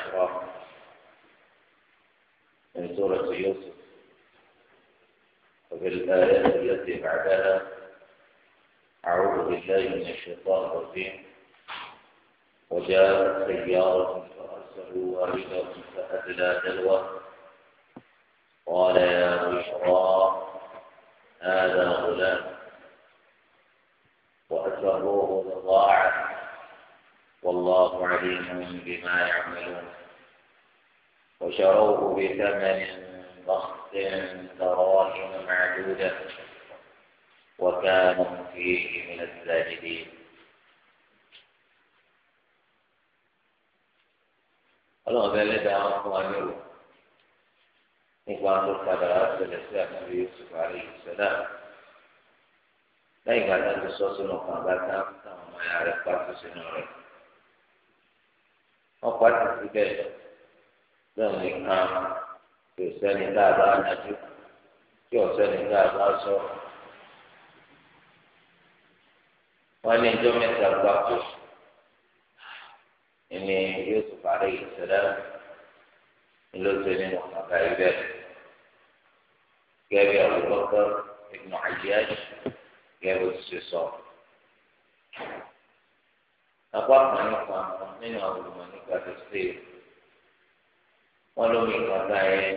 الأحرار من سورة يوسف وفي الآية التي بعدها أعوذ بالله من الشيطان الرجيم وجاءت سيارة فأرسلوا واردهم فأدلى دلوه بما يعملون وشروه بثمن بخس دراهم معدودة وكانوا فيه من الزاهدين ọlọ́run bẹ́ẹ̀ lẹ́dàá wọn fún wa lérò nípa tó padà ṣẹlẹ̀ sí àtúndì yusuf àlẹ́ ìṣẹ̀dá lẹ́yìn ìgbà tó sọ sínú kan bá tá àwọn ọmọ ya rẹ̀ pàtó sínú rẹ̀. wọn pàṣẹ síbẹ̀ lóun nìkan kò sẹ́ni tá a bá yanjú tí ò sẹ́ni tá a bá sọ. wọn ní ìjọ mẹ́ta gbáko ẹni yóò tún parí ìṣẹ̀lẹ̀ ńlọsẹ nínú kàkà ibẹ̀ gẹ́gẹ́ Abubakar ibn Ayyad gẹ́gẹ́ sọ. apá kan nípa àwọn nínú àwọn olùmọ̀ nípa tẹ̀sí wọn lómi ìkàgbá yẹn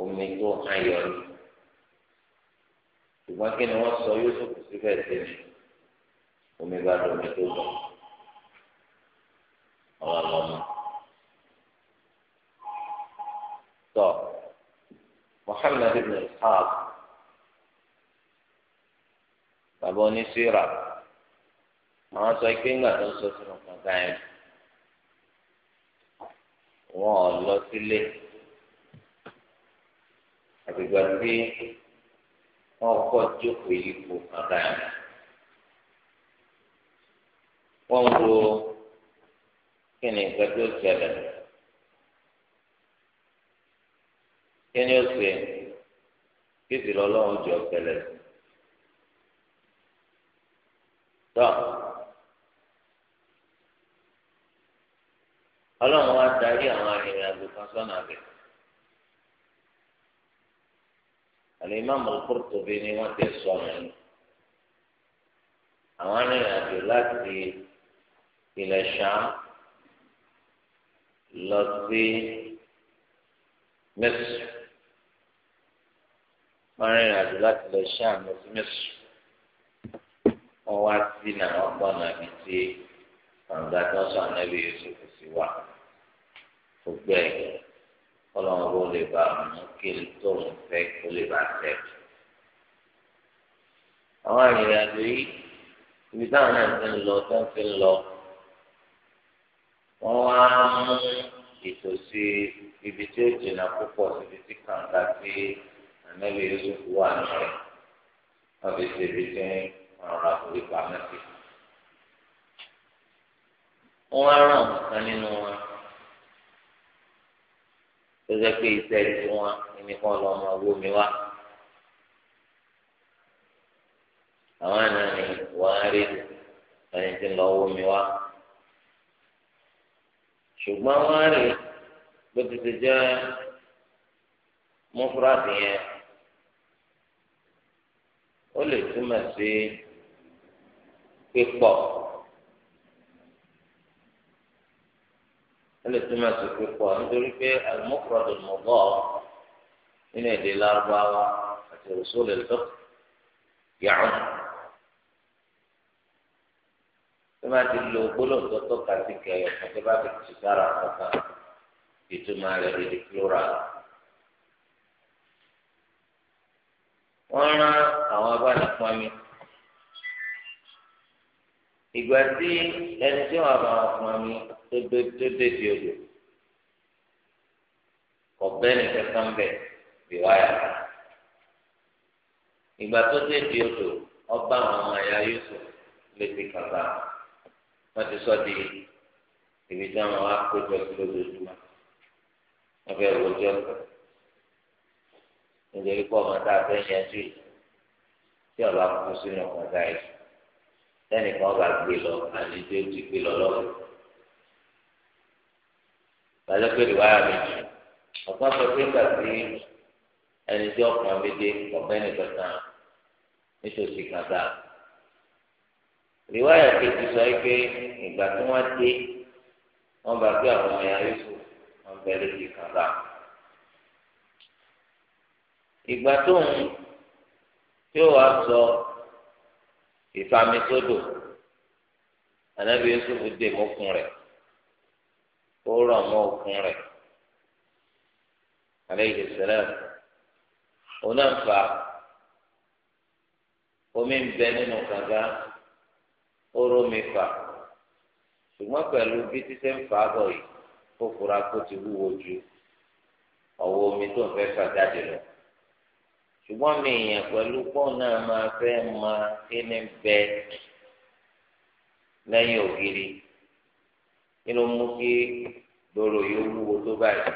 omi tó ayọ̀ ni ṣùgbọ́n kí ni wọ́n sọ yóò sọ̀kù síbẹ̀ sí ni omi bá lómi tó lọ ọ̀rọ̀ lọ́mọ. tọ́ Muhammad ibn Ishaq bàbá oníṣirà àwọn sọ pé ńgbà tó ń sọ sínú kànga yẹn wọn ò lọ sílé àgbègbè tí wọn kọ jókòó yípo kànga yẹn wọn ń wo kí ni nǹkan tó ṣẹlẹ̀ kí ni ó ṣe kí sì lọ lọ́wọ́ jọ ṣẹlẹ̀ tán. ọlọ́run wá darí àwọn arìnrìn-àjò kan sọ́nà abẹ. Al-Imam Al-Qurtubi ni wọ́n ti sọ ọ̀nà yìí. àwọn arìnrìn-àjò láti ilẹ̀ Ṣam lọ sí Misr. wọ́n arìnrìn-àjò láti ilẹ̀ Ṣam lọ sí Misr. wọ́n wá sí náà wọ́n nàbí tí àwọn gbàgbọ́ sọ ànábì Yusuf sí wa gbogbo ẹ̀ ọlọ́run ló lè bá mú kí n tó ń fẹ́ kó lè bá tẹ̀. àwọn arìnrìn àjò yìí ibi táwọn náà ti ń lọ tó ń fi ń lọ wọ́n wá mú ìtòsí ibi tí ó jìnnà púpọ̀ síbi tí kàńtà tí ànábì Yusuf wà nìyẹn wọ́n fi ṣe ibi tí wọ́n ra orí pamọ́ sí. wọ́n á ràn nínú wọn tó jẹ́ pé iṣẹ́ ti wọn nìkan lọ ọmọ owó mi wá. àwọn àna ni wọ́n á rí ẹni tí ń lọ owó mi wá. ṣùgbọ́n wọ́n á rí bó ti ti jẹ́ mọ́fúrásì yẹn ó lè túmọ̀ sí pípọ̀. ẹlẹ tó máa tó fi pọ nítorí pé alimọkùrọdù mọgbọ nínú èdè lárúbáwá àti rọsọlẹ lọ yàrá tó bá ti lo gbólóńtò tó ká sí kẹyọ kan tó bá fi tù sára kankan ìtumọ̀ rẹ̀ lè di plural. wọ́n rán àwọn abánipọ́nmi ìgbà tí ẹni tí wọ́n bá wọn pọ́nmi tó dé di odò ọ̀gbẹ́ni kankan bẹ̀ bí wáyà ìgbà tó dé di odò ọba àwọn ọmọ ẹ̀yà Yusuf létí kàkà wọ́n ti sọ di ibi tí wọ́n wá péjọ sí lójoojúmọ́ wọ́n fẹ́ rojọ́ nítorí pé ọmọ tá a fẹ́ yẹn sí tí ọba kú sínú ọ̀gá yìí lẹ́nìkan ọba gbé lọ àlejò ti gbé lọ lọ́wọ́ gbàdé pé ìwáyà méjì ọ̀pọ̀ sọ pé nígbà tí ẹni tí ọkùnrin méje ọ̀bẹ nìkan kan nítòsí kàdá ìwáyà kejì sọ pé ìgbà tí wọ́n dé wọ́n bá pé àwọn ọmọ ya Yusuf wọ́n bẹ lójú kàdá ìgbà tó ń tí ó wàá sọ ìfami sódò ànábi Yusuf dè mọ́kùn rẹ̀. ó rọ̀ mọ́ òkun rẹ̀ aleyhi sẹlẹm onáfà omi ń bẹ nínú kànga ó rómi fà ṣùgbọ́n pẹ̀lú bí títẹ́ ń fà á bọ̀ yìí ó fura kó ti wúwo ju ọ̀wọ́ omi tó ń fẹ́ fà jáde lọ ṣùgbọ́n mi èèyàn pẹ̀lú pọ́ùn náà máa fẹ́ máa kí ni bẹ lẹ́yìn ògiri. inú mú kí lóró yìí wúwo tó báyìí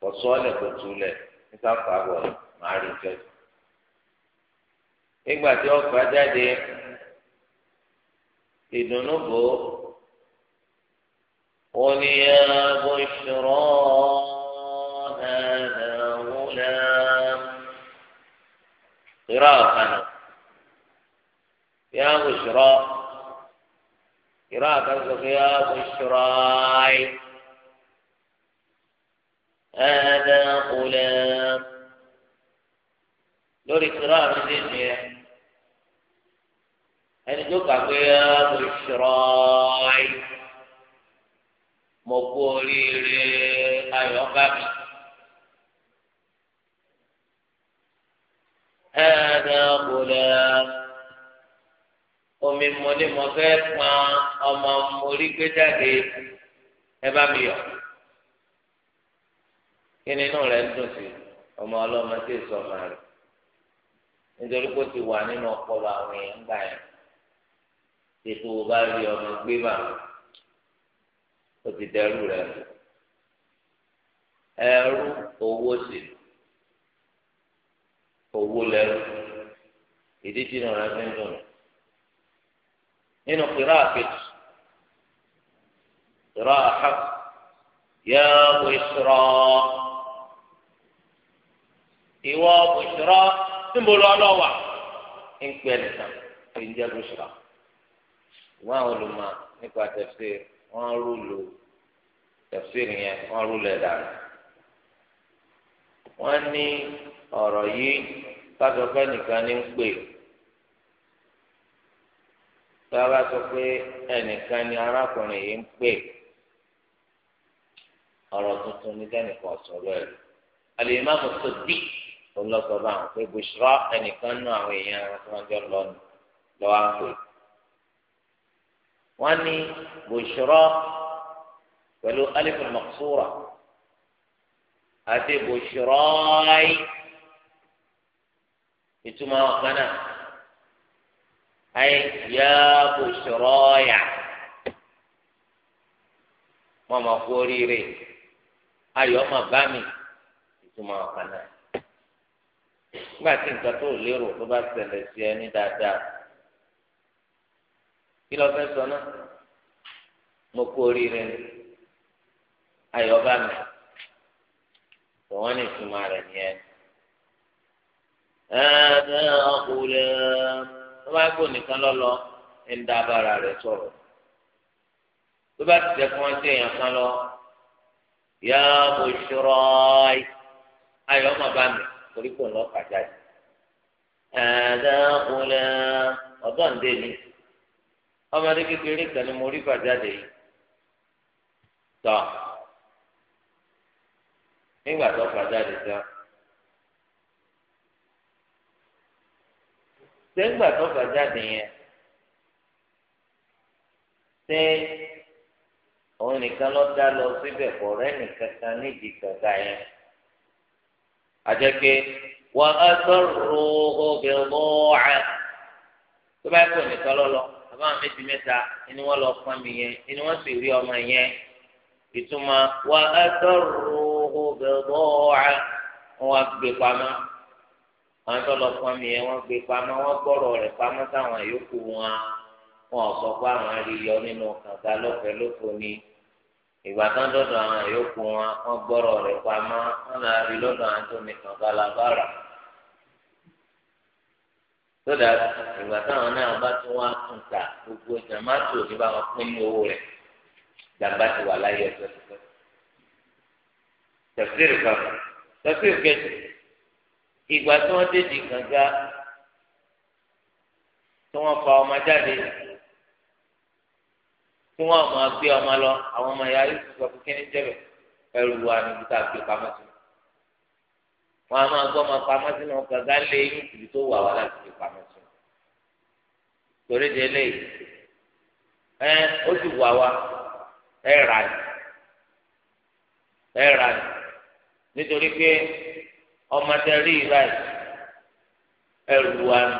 kọsọ́ọ̀lẹ̀ kò túlẹ̀ nípa pàbọ̀ máa rí jọ. nígbà tí ọgbà jáde ìdùnnú bò ó ní ẹranko ìṣòro ẹ̀ẹ́dẹ̀wúlẹ̀ ìrọ̀ ọ̀kanà ìrọ̀ ìṣòro ìró àkàtúntò pé á kò ṣòro ayé ẹ̀ẹ́dá kúlẹ̀ lórí ìró àkàtúntò yẹn ẹni tó kà pé á kò ṣòro ayé mo kú oríire ayọ̀ bá mi. هذا غلام omi mo ní mo fẹ́ pọn ọmọ orí gbé jáde ẹ bá mi yọ kí ni inú rẹ ń dùn sí ọmọ ọlọ́mọ tí èso ọmọ rẹ nítorí pé ó ti wà nínú ọpọlọ àwọn èèyàn gbà yẹn ètò wo bá rí ọmọ gbé bá ó ti dẹrù rẹ ẹrú owó sí owó lẹrú ìdí tí inú rẹ fi ń dùn nínú kìrá àkejì kìrá àhà yá bùsùrọ ìwọ bùsùrọ níbo lọ lọwà ń pẹ nìkan kí n jẹ bùsùrọ ìwọ àwọn olùmọ̀ nípa tẹfsir wọn rúlò tẹfsir yẹn wọn rúlò ẹ̀dá rẹ wọn ní ọ̀rọ̀ yìí kájọpẹ nìkan ní ń pè é tá a bá sọ pé ẹnìkan ni arákùnrin yìí ń pè ọ̀rọ̀ tuntun ní sẹ́nìkan sọ̀rọ̀ ẹ̀ àlèmá kò tó dì ó lọ sọ bá àwọn pé bùsùrọ̀ ẹnìkan náà àwọn èèyàn tí wọ́n lọ nù pè wọ́n ní bùsùrọ̀ pẹ̀lú alifu mọ̀súrà àti bùsùrọ̀ ayé ìtumọ̀ ọ̀kan أي يا بشرايا ماما قولي أي يوم بامي ثم قناة nígbà tí nǹkan tó lérò tó bá ṣẹlẹ̀ sí ẹni dáadáa kí lọ fẹ́ sọ náà mo kú oríire ni ayọ̀ bá mi wọ́n ní ìtumọ̀ rẹ̀ nìyẹn. هذا غلام tó bá gbó nìkan lọlọ ń da abára rẹ̀ sọ̀rọ̀ tó bá ti èèyàn kan lọ yá mo ṣòro ayọ̀ ọmọ bá mi torí kò ń lọ kà jáde ẹ̀ẹ́dá òun ọ̀dọ́ ń dé mi ọmọdé kékeré kan ni mo nígbà tó sẹ́gbà tó gbà jáde yẹn ṣé òun nìkan lọ dá lọ síbẹ̀ kọ̀ rẹ́ nìkan kan nídìí kàkà yẹn àjẹpé wà á sọ̀rọ̀ obìnrin ọ̀hà tó bá kọ̀ nìkan lọ́lọ́ àbá méjì mẹ́ta ni wọ́n lọ pọ́n mi yẹn ni wọ́n sì rí ọmọ yẹn ìtumọ̀ wà á sọ̀rọ̀ obìnrin ọ̀hà wọ́n á gbé pamọ́ àwọn tó lọ pọn mi yẹn wọ́n gbé pamọ́ wọ́n gbọ́rọ̀ rẹ̀ pamọ́ sáwọn yòókù wọn wọn sọ pé àwọn àríyọ nínú kànga lọ́fẹ̀ẹ́ lófo ni ìgbà tán dọ̀dọ̀ àwọn yòókù wọn wọ́n gbọ́rọ̀ rẹ̀ pamọ́ wọ́n là rí lọ́dọ̀ àwọn tó ní kànga làbára sódà ìgbà táwọn náà bá tún wá tún ta gbogbo jàmátò ní báwọn pín ní owó rẹ̀ jàmbá ti wà láyé ẹsẹ̀ tuntun tẹsíìrì kan tẹsíìrì kejì ìgbà tí wọ́n dé di kànga tí wọ́n fa ọmọ jáde tí wọ́n máa gbé ọmọ lọ àwọn ọmọ ìyá yóò sọ fún kíní jẹ́bẹ̀ ẹrù wa níbi tá a gbé pamọ́ sí wọn a máa gbọ́ ọmọ pamọ́ sínú kànga lé yín ibi tó wà wà láti gbé pamọ́ sí torí de eléyìí ẹ ó sì wà wá ẹ rà ẹ rà nítorí pé ọmọdé rí ìbáyìí ẹrù wa ni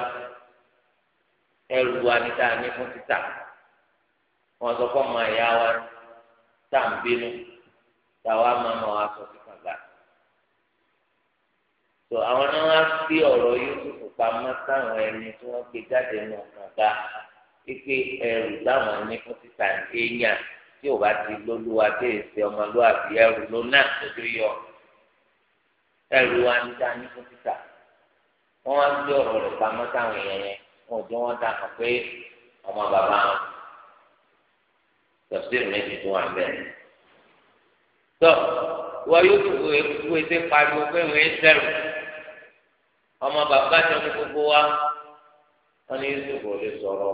ẹrù wa ni tá a ní fún títà wọn sọ fún ọmọ ìyá wa tá à ń bínú táwa máa ma wá sọ fún kàgbà tó àwọn náà wá fi ọ̀rọ̀ Yúsúfù pamọ́ sáwọn ẹni tí wọ́n gbé jáde nù kàgbà pípé ẹrù táwọn ní fún títà èèyàn tí ò bá ti lólúwa tí èsì ọmọlúwàbí ẹrù ló náà tó yọ ẹrù wa ní ta ní fún títà wọn wá sí ọ̀rọ̀ rẹ̀ pamọ́ sáwọn èèyàn yẹn wọn ò jẹ wọn dà kàn pé ọmọ bàbá wọn tọ̀síìrì méjì tó wà bẹ́ẹ̀. tọ́ wọ yóò tún wo ewu ètè pariwo pé wọ́n ń sẹ́rù ọmọ bàbá tó ní gbogbo wa wọn ní yusuf lè sọ̀rọ̀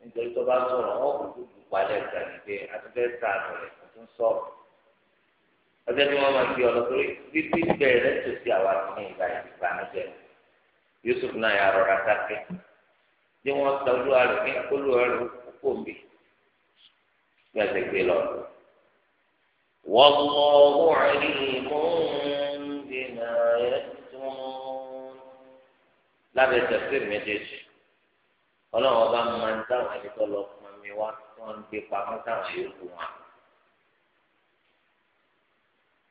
nítorí tó bá sọ̀rọ̀ wọn kò tó dùn padà ìgbàlódé àti bẹ́ẹ̀ sáà lọ́rẹ̀ tó ń sọ̀rọ̀ ọjọ́ tí wọ́n máa fi ọ̀rọ̀ torí títí bẹ̀rẹ̀ tó ti àwa ní ìgbà ìbànújẹ́ Yusuf náà yà rọra dákẹ́ bí wọ́n ta olúwa rẹ̀ ní olúwa rẹ̀ kókó mi gbẹ̀sẹ̀ gbé lọ. wọ́n mọ owó àìrí mú ìdènà ẹ̀ tún lábẹ́ tẹ̀síì méjèèjì ọlọ́run ọba máa ń dáhùn ẹni tó lọ pọnmi wá wọ́n ń gbé pamọ́ sáwọn yòókù wọn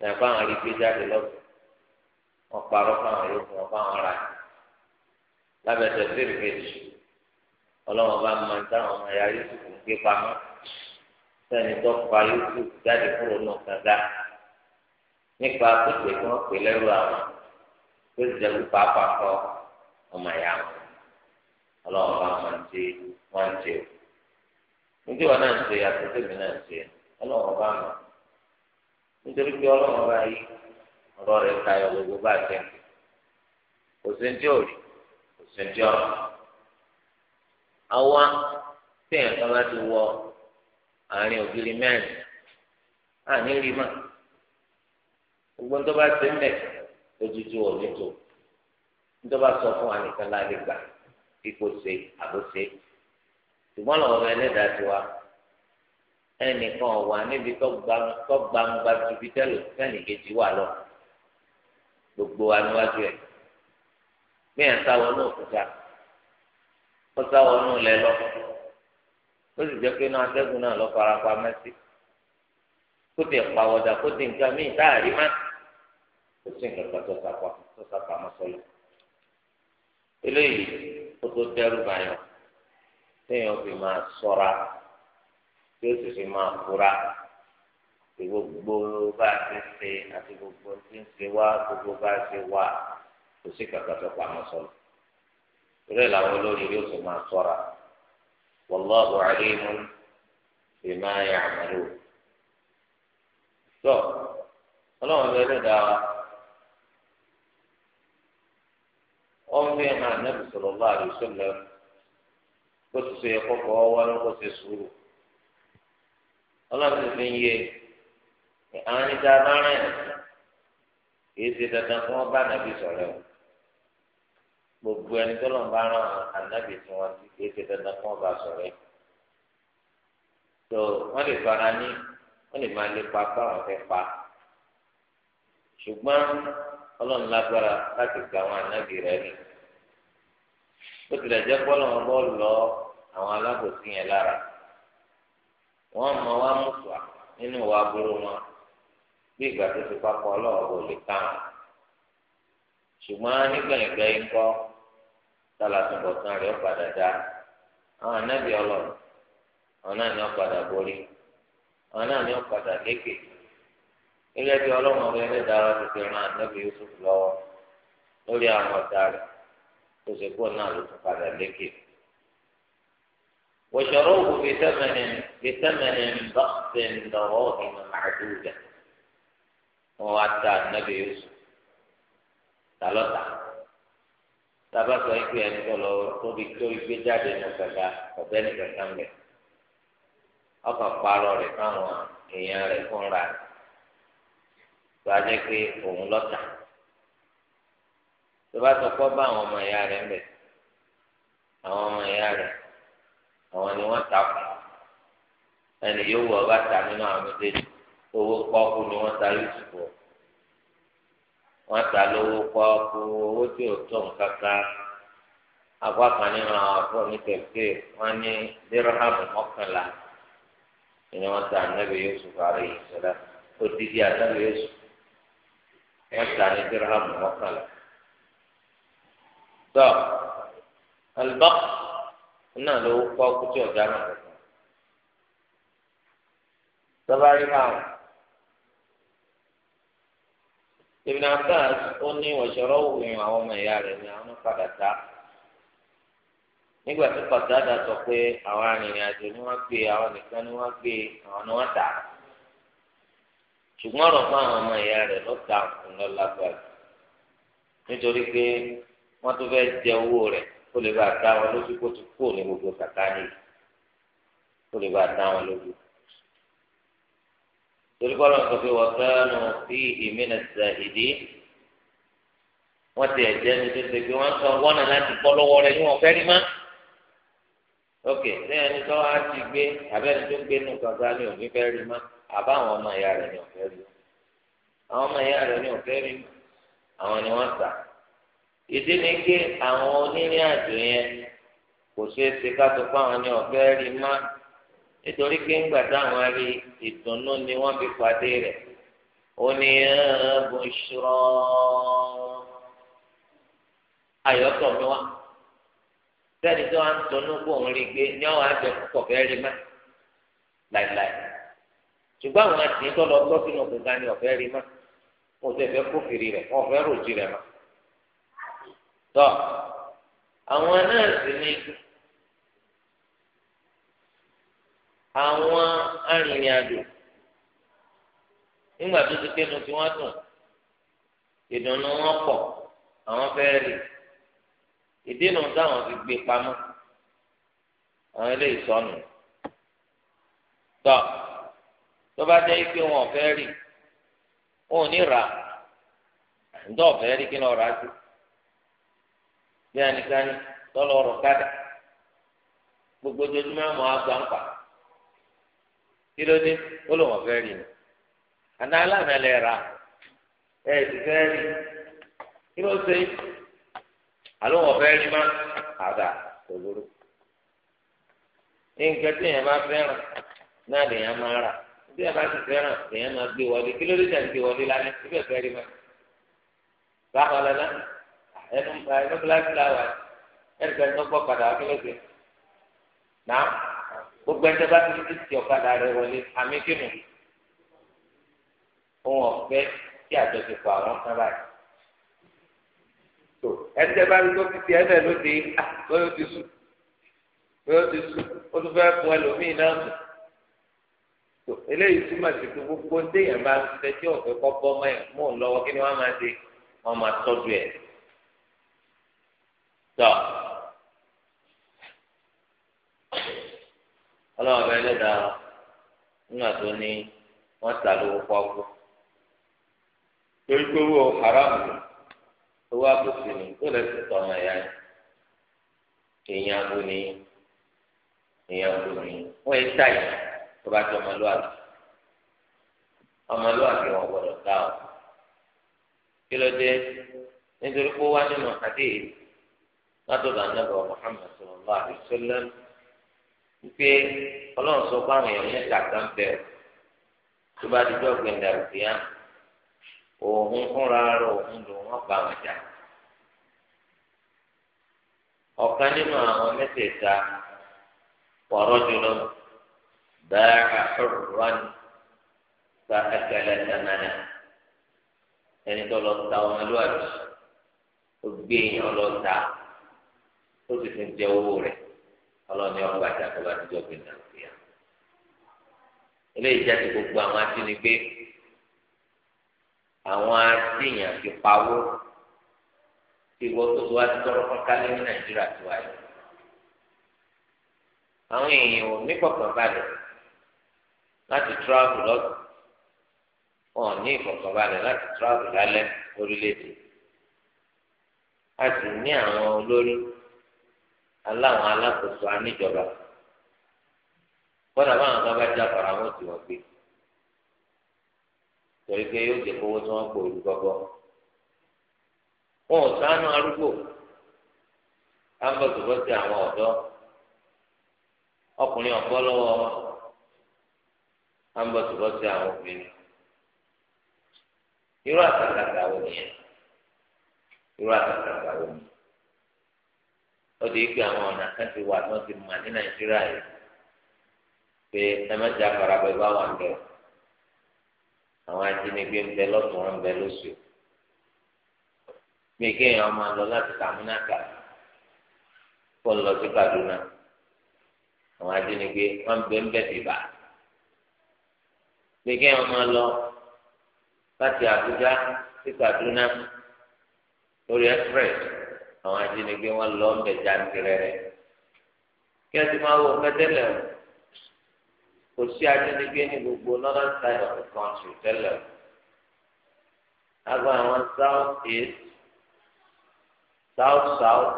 náà fáwọn arígbé jáde lọ́sọ̀ wọn parọ́ fáwọn yòókù wọn fáwọn ra lábẹ́tẹ̀ sírìkejì ọlọ́wọ́n bá máa ń táwọn ọmọ ẹ̀yà yusuf ń gbé pamọ́ sẹ́ni tó pa yusuf jáde kúrò náà gàgà nípa pípé kí wọ́n pè lẹ́rù àwọn tó ti dẹ́kun pàápàá kọ́ ọmọ ẹ̀yà wọn ọlọ́wọ́n bá máa ń ṣe wọ́n ń ṣe o nítorí wọn náà ń ṣe àtúntò mi náà ń ṣe ọlọ́wọ́n bá máa. nítorí pé ọlọ́run bá yí ọ̀rọ̀ rẹ̀ tayọ gbogbo bá jẹ́ kò sí ní òrì kò sí ní ọ̀rọ̀ tí ẹ̀ka bá ti wọ àárín ògiri mẹ́rin àní rí mà gbogbo ń tó bá ti mẹ́ ojútù òní tó ń tó bá sọ ẹnìkan wà níbi tó gbangba ju bí tẹ́lẹ̀ fẹ́nìkejì wà lọ gbogbo wa níwájú ẹ̀ bí ẹ̀ ń sáwọ ní òkúta ó sáwọ ní ilẹ̀ lọ ó sì jẹ́ pé náà atẹ́gùn náà lọ farapa mẹ́sì kó tiẹ̀ pàwọ̀dà kó tiẹ̀ nǹkan míì táàrí má ó sì ń kẹ̀kẹ́ tó sapa tó sapa mọ́sọ́lọ́ eléyìí ó tó dẹ́rù báyọ̀ téèyàn fi máa sọ́ra. tí ó sì fi máa fura gbogbo bá a ti ṣe àti gbogbo tí ń ṣe wá gbogbo bá a ṣe wá kò sí kàkà tó sọ̀rọ̀ ìrẹ́ làwọn olórí yóò sì máa sọ̀ra ọlọ́run hàn kó ti ṣe ló kó ti ọlọ́run ti fi ń yé àwọn níta bá rìn kìí ṣe dandan kí wọ́n bá nàbí sọ̀rọ̀ o gbogbo ẹni tó lọ́n bá rán ànábì tí wọ́n ti kìí ṣe dandan kí wọ́n bá sọ̀rọ̀ o tó wọ́n lè fara ní wọ́n lè máa lè pa bá wọn fẹ́ pa ṣùgbọ́n ọlọ́run lágbára láti gba àwọn ànábì rẹ̀ ni ó tilẹ̀ jẹ́ bọ́ọ̀lù bọ́ọ̀lù lọ àwọn alábòsí yẹn lára. wọn mọ wa mùsùlùmá nínú ìwà aburú wọn bí ìgbà tó ti papọ̀ ọlọ́ọ̀bù lè káwọn ṣùgbọ́n nígbẹ̀yìngbẹ̀yìn kọ́ tálàtúbọ̀tán rẹ̀ padà dá àwọn anábì ọlọ́run àwọn náà ni wọ́n padà borí àwọn náà ni wọ́n padà lékè ilé ẹjọ́ ọlọ́run ọbẹ̀ ẹlẹ́dàá ti fi ran anábì Yusuf lọ́wọ́ lórí àwọn ọ̀tá rẹ̀ tó ṣe وشروه بثمن بثمن بخس دراهم معدودة وأتى النبي يوسف ثلاثة tába sọ ikú ẹni tó lọ tóbi tó gbé jáde ní ọ̀gàdà ọ̀bẹ ní kankan mẹ́ ọkàn parọ́ rẹ̀ fáwọn èèyàn rẹ̀ fún ra tó a jẹ́ pé òun lọ́tà tó bá sọ pé ọba àwọn ọmọ ìyá rẹ̀ mẹ́ àwọn ọmọ ìyá rẹ̀ àwọn ni wọ́n ta kù ẹni yóò wọ ọba ta nínú àwọn méjèèjì owó pọ́ọ́kú ni wọ́n ta Yusuf ọ wọ́n ta lówó pọ́ọ́kú owó tí ò tó nǹkan kan apá kan nínú àwọn afọ onítẹ̀sí wọ́n ní dírọ́hàmù mọ́kànlá ni wọ́n ta ànábì Yusuf àrẹ yìí sọ́dá odidi ànábì Yusuf wọ́n ta ní dírọ́hàmù mọ́kànlá. tọ́ alùbọ́kù. na ló kọ́ kútì ọ̀gá náà lọ́sàn. tọ́ba rí máa Ibn Abbas ó ní ọ̀ṣọ́rọ́ àwọn ọmọ ìyá rẹ̀ ni àwọn padà ta nígbà tó sọ pé àwọn arìnrìn àjò ni wọ́n gbé àwọn nìkan ni wọ́n gbé àwọn ni wọ́n tà ṣùgbọ́n ọ̀rọ̀ fún àwọn ọmọ ìyá rẹ̀ ló ta ó lè bá dá wọn lójú kó ti kú ní gbogbo sàkáyé ó lè bá dá wọn lójú. torí kọ́ lọ́nà sọ́kè wọ́n kánú sí ìmínà sàhìdí wọ́n ti ẹ̀jẹ̀ ní tó pé wọ́n sọ wọ́nà láti bọ́ lọ́wọ́ rẹ̀ ní wọn fẹ́ rí má. ok lẹ́yìn ní sọ́wọ́ á ti gbé abẹ́ni tó gbé nù kàgbá ní òní fẹ́ rí má àbá àwọn ọmọ ìyá rẹ̀ ní òfẹ́ rí má àwọn ọmọ ìyá rẹ̀ ní òfẹ́ rí má àwọn ni wọ́n sà ìdí ni pé àwọn onírìn àjò yẹn kò ṣeé ṣe ká sọ fún àwọn ní ọ̀fẹ́ rí má nítorí pé táwọn rí ìdùnnú ni wọ́n fi pàdé rẹ̀ ó ní bushra ayọ̀tọ̀ mi wá sẹ́ni tó wá ń tọ́nú kó òun rí gbé ní ọ̀hún àjọ púpọ̀ fẹ́ rí má láìláì ṣùgbọ́n àwọn àti tọ àwọn náà sì ni àwọn arìnrìnàjò nígbà tó ti kéwọn tí wọn dùn ìdùnnú wọn pọ̀ àwọn fẹ́ẹ́ rí ìdínà táwọn gbé pamọ àwọn ilé sọnù tọ tó bá jẹ́ pé wọn fẹ́ rí wọn ò ní rà rí kí bí anìkan ní tọ́lọ̀ ọ̀rọ̀ kádà gbogbo ojoojúmọ́ àmọ́ àgbà ń pa kí ló dé ó lò wọ́n fẹ́ rí ni àná aláàmì ẹlẹ́ ra ẹ ti fẹ́ rí kí ló ṣe àló wọ́n fẹ́ rí má àdà òwúrò nǹkan tí èèyàn bá fẹ́ràn náà lèèyàn máa rà tí èèyàn bá sì fẹ́ràn lèèyàn máa gbé wọlé kí ló dé tẹ̀ gbé wọlé lálẹ́ síbẹ̀ fẹ́ rí má báwo lọ́la ẹnu ẹnu kíláàsì làwà ẹnu kẹ́ni tó gbọ́ padà wá kílódé náà gbogbo ẹni tó bá ti ti ti ọ̀kadà rẹ wọlé àmì kínú ohun ọ̀fẹ́ tí àjọṣepọ̀ àwọn kan báyìí tó ẹni tó bá ti tó ti ti ẹ̀ bẹ́ẹ̀ lóde lóyún ti sùn lóyún ti sùn ó tún fẹ́ fún ẹlòmíì náà sùn tó eléyìí túmọ̀ sí pé gbogbo déyàn bá ń fẹ́ tí ọ̀fẹ́ kọ́ bọ́ mọ́ ẹ̀ mọ́ ọ lọ́wọ́ kí ni wọ́n máa ṣe wọ́n máa tọ́jú ẹ̀. tọ́ ọlọ́wọ́ bẹ́ẹ̀ lẹ́dàá nígbà tó ní wọ́n ta lówó pọ́ọ́kú torí pé owó ni tó lè tọ́ ọmọ ẹ̀yà èèyàn ni èèyàn wọ́n yẹ táyì tó bá ọmọlúwàbí ọmọlúwàbí wọn gbọdọ̀ ká látọ̀dọ̀ anábọ̀ Muhammad sallallahu alaihi wasallam wípé ọlọ́run sọ pé àwọn èèyàn mẹ́ta kan bẹ̀ tó bá di jọ́ gbẹ̀ndà òkèèyàn òun fúnra rẹ̀ òun lòun ọ̀pá àwọn jà ọ̀kan nínú àwọn mẹ́tẹ̀ẹ̀ta ọ̀rọ̀ jùlọ bẹ́ẹ̀ àfẹ́rùwá ni gba ẹgbẹ̀lẹ̀ tẹ̀mẹ̀lẹ̀ ẹni tó lọ ta ọmọlúwàbí ó gbé èèyàn lọ ta. ó sì fi ń jẹ owó rẹ̀ ọlọ́ni ọgbà tí a kọ́ bá ti jọ pé nà òkè eléyìí ti gbogbo àwọn ajínigbé àwọn ajínyàn fi pawó tí wọ́n tó tó wá ti tọrọ fún ní nàìjíríà tó wáyé. àwọn èèyàn ò ní kọ̀ọ̀kan láti a sì ní àwọn olórí. aláwọn alákòóso aníjọba kọ́nà báwọn kan bá já faramọ́ tí wọ́n gbé torí pé yóò jẹ́ kówó tí wọ́n kó olú gbọ́gbọ́ wọn ò ṣàánú arúgbó ámbọ̀tòbọ̀ ti àwọn ọ̀dọ́ ọkùnrin lọ́wọ́ ti àwọn obìnrin irú àtàkàtà wo nìyẹn irú àtàkàtà nìyẹn. lọ́dọ̀ yìí pé àwọn ọ̀nà kan ti wà tí wọ́n ti mọ̀ ní nàìjíríà yìí pé ẹ má jẹ́ àfarabẹ́ bá wà lọ àwọn ajínigbé ń bẹ lọ́tún wọn ń bẹ lóṣù bí kéèyàn máa lọ láti kàmínàkà kó lọ sí Kaduna àwọn ajínigbé wọn ń bẹ ń bẹ bìbà bí kéèyàn máa lọ láti Àbújá sí Kaduna lórí express àwọn ajínigbé wọn lọ ń bẹ jantirẹ rẹ kí ẹ ti máa wọ kẹtẹlẹ o kò sí ajínigbé ní gbogbo northern side of the country tẹ́lẹ̀ o agbọn àwọn south east south south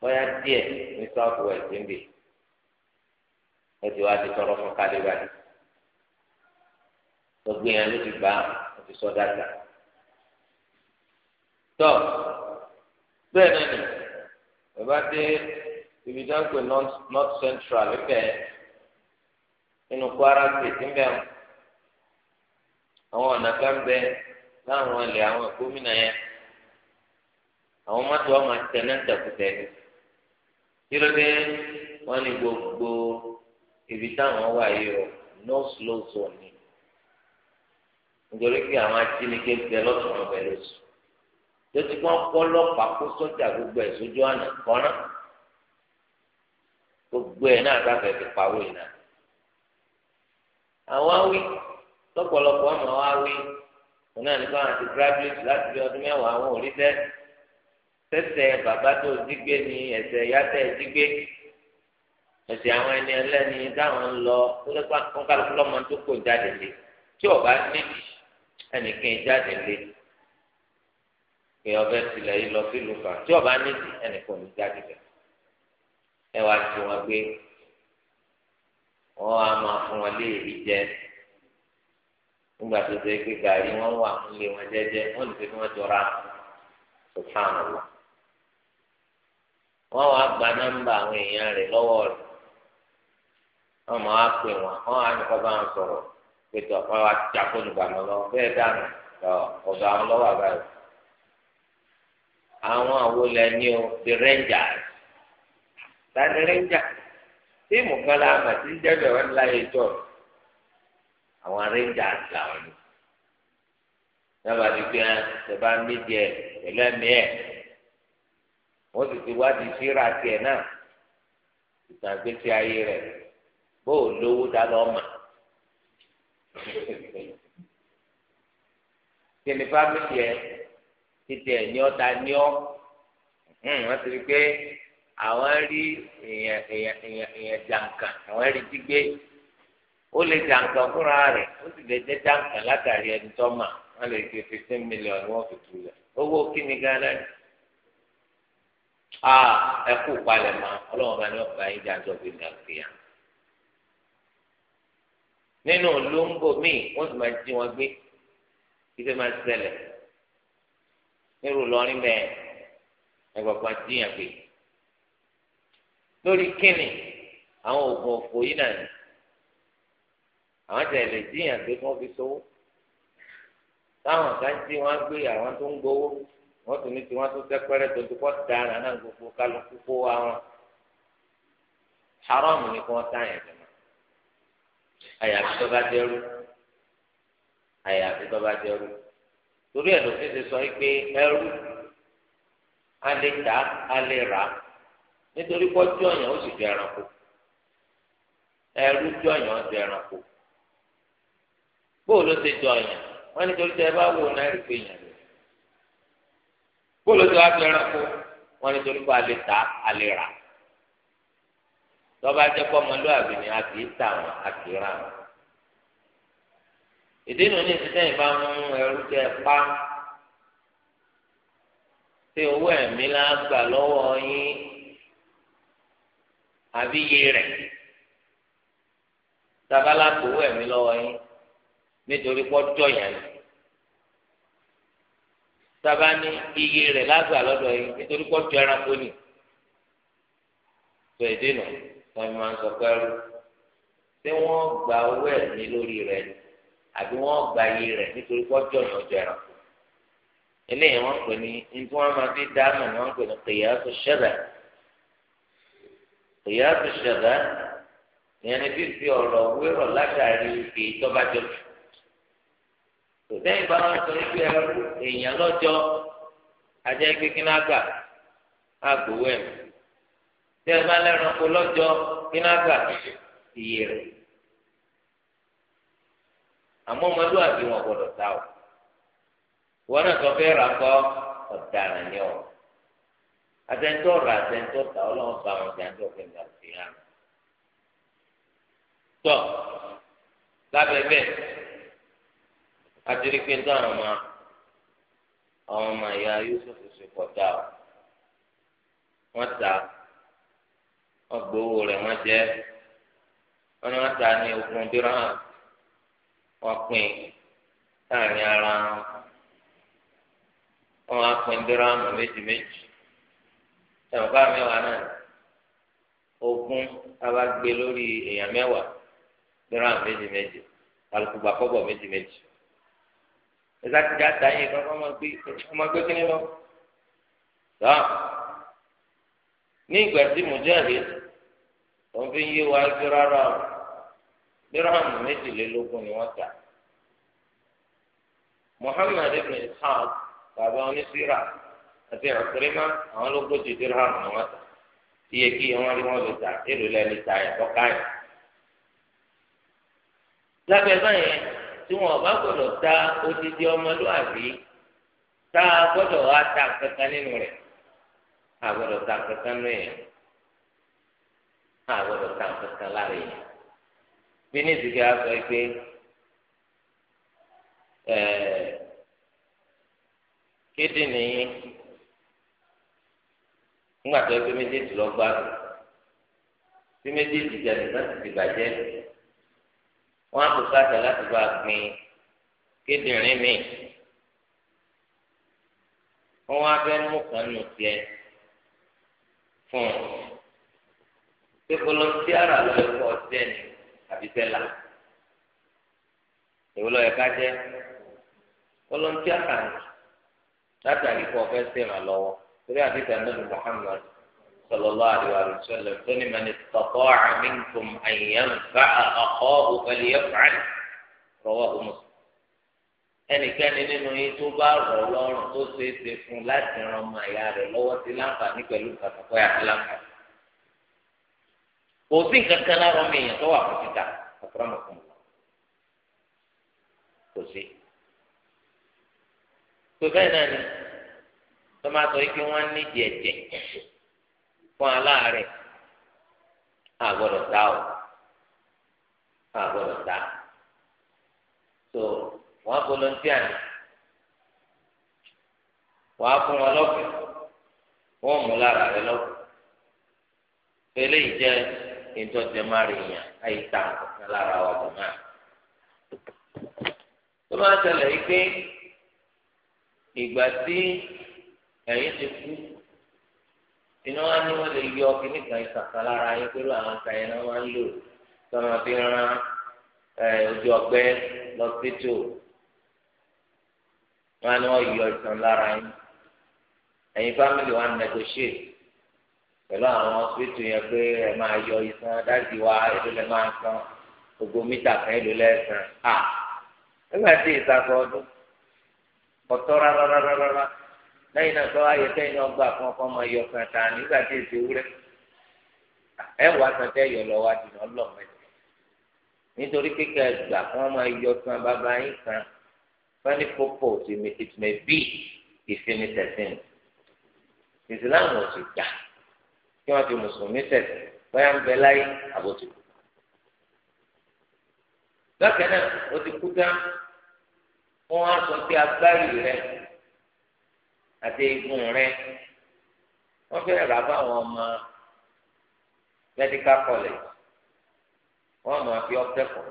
bóyá díẹ̀ ní south west níbi ó ti wá di tọrọ fún kálíbàdì gbogbo yẹn ló ti gbà ó ti sọ dáadáa tó. bẹ́ẹ̀ náà ni bàbá dé ibi tí wọ́n pè north central lẹ́kẹ̀ nínú Kwara state ń bẹ̀ wọn àwọn ọ̀nà kan bẹ láwọn ilẹ̀ àwọn gómìnà yẹn àwọn mọ́tò wọn máa náà dàkútẹ́ ni kí ló wọ́n ní gbogbo ibi táwọn wà yìí o no slow zone ni nítorí pé àwọn ajínigbé tó ti kọ́ kọ́lọ́pàá kó sọ́jà gbogbo ẹ̀ sójú àná kọ́ná gbogbo ẹ̀ náà dábẹ́ ti pawó iná. àwọn awí lọ́pọ̀lọpọ̀ ọmọ wa wí òun náà nípa àti graduate láti fi ọdún mẹ́wàá àwọn òrí tẹ́ tẹ́sẹ̀ bàbá tó dígbé ni ẹ̀sẹ̀ ìyá tẹ́ dígbé ẹ̀sẹ̀ àwọn ẹni ẹlẹ́ni táwọn ń lọ tó lẹ́pàá kọ́ńkálùkù lọ́mọ tó kò jáde lé tí ọ̀bá níbi ẹnìkan jáde lé. èèyàn fẹ́ tilẹ̀ yìí lọ sílùú kan tí ọba nídìí ẹnìkan ní jáde bẹ̀. ẹ wá ju wọn gbé wọn á máa fún wọn léèrí jẹ nígbà tó ṣe pé gàrí wọn wà wọn jẹjẹ wọn lè fi wọn jọra lọ. wọn wàá gba àwọn èèyàn wọn máa pè wọn wọn wọn pé àwọn àwòlẹ̀ ni o the rangers tani rangers tíìmù kan la àmà tí ń jẹ́bẹ̀ wọn láyé jọ àwọn rangers làwọn ni dábàá ti gbé hàn tẹ̀bá méjì ẹ̀ pẹ̀lú ẹ̀mí ẹ̀ wọ́n sì ti wádìí síra tiẹ̀ náà ìtàn àgbésí ayé rẹ̀ bóò lówó dá lọ́mà kí ni fámìlì ẹ̀ títí ẹ̀ ní ọ̀tá ní ọ́ hmm, wọ́n ti rí pé àwọn rí èèyàn èèyàn èèyàn èèyàn jàǹkà àwọn rí jígbé ó lè jàǹkà fúnra rẹ̀ ó sì lè jẹ́ jàǹkà látàrí ẹni tó mà wọ́n lè fi fifteen million wọ́n fi tu lẹ̀ owó kíni gánà ni a ẹkú palẹ̀ mọ́ ọlọ́run bá ní ọ̀gá yín jàǹjọ́ bí nàìjíríà nínú lóńgò míì wọ́n sì máa jí wọn gbé kí ṣe máa ṣẹlẹ̀ nírú lọrin bẹ́ẹ̀ ẹgbàgbà díyàn pé lórí kíni àwọn oògùn òfò yìí náà ni àwọn tẹ̀lé díyàn pé wọ́n fi sówó táwọn kan tí wọ́n gbé àwọn tó ń gbowó wọ́n tún ní tiwọn tó sẹ́pẹ́rẹ́ tó ti kọ́ dára náà gbogbo kálukú kó wa haram ni kí wọ́n táyàn jẹ mọ́ àyàfi tó bá dẹrú àyàfi tó bá dẹrú torí ẹ̀ ló fi ṣe sọ pé ẹrú alẹ́ ta alẹ́ rà nítorí pọ́jú ọ̀yàn ó sì ju ẹranko ẹrú ju ọ̀yàn ó ju ẹranko bóòlù ṣe ju ọ̀yàn wọ́n nítorí tẹ́ ẹ bá wò náà rí pé yàn lò bóòlù wá ju ẹranko wọ́n nítorí pé alẹ́ ta tọ́ba jẹ́ pọ́ ọmọlúwàbí ni a kì í tà wọ́n a kì í rà wọ́n ìdí nu ní ìsìtẹ́ yìí bá mú ẹrú jẹ pa ṣé owó ẹ̀mí la gbà lọ́wọ́ yín àbí iye rẹ̀ tabala gbà owó ẹ̀mí lọ́wọ́ yín nítorí pọ́jọ́ yẹn ni taba ní iye rẹ̀ lágbà lọ́dọ̀ yìí nítorí pọ́jọ́ ẹranko ni tó ìdí nu wọn máa ń sọ pẹ́rú ṣé wọ́n gba owó ẹ̀mí lórí rẹ̀ ni àbí wọn gba iye rẹ nítorí pọjọ yẹn ọjọ ẹran eléyìí wọn pè ní ní wọn máa fi dáná ni wọn pè ní kìyàtò ṣẹlẹ kìyàtò ṣẹlẹ ìyẹn ni fífi ọ̀rọ̀ wérò látàrí ìpè ìjọba jọjọ tòtẹ́yìn bá wọn sọ wípé ẹrú èèyàn lọ́jọ́ ajá kíkín nágbà àgbòwẹ̀ tẹ́ ẹ bá lẹ́ranko lọ́jọ́ kínágbà iye rẹ̀ àmọ́ ọmọlúwàbí wọn gbọ́dọ̀ ta o wọn náà sọ fẹ́ rà kọ́ ọ̀daràn ni ọ atẹ́ńtọ́ rà atẹ́ńtọ́ ta ọlọ́run bá wọn jẹ́ àti ọ̀fẹ́ ìgbà òsì hàn tọ́ lábẹ́ bẹ́ẹ̀ atirikpe ń tọ́ àwọn ọmọ àwọn ọmọ ìyá Yusuf ṣe pọ̀ ta o wọ́n ta wọ́n gbowó rẹ̀ wọ́n jẹ́ wọ́n ní wọ́n ta ní ogún dírámù. wọ́n pín láàrin ara wọn wọ́n á pín dírámù méjì méjì ṣàǹfà mẹ́wàá náà ogún abágbé lórí èèyàn mẹ́wàá dírámù méjì méjì alùpùpà kọ́bọ̀ méjì méjì ìsàtìjà dáyé kankan máa gbé ọmọ gbé lọ tọ́ ní ìgbà tí mo jẹ́ àlè tó ń fi yé wa gbé rárá o. dirhamu méjìlélógún ni wọ́n tà muhammad ibn ishaq bàbá onísírà àti àkúrẹ́mà àwọn lógójì dirhamu ni wọ́n tà iye kí wọ́n rí wọ́n lè tà èrò lẹ́ni tà ẹ̀kọ́ káyọ̀ lábẹ́ báyẹn tí wọn bá gbọ́dọ̀ ta odidi ọmọlúwàbí tá a gbọ́dọ̀ wá ta kankan nínú rẹ̀ a gbọ́dọ̀ ta kankan nínú yẹn a gbọ́dọ̀ ta kankan lára yẹn bí ní ìsìnkú a sọ pé kídìní yín nígbà tó pé méjèèjì lọ gbádùn tí méjèèjì jáde náà ti ti bàjẹ́ wọn á kó káàtà láti bá a gbin kídìrín mi wọn wá mú kan nù tiẹ̀ fún un pé kọlọ́ntì ara lọ́ọ́ ẹ̀kọ́ ọ̀tẹ́ ni tàbí tẹ́lá èwo ló yẹ ká jẹ́ volunteer account látàrí kó o fẹ́ ṣèrànlọ́wọ́ torí àdìsẹ́ náà Muhammad sallallahu alaihi wa sallam tó ní man istata'a minkum an yanfa'a akhahu falyaf'al rawahu Muslim ẹnikẹ́ni nínú yín tó bá rọ̀ lọ́rùn tó ṣeé ṣe fún láti ran ọmọ ìyá rẹ̀ lọ́wọ́ sí láǹfààní pẹ̀lú kàkàkọ́ àti láǹfààní kò sí nǹkan kan lára ọmọ èèyàn tó wà fún títà àkàràmọ̀kùn kò sí. pé bẹ́ẹ̀ náà ni tó máa sọ pé wọ́n ní jẹ̀jẹ̀ fún aláàárẹ̀ àgbọ̀dọ̀ dá o àgbọ̀dọ̀ dá so wọ́n volunteer ni wọ́n á fún wọn lọ́fẹ̀ẹ́ wọ́n mú lára rẹ lọ́fẹ̀ẹ́ eléyìí jẹ́ ìjọ jẹmárì yàn àìta nǹkan lára wa jù náà. tó máa ṣẹlẹ̀ yìí pé ìgbà tí ẹ̀yin ti kú iná wa ni wọ́n lè yọ kíní kan ìsàkà lára yín pẹ̀lú àwọn nǹkan yẹn náà wọ́n lò tó máa fi rán ojú ọgbẹ́ lọ sí tò wọ́n á ní wọ́n yọ ìsàn lára yín ẹ̀yin fámìlì wa negotiate pẹ̀lú àwọn hospital yẹn pé ẹ máa yọ iṣan dájú wa èlò lẹ máa san gbogbo mítà kan èlò lẹ́sàn á nígbà tí ìsàkọ ọdún kọtọ rárá rárá rárá lẹ́yìn náà sọ ayọ tẹ̀yìn ọgbà fún ọkọ ọmọ yọ kan ta nígbà tí èsì wúrẹ ẹ wà sàn tẹ yọ lọ wá dùn ọlọmọdé nítorí kíkẹ ẹgbà fún ọmọ yọ kan bàbá yín kan funny purpose it may be ìfinisẹsìn ìsìláàmù ọ̀sùn gbà kí wọ́n fi mùsùlùmí tẹ̀sí báyà ń bẹ láyé àbótú. lọ́kẹ́ náà ó ti kú dá wọ́n á sọ pé agbárí rẹ àti eegun rẹ wọ́n fẹ́ rà báwọn ọmọ medical college wọ́n mọ̀ àfi ọ̀tẹ̀ kọ̀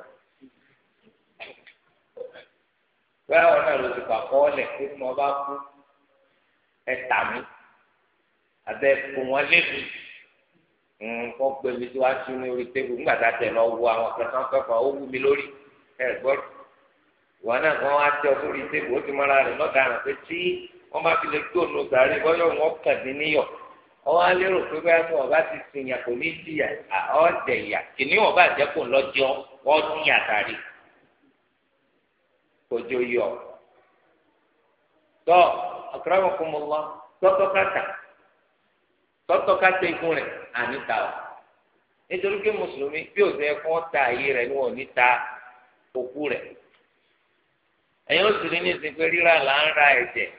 báwọn náà ló ti pàkọ́ ọ̀lẹ̀ pé tí wọ́n bá kú ẹ̀ tà mí abẹ́ kò wọ́n lébi nǹkan pé mi tí wàá tún ní orí tébù ńgbà tá a tẹ̀ lọ wo àwọn akẹ́kọ̀ọ́ akẹ́kọ̀ọ́ ó wú mi lórí ẹ̀ gbọ́ ìwà náà kí wọ́n wá tẹ sórí tébù ó ti mọ́ra rẹ̀ lọ́daràn pé tí wọ́n bá fi lè gbé ònú gàrí bọ́yọ̀ wọn kàn mí níyọ̀ ọwọ́ á lérò pé bá fún ọba ti sìn yàn kò ní jìyà ọ̀dẹ̀ yà kìnní ọba àjẹkù lọ́jọ́ wọ́n tún yà kárí kòjó yọ. tọ́ ọ̀kẹ́rẹ́ tọ́tọ́ ká tẹ ikú rẹ̀ àní ta o nítorí pé mùsùlùmí bí òsè ẹ̀kọ́ ta ayé rẹ̀ ni wọ́n ní ta òkú rẹ̀ ẹ̀yin ó sì rí ní ìsìn pé rírà là ń ra ẹ̀jẹ̀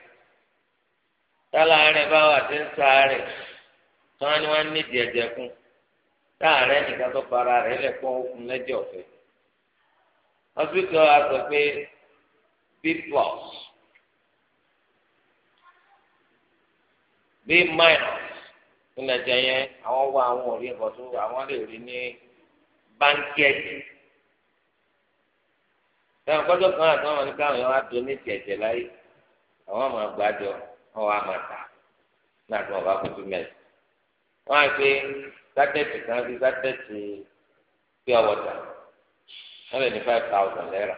tálà rẹ̀ bá wà sí ń sa rẹ̀ tí wọ́n ní wọ́n ní ìdí ẹ̀jẹ̀ fún táàrẹ̀ nìkan tó para rẹ̀ lẹ́kọ́ òkun lẹ́jọ́ ọ̀fẹ́ hospital a pé b plus b minus nínú ẹja yẹn àwọn wá àwọn òrí nǹkan tó àwọn lè rí ní báńkẹ́ẹ̀tì táwọn kọjọ kan àti wọn ní káwọn yẹn wá do ní tẹ̀tẹ̀ láyé àwọn àmọ́ àgbàjọ wọn wá máa tà náà tí wọn bá kótó mẹ́rin wọn á gbé sátẹ́tì kan bí sátẹ́tì pure water wọn lè ní five thousand naira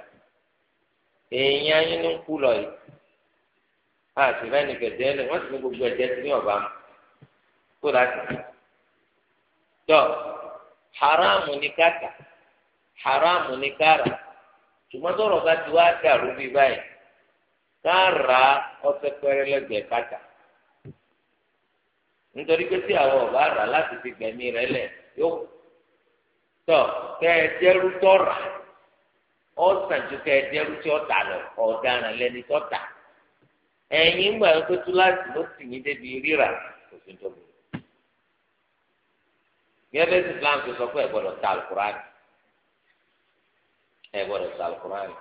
èèyàn yín ló ń kú lọ yìí àti bẹ́ẹ̀ ni kẹ̀jẹ́ lẹ̀ wọ́n sì ní gbogbo ẹ̀jẹ̀ sí ní ọ̀bá mu kó láti tọ haramu ní kàtà haramu ní kàrà ṣùgbọ́n tọrọ bá ti wá dàrú bí báyìí kàrà ọsẹ pẹrẹ lẹ́gbẹ̀ẹ́ kàtà nítorí pé tí àwọn ọba rà láti fi gbẹ̀mí rẹ̀ lẹ̀ yóò tọ kẹ ẹ jẹrú ju kẹ tí ọtà lọ ọ̀daràn lẹni tọta ẹ̀yin gbà pé túláàsì ló sì yín débi rírà òfin tó burú gẹ́gẹ́ bí islam ti sọ pé ẹ gbọ́dọ̀ ta alukurani ẹ gbọ́dọ̀ ta alukurani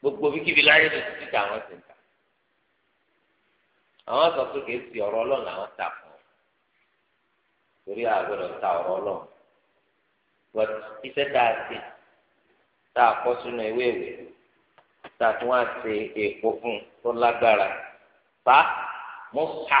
gbogbo bíkíbi láyé lè ti ta àwọn ti ń ta àwọn sọ pé kìí sí ọ̀rọ̀ Ọlọ́run làwọn ta fún ọ torí a gbọ́dọ̀ ta ọ̀rọ̀ Ọlọ́run but iṣẹ́ tá a ti tá a kọ sínú ewé ìwé tá a tún wá ṣe èèpo fún tó lágbára fa mọ́ta.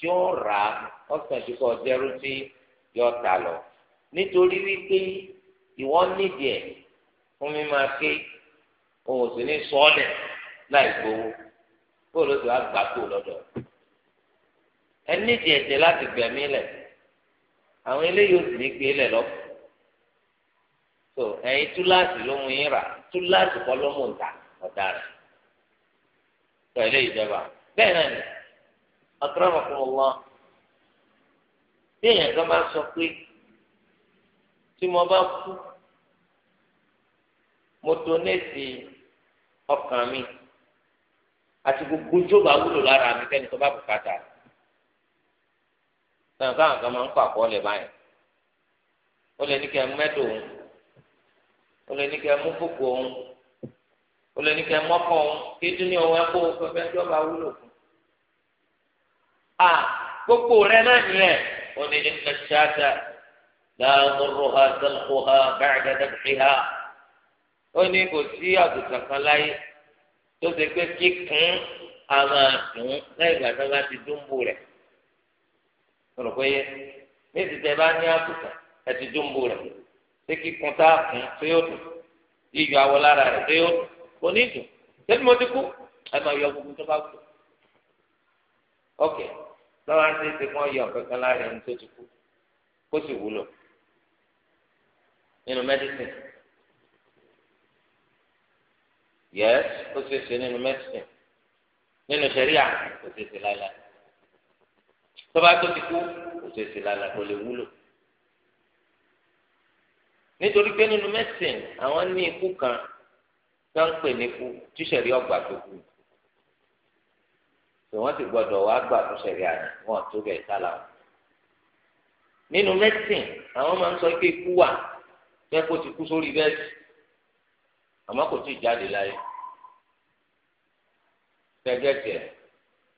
tí ó rà á ọ̀sán ju kọ́ dẹ́rú sí yọ ta lọ nítorí wípé ìwọ nídìí ẹ̀ fún mi máa ké òun sì ní sọ́ọ̀dẹ̀ láì gbowó bóòlù tó a gbà kó lọ́dọ̀ ẹ nídìí ẹ̀jẹ̀ láti gbẹ̀mí lẹ̀ àwọn eléyìí ò sì ní gbé lẹ̀ lọ́pọ̀ so ẹ̀yin túláàsì ló mú yín rà túláàsì kọ́ ló mú ta ọ̀daràn pẹ̀lú ìjọba bẹ́ẹ̀ náà nìyẹn akramakumullah bí èèyàn kan bá sọ pé tí mo bá kú mo donate ọkàn mi àti gbogbo jóba wúlò lára mi kẹ́ni tó bá bùkátà náà káwọn kan máa ń kọ àkọọ́lẹ̀ báyìí ó lè ní kí ẹ mẹ́tò òun ó lè ní kí ẹ mú fòkò òun ó lè ní kí ẹ mọ́kàn òun kí dúnìá òun ẹ kó o fẹ́ fẹ́ jọba wúlò fún à gbogbo rẹ náà nìyẹn ó ní inna ash-shata la yadurruha salkhuha ba'da dabhiha ó ní kò sí àgùntàn kan láyé tó ṣe pé kíkún a máa dùn lẹ́yìn ìgbà tó bá ti dúnbò rẹ̀ rò pé ní ìsìtẹ́ bá ní àgùntàn ẹ ti dúnbò rẹ̀ ṣé kíkún tá a kún tó yóò dùn yíyọ awọ lára rẹ̀ tó yóò dùn kò ní dùn ṣé bí mo ti kú ẹ máa yọ gbogbo tó bá kù. Ok, lọ́wọ́ àti ṣe kí wọ́n yọ kankan láàrin ẹni tó ti kú kó sì wúlò nínú mẹ́dísìn yẹ́s ó ṣe ṣe nínú mẹ́dísìn nínú sẹ́ríà kò ṣe ṣe láìláì tọ́ba tó ti kú kò ṣe ṣe láìláì kò lè wúlò nítorí pé nínú mẹ́dísìn àwọn ní ikú kan tó ń pè ní ikú tíṣẹ̀rí ọgbà tó kú tí wọ́n sì gbọ́dọ̀ wá gbà tó ṣẹlẹ̀ àná wọn tó bẹ̀ sálà wọn. nínú mẹ́sìn àwọn máa ń sọ pé ikú wà fẹ́ kó ti kú sórí bẹ́ẹ̀sì àmọ́ kò tí ì jáde láyé. tẹ́gẹ́tẹ́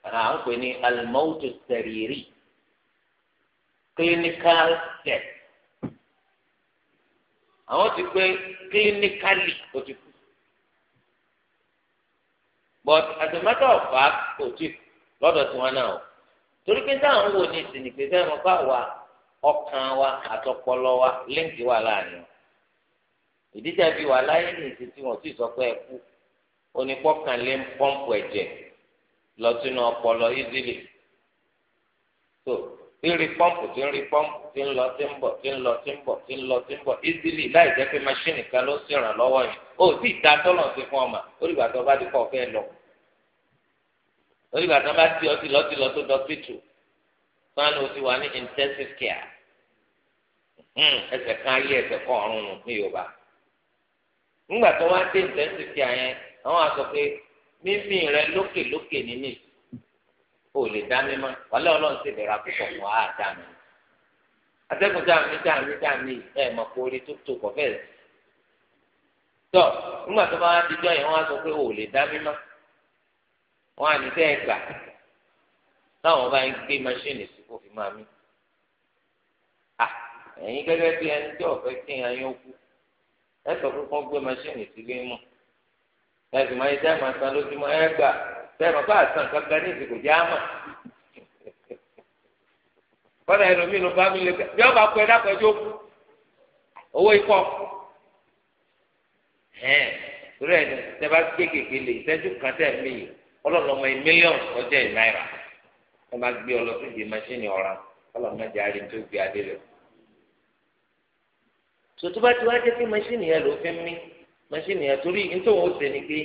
à ń pè ní alimọ́tò sẹ̀rìrì clinical death àwọn ti pé clinically ó ti kú but as a matter of fact kò tí ì kú lọ́dọ̀ tiwọn náà o torí pé táwọn wò ní ìsìn ìpè fẹ́ mọ́ bá wa ọkàn wa àtọpọlọ wa líǹkì wà láàrin ìdíjà bíi wà láyé ní ìsìn tí wọn sì sọ pé ẹ kú onípọkàn lé ń pọ́ǹpù ẹ̀jẹ̀ lọ sínú ọpọlọ ízìlì tó tí ń rí pọ́ǹpù tí ń rí pọ́ǹpù tí ń lọ tí ń bọ̀ tí ń lọ tí ń bọ̀ tí ń lọ tí ń bọ̀ ízìlì láì jẹ́ pé máṣíìnì kan ló sì ràn lọ́wọ́ yìí ó sì dá tọ́lọ̀ sí fún ọmọ ó dìgbà tó bá di kọ́ fẹ́ lórí bàtà bá ti ọtí lọ́tí lọ tó dọ́kítù fáànù ó ti wà ní intensive care hmm, ẹsẹ̀ kan ayé ẹsẹ̀ kan ọ̀run ní yorùbá nígbà tó wá dé intensive care yẹn àwọn àsọ pé mímí rẹ lókè lókè nínú ò lè dá mímọ́ wàlẹ́ ọlọ́run sì bẹ̀rẹ̀ àkókò wà á dá mi atẹ́kùn tá a mi tá mi tá mi ẹ̀ mọ̀ kó orí tó tó kọ̀ fẹ́ẹ̀ tọ́ nígbà tó bá wá dijọ́ yẹn wọ́n á sọ pé ò lè dá mímọ́ wọn àní tẹ́ ẹ gbà táwọn bá ń gbé maṣíìnì sí kò fi máa mí. ẹ̀yin gẹ́gẹ́ bí ẹni tí ọ̀fẹ́ kí n ayọ́ kú ẹ sọ pé kán gbé maṣíìnì sílé mọ̀ ẹ sì máa ń dá màá san lójúmọ́ ẹ gbà bẹ́ẹ̀ bàbá àtàn kankan ní ìsìnkú jẹ́ àmà. kọ́dà ẹlòmíì ló bá mi lè gbà bí ọba kọ ẹ dákọ̀ ẹjọ́ kú owó ikọ̀ ẹ̀ rẹ̀ tẹ bá gbé kékeré ìtẹ́jú kan tẹ̀ mí yìí. ọlọ́run ọmọ yìí mílíọ̀nù ọjọ́ yìí náírà wọ́n máa gbé ọlọ́sùn di mẹ́ṣíìnì ọ̀ra ọlọ́run mẹ́jẹ àárín tó gbé adé rẹ̀. sòtú bá ti wá jẹ́ pé mẹ́ṣíìnì yẹn ló fi mí mẹ́ṣíìnì yẹn torí nítorí ni pé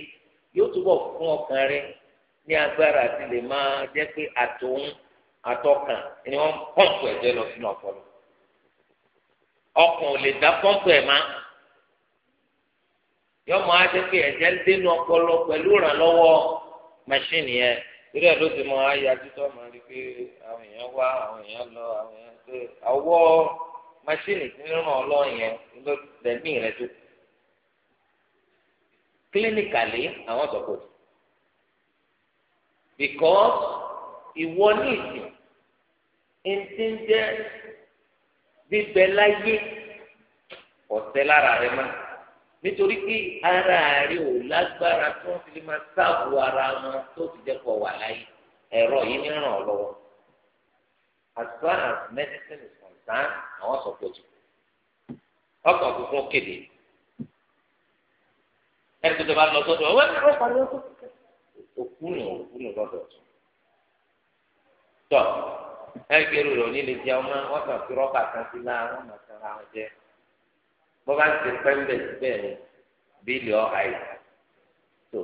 yóò túbọ̀ fún ọkàn rẹ ní agbára àti yọmọ á jẹ́ pé ẹ̀jẹ̀ ń dénú ọpọlọ pẹ̀lú mẹṣíìnì yẹn irú ẹ̀ ló ti mọ ayájú tó máa rí pé àwọn èèyàn wá àwọn èèyàn lọ àwọn èèyàn tó àwọ mẹṣíìnì tí ń ràn lọ yẹn ló lẹ́mí rẹ̀ tó clinically àwọn sọ̀kò because ìwọ ní ìsìn ẹni ń jẹ́ bíbẹ láyé ọ̀sẹ̀ lára rẹ máa nítorí pé ara rẹ ò lágbára tí wọ́n fi lè máa sáàbù ara wọn tó ti jẹ́ pọ̀ wà láyé ẹ̀rọ yìí ní ràn ọ́ lọ́wọ́ as far as medicine is concerned àwọn sọ pé jù ọkọ̀ tuntun kéde ẹni tó bá lọ sọ́dọ̀ ọ̀wẹ́ ní ọ̀pá ló tó òkú nù òkú ni. lọ́dọ̀ tó tọ́ ẹgbẹ́rún rẹ̀ ò ní lè jẹun mọ́ wọ́n kàn fi rọ́bà kan sí lára wọn màtàrà wọn jẹ́ tó bá ti pẹ́ńbẹ̀ síbẹ̀ ni bílíọ̀ ọ̀háì tó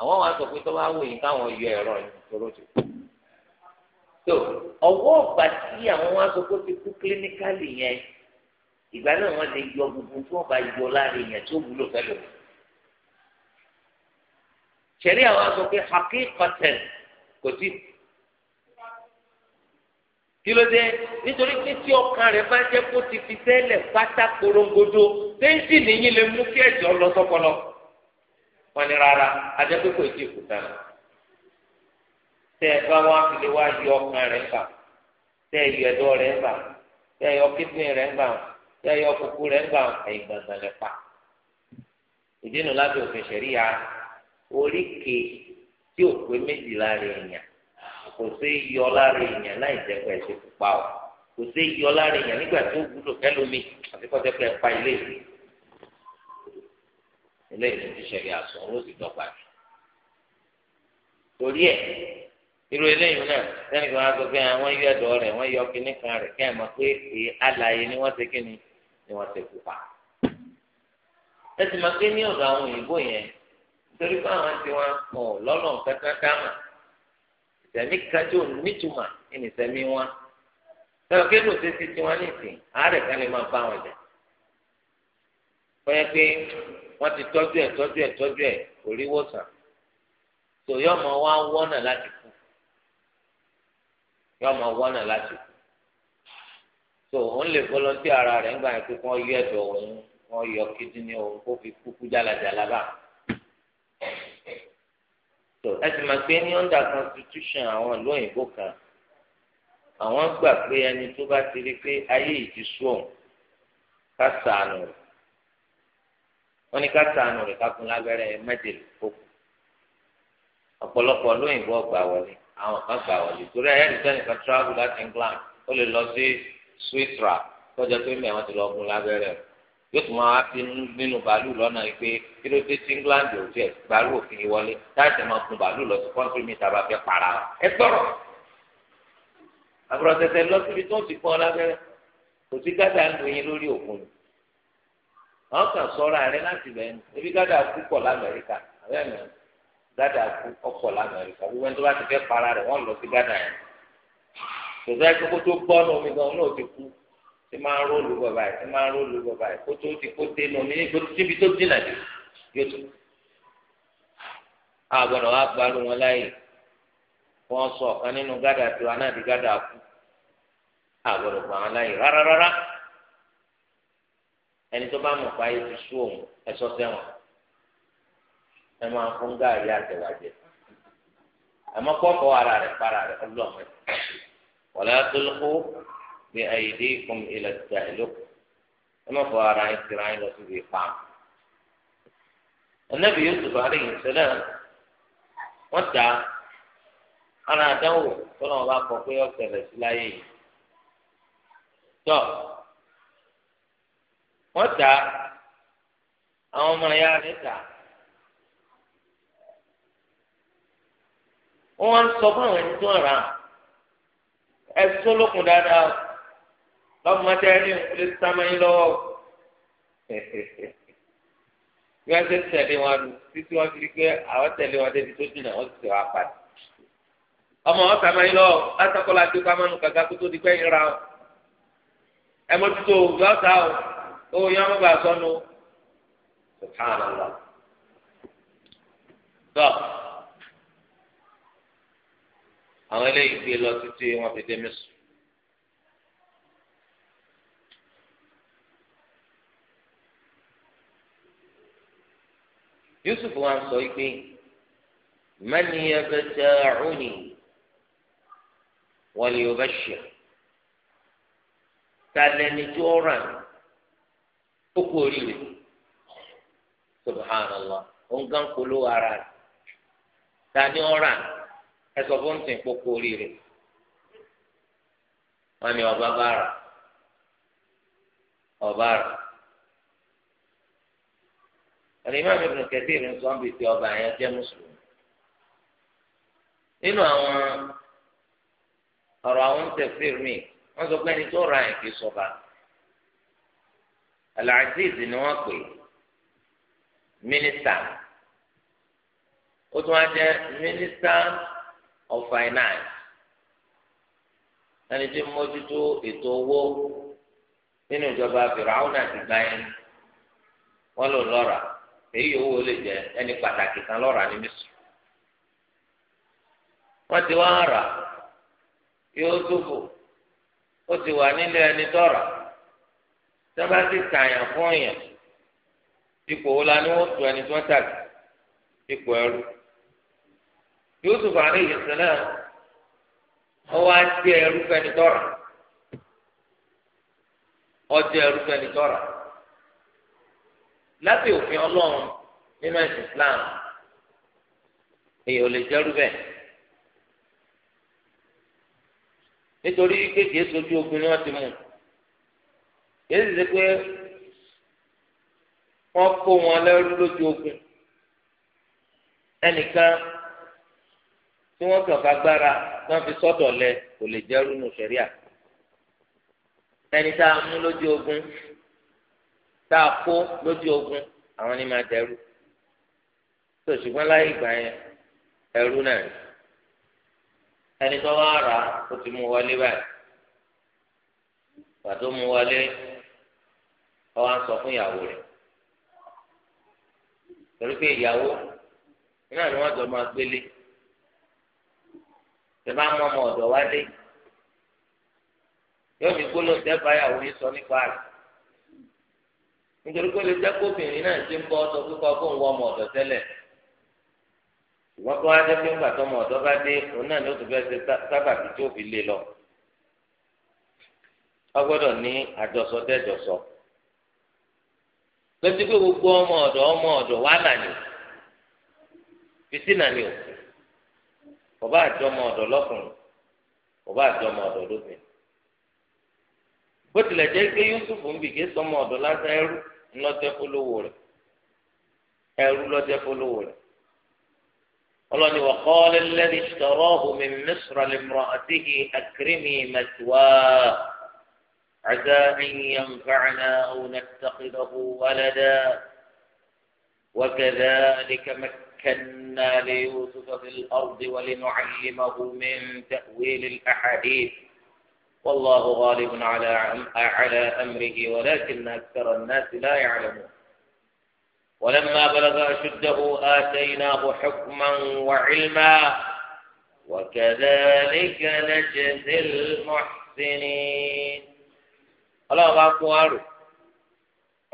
àwọn wa sọ pé tó bá wù yín káwọn yọ ẹ̀rọ ìṣòro ti kú tó ọwọ́ ọ̀gbà tí àwọn wa sọ pé ó ti kú kílíníkàlì yẹn ìgbà náà wọ́n lè yọ gbogbo tí wọ́n bá yọ lára èèyàn tó wúlò fẹ́lẹ̀ o àwọn wa sọ pé hakí kò tí kí ló dé nítorí pé tí ọkàn rẹ bá jẹ kó ti fi sẹ́lẹ̀ pátá korongodo téńtìnì yín lè mú kí ẹ̀jọ̀ lọ sọ́pọlọ wọn ni rárá adẹ́pẹ́kọ̀ ètò ìkúta rẹ tẹ ẹ bá wá fi lè wá yọ ọkàn rẹ gbà tẹ ẹ yọ ẹ̀dọ̀ rẹ gbà tẹ ẹ yọ kíndìn rẹ gbà tẹ ẹ yọ kúkú rẹ gbà ẹ̀yìn gbàgbà lẹ pa ìdí nu lábẹ́ òfin ṣẹ̀ríya oríkèé tí ò pé méjìlá rẹ̀ yàn kò sí yọ lára èèyàn láì jẹ́ pé ẹ̀ṣẹ̀ pupa o kò sí yọ lára èèyàn nígbà tó wúlò kẹlómi àti kọ́tẹ́ pé ẹ̀pa ilé ìlú ilé ìlú ti ṣẹlẹ̀ àṣọ owó sì dọ́gba jù torí ẹ̀ irú eléyìí náà lẹ́nu kan á sọ pé àwọn ah, yọ ẹ̀dọ̀ rẹ̀ wọ́n yọ kíní kan rẹ̀ kí ẹ̀ mọ̀ pé àlàyé ni wọ́n ṣe kíni ni wọ́n ṣe pupa ẹ sì máa gbé ní ọ̀dọ̀ àwọn òyìnbó yẹn nítorí pé àwọn tiwọn ọ̀ lọ́lọ́ nǹkan kan dá sẹ̀mí kájọ nítumà ẹni sẹ̀mí wọn sọ̀rọ̀ kí ló ṣe ti tiwọn nísìn àárẹ̀ kan lè máa bá wọn jà fọyẹ́ pé wọ́n ti tọ́jú ẹ̀ tọ́jú ẹ̀ tọ́jú ẹ̀ kò rí tó yọ ọmọ wa wọ́nà láti kú yọ ọmọ wọ́nà láti kú tó òun lè volunteer ara rẹ̀ ńgbà yẹn pé kí wọ́n yọ ẹ̀dọ̀ òun wọ́n yọ kídínì òun kó fi kúkú jálajàlá báà tó ẹ sì máa pé ní under constitution àwọn ìlú òyìnbó kan àwọn gbà pé ẹni tó bá ti rí pé ayé yìí ti sú òun ká ṣàánú rẹ̀ wọ́n ní ká ṣàánú rẹ̀ ká fún lábẹ́rẹ́ mẹ́tẹ̀lì kókò ọ̀pọ̀lọpọ̀ lóyìnbó ọgbà wọlé àwọn kan gbà wọlé torí ayé ìjọ nìkan travel láti England ó lè lọ sí Switzerland tọ́jọ́ pé mẹ́wọ́n ti lọ gún lábẹ́rẹ́ rẹ̀ yóò tún máa fi nínú bàálù lọ́nà yìí pé kí ló dé sí England ò jẹ́ bàálù òfin yìí wọlé táàtì máa kun bàálù lọ sí kọ́ńtírì mi tàbá fẹ́ para ẹ sọ̀rọ̀ àbúrò tẹ̀tẹ̀ lọ síbi tó ń ti pọ́n lábẹ́rẹ́ kò sí gádà ń lóyin lórí òkun ni àwọn kan sọ̀rọ̀ àrẹ láti bẹ̀rẹ̀ ni ebi gádà kú pọ̀ lamẹ́ríkà àbẹ́ẹ̀mí gádà kú ọ̀pọ̀ lamẹ́ríkà gbogbo ẹni tó bá ti fẹ́ para rẹ̀ wọ́n lọ sí gádà yẹn tòtò tí máa ń róòlù bọ̀ báyìí tí máa ń róòlù bọ̀ báyìí kó tó ti kó dé nu mi ní ibi tó dín náà yóò tó. àgbọ̀nà wa gbarú wọn láàyè wọ́n sọ ọ̀kan nínú gádà tó aná di gádà kú àgbọ̀nà gbà wọn láàyè rárá rárá ẹni tó bá mọ̀ fáyé ti sú òun ẹ̀sọ́ sẹ́wọ̀n ẹ máa fún gáàrí àtẹ̀wájẹ àmọ́ kọ́kọ́ ara rẹ̀ para rẹ̀ ọlọ́mọ wọ́n lọ́ọ́ bí ayédè kún ilẹ̀ tà lóko ẹ má fọ ara yín tìrà yín lọ síbi ìpa. Ànábì Yusuf alayhi salam wọ́n ta ara àdánwò tọ́lá wọn bá kọ pé ọ̀sẹ̀lẹ̀ sí láyé yìí. tọ́ wọ́n ta àwọn ọmọ ya rẹ̀ ta. wọ́n wá ń sọ fún àwọn ẹni tó ń ra ẹ̀sùn lókun dáadáa lọ́mọdé ẹni òkúlé sámáyé lọ́wọ́ bí wọ́n ṣe tẹ̀lé wọn lù títí wọ́n fi rí pé àwọn tẹ̀lé wọn débi tó jìnnà wọ́n ti tẹ̀ wá padà ọmọ wọn sámáyé lọ́wọ́ látàkọ́lá tó ká mánu kàkà kó tó di pẹ́ ìra o ẹ mọ́tútù yọ̀ọ́ta o owó yẹn wọ́n bá sọnù subhanallah tọ́ àwọn eléyìí gbé lọ títí wọ́n fi dé mẹ́sùn. yusuf wa sọ pé mẹ́niyẹ bẹ tẹ ọ̀húnì wọlé o bẹ ṣe talẹ́ni tí ó rà ó kú oríire subhanallah ongan kolo ara tani ó rà ẹsọ fún tì ń oríire wọn ọba bá ọba rà. Al-Imam Ibn Kathir nǹkan bíi ti ọba yẹn jẹ́ mùsùlùmí. nínú àwọn ọ̀rọ̀ àwọn tafsir mi wọ́n sọ pé ẹni tó ra ẹ̀ kìí sọba. Al-Aziz ni wọ́n pè mínísítà ó tún wá jẹ́ mínísítà of finance ẹni tí mójútó ètò owó nínú ìjọba Fìràwọ́n àti gbáyẹn wọ́n lò lọ́ra. èyí owó lè jẹ ẹni pàtàkì kan lọ́ra ní mísù wọ́n ti wá rà yóò tófò ó ti wà nílé ẹni tọ́ra tí ti tààyàn fún yàn ipò wo la ni wọ́n tu ẹni tí wọ́n tàgé ipò ẹrú Yusuf ọwọ́ lábẹ́ òfin ọlọ́run nínú ẹ̀sìn Islam èyí ò lè jẹ́rú bẹ́ẹ̀ nítorí kékeré sojú ogun ni wọ́n ti mú yéé sì ṣe pé wọ́n kó wọn lẹ́rú lójú ogun ẹnìkan tí wọ́n kàn fagbára tí wọ́n fi sọ́dọ̀ lẹ kò lè jẹ́rú nù sẹ́ríà ẹni tá a mú lójú ogun tá kó ogun àwọn ni máa dẹrú tó ṣùgbọ́n láyé ìgbà yẹn ẹrú náà ẹni tó wá rà ó ti mú wọlé báyìí pàtó mú wọlé ọ wá ń sọ fún ìyàwó rẹ. torí pé ìyàwó náà ni wọ́n jọ máa gbélé tẹ bá mọ ọmọ ọ̀dọ̀ wá dé yóò fi gbólóhùn tẹ báyàwó yìí sọ nípa nítorí pé lè jẹ́ kóbìnrin náà ti ń bọ́ ọtọ kíkọ́ kó ń wọ ọmọ ọ̀dọ̀ tẹ́lẹ̀ ṣùgbọ́n kó wá pé ńgbà tó ọmọ ọ̀dọ̀ bá dé fi lé lọ wọ́n gbọ́dọ̀ ní àjọsọ dẹ́jọsọ lọ́sí pé gbogbo ọmọ ọ̀dọ̀ ọmọ ọ̀dọ̀ wà nàní fìtínà ni o kò àjọ ọmọ ọ̀dọ̀ lọ́kùnrin bó tilẹ̀ jẹ́ pé Yusuf ń bì ké sọmọ ọ̀dọ́ lásà ẹrú lọ́tẹ́ polówó rẹ̀ ẹrú lọ́tẹ́ polówó rẹ̀ ọlọ́ni wà kọ́ lẹ́lẹ́rì sọ̀rọ̀ omi mísírà lẹ́mọ̀ràn àti hì àkírímì mẹ́tìwá àgbà ẹ̀yìn nfàànà òun àtàkìlọ́hù wàlẹ́dà وكذلك مكنا ليوسف في الأرض ولنعلمه من تأويل والله غالب على على أمره ولكن أكثر الناس لا يعلمون ولما بلغ أشده آتيناه حكما وعلما وكذلك نجزي المحسنين الله اكبر أرو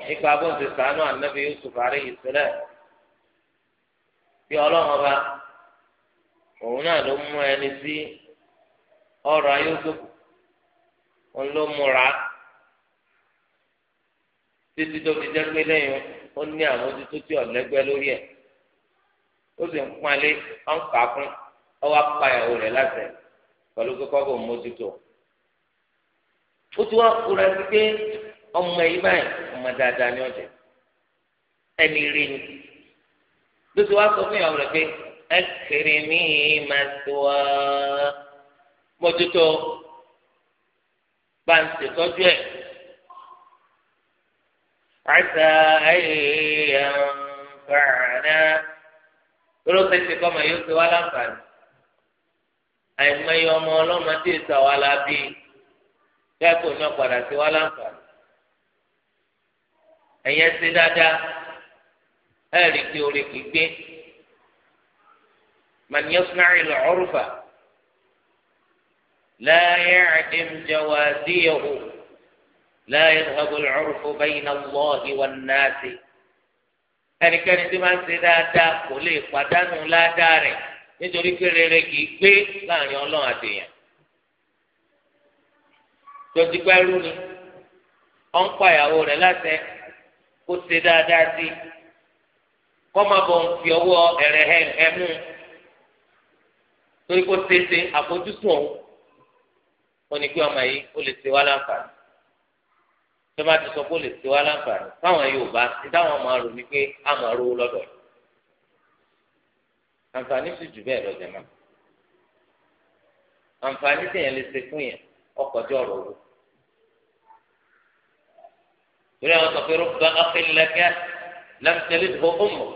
ابو bó ń ṣe sànú ànábì yusuf alayhi salam bí ọlọ́run ọba òun náà olómùra títí tó fi jẹ́ pé lẹ́yìn ó ní àmójútó tí ọ̀lẹ́gbẹ́ lórí ẹ̀ ó sì ń pọnlé ó ń kà á fún ó wá pa ìyàwó rẹ̀ láti ẹ̀ pẹ̀lú kíkọ́ bò mójútó. ó ti wá kura sí pé ọmọ yìí báyìí ọmọ dáadáa ni ọ̀jẹ̀ ẹni rí ni ló ti wá sọ fún ìyàwó rẹ̀ pé ẹ kiri mí màá tó wá mójútó bá ń ṣètọ́jú ẹ̀. àṣà ayé àǹfààní ló ṣe ti kọ́ ọmọ yóò ṣe wá láǹfààní. àìmọye ọmọ ọlọ́mọ tí ì sọ wá lábí kẹ́kọ̀ọ́ náà padà sí wá láǹfààní. ẹ̀yẹ́ ṣe dáadáa ẹ̀rí pé orí kìí gbé. man yasna' al لا يعدم جوازيه لا يذهب العرف بين الله والناس ẹnikẹ́ni tí máa ń ṣe dáadáa kò lè pàdánù ládàá rẹ̀ nítorí pé kì í gbé láàrin ọlọ́run àtèèyàn. tòjìpẹ́rú ni ó ń pa ìyàwó rẹ̀ kó ṣe dáadáa sí bọ̀ ń fi ọwọ́ ẹ̀rẹ̀ ẹ̀mú torí kó ṣe ṣe àfojúsùn òun. ó ní pé ọmọ yìí ó lè ṣe wá láǹfààní tó bá ti sọ pé ó lè ṣe wá láǹfààní fáwọn Yorùbá ní táwọn máa rò ní pé a máa rówó lọ́dọ̀ rẹ̀ àǹfààní sì jù bẹ́ẹ̀ lọ́jà náà àǹfààní tẹ̀yẹ̀ lè ṣe fún yẹn ọkọ̀jọ́ ọ̀rọ̀ owó torí àwọn sọ pé rúbà ọ̀kẹ́lẹ́kẹ́ lẹ́mtẹ́lẹ́ tó ó mọ̀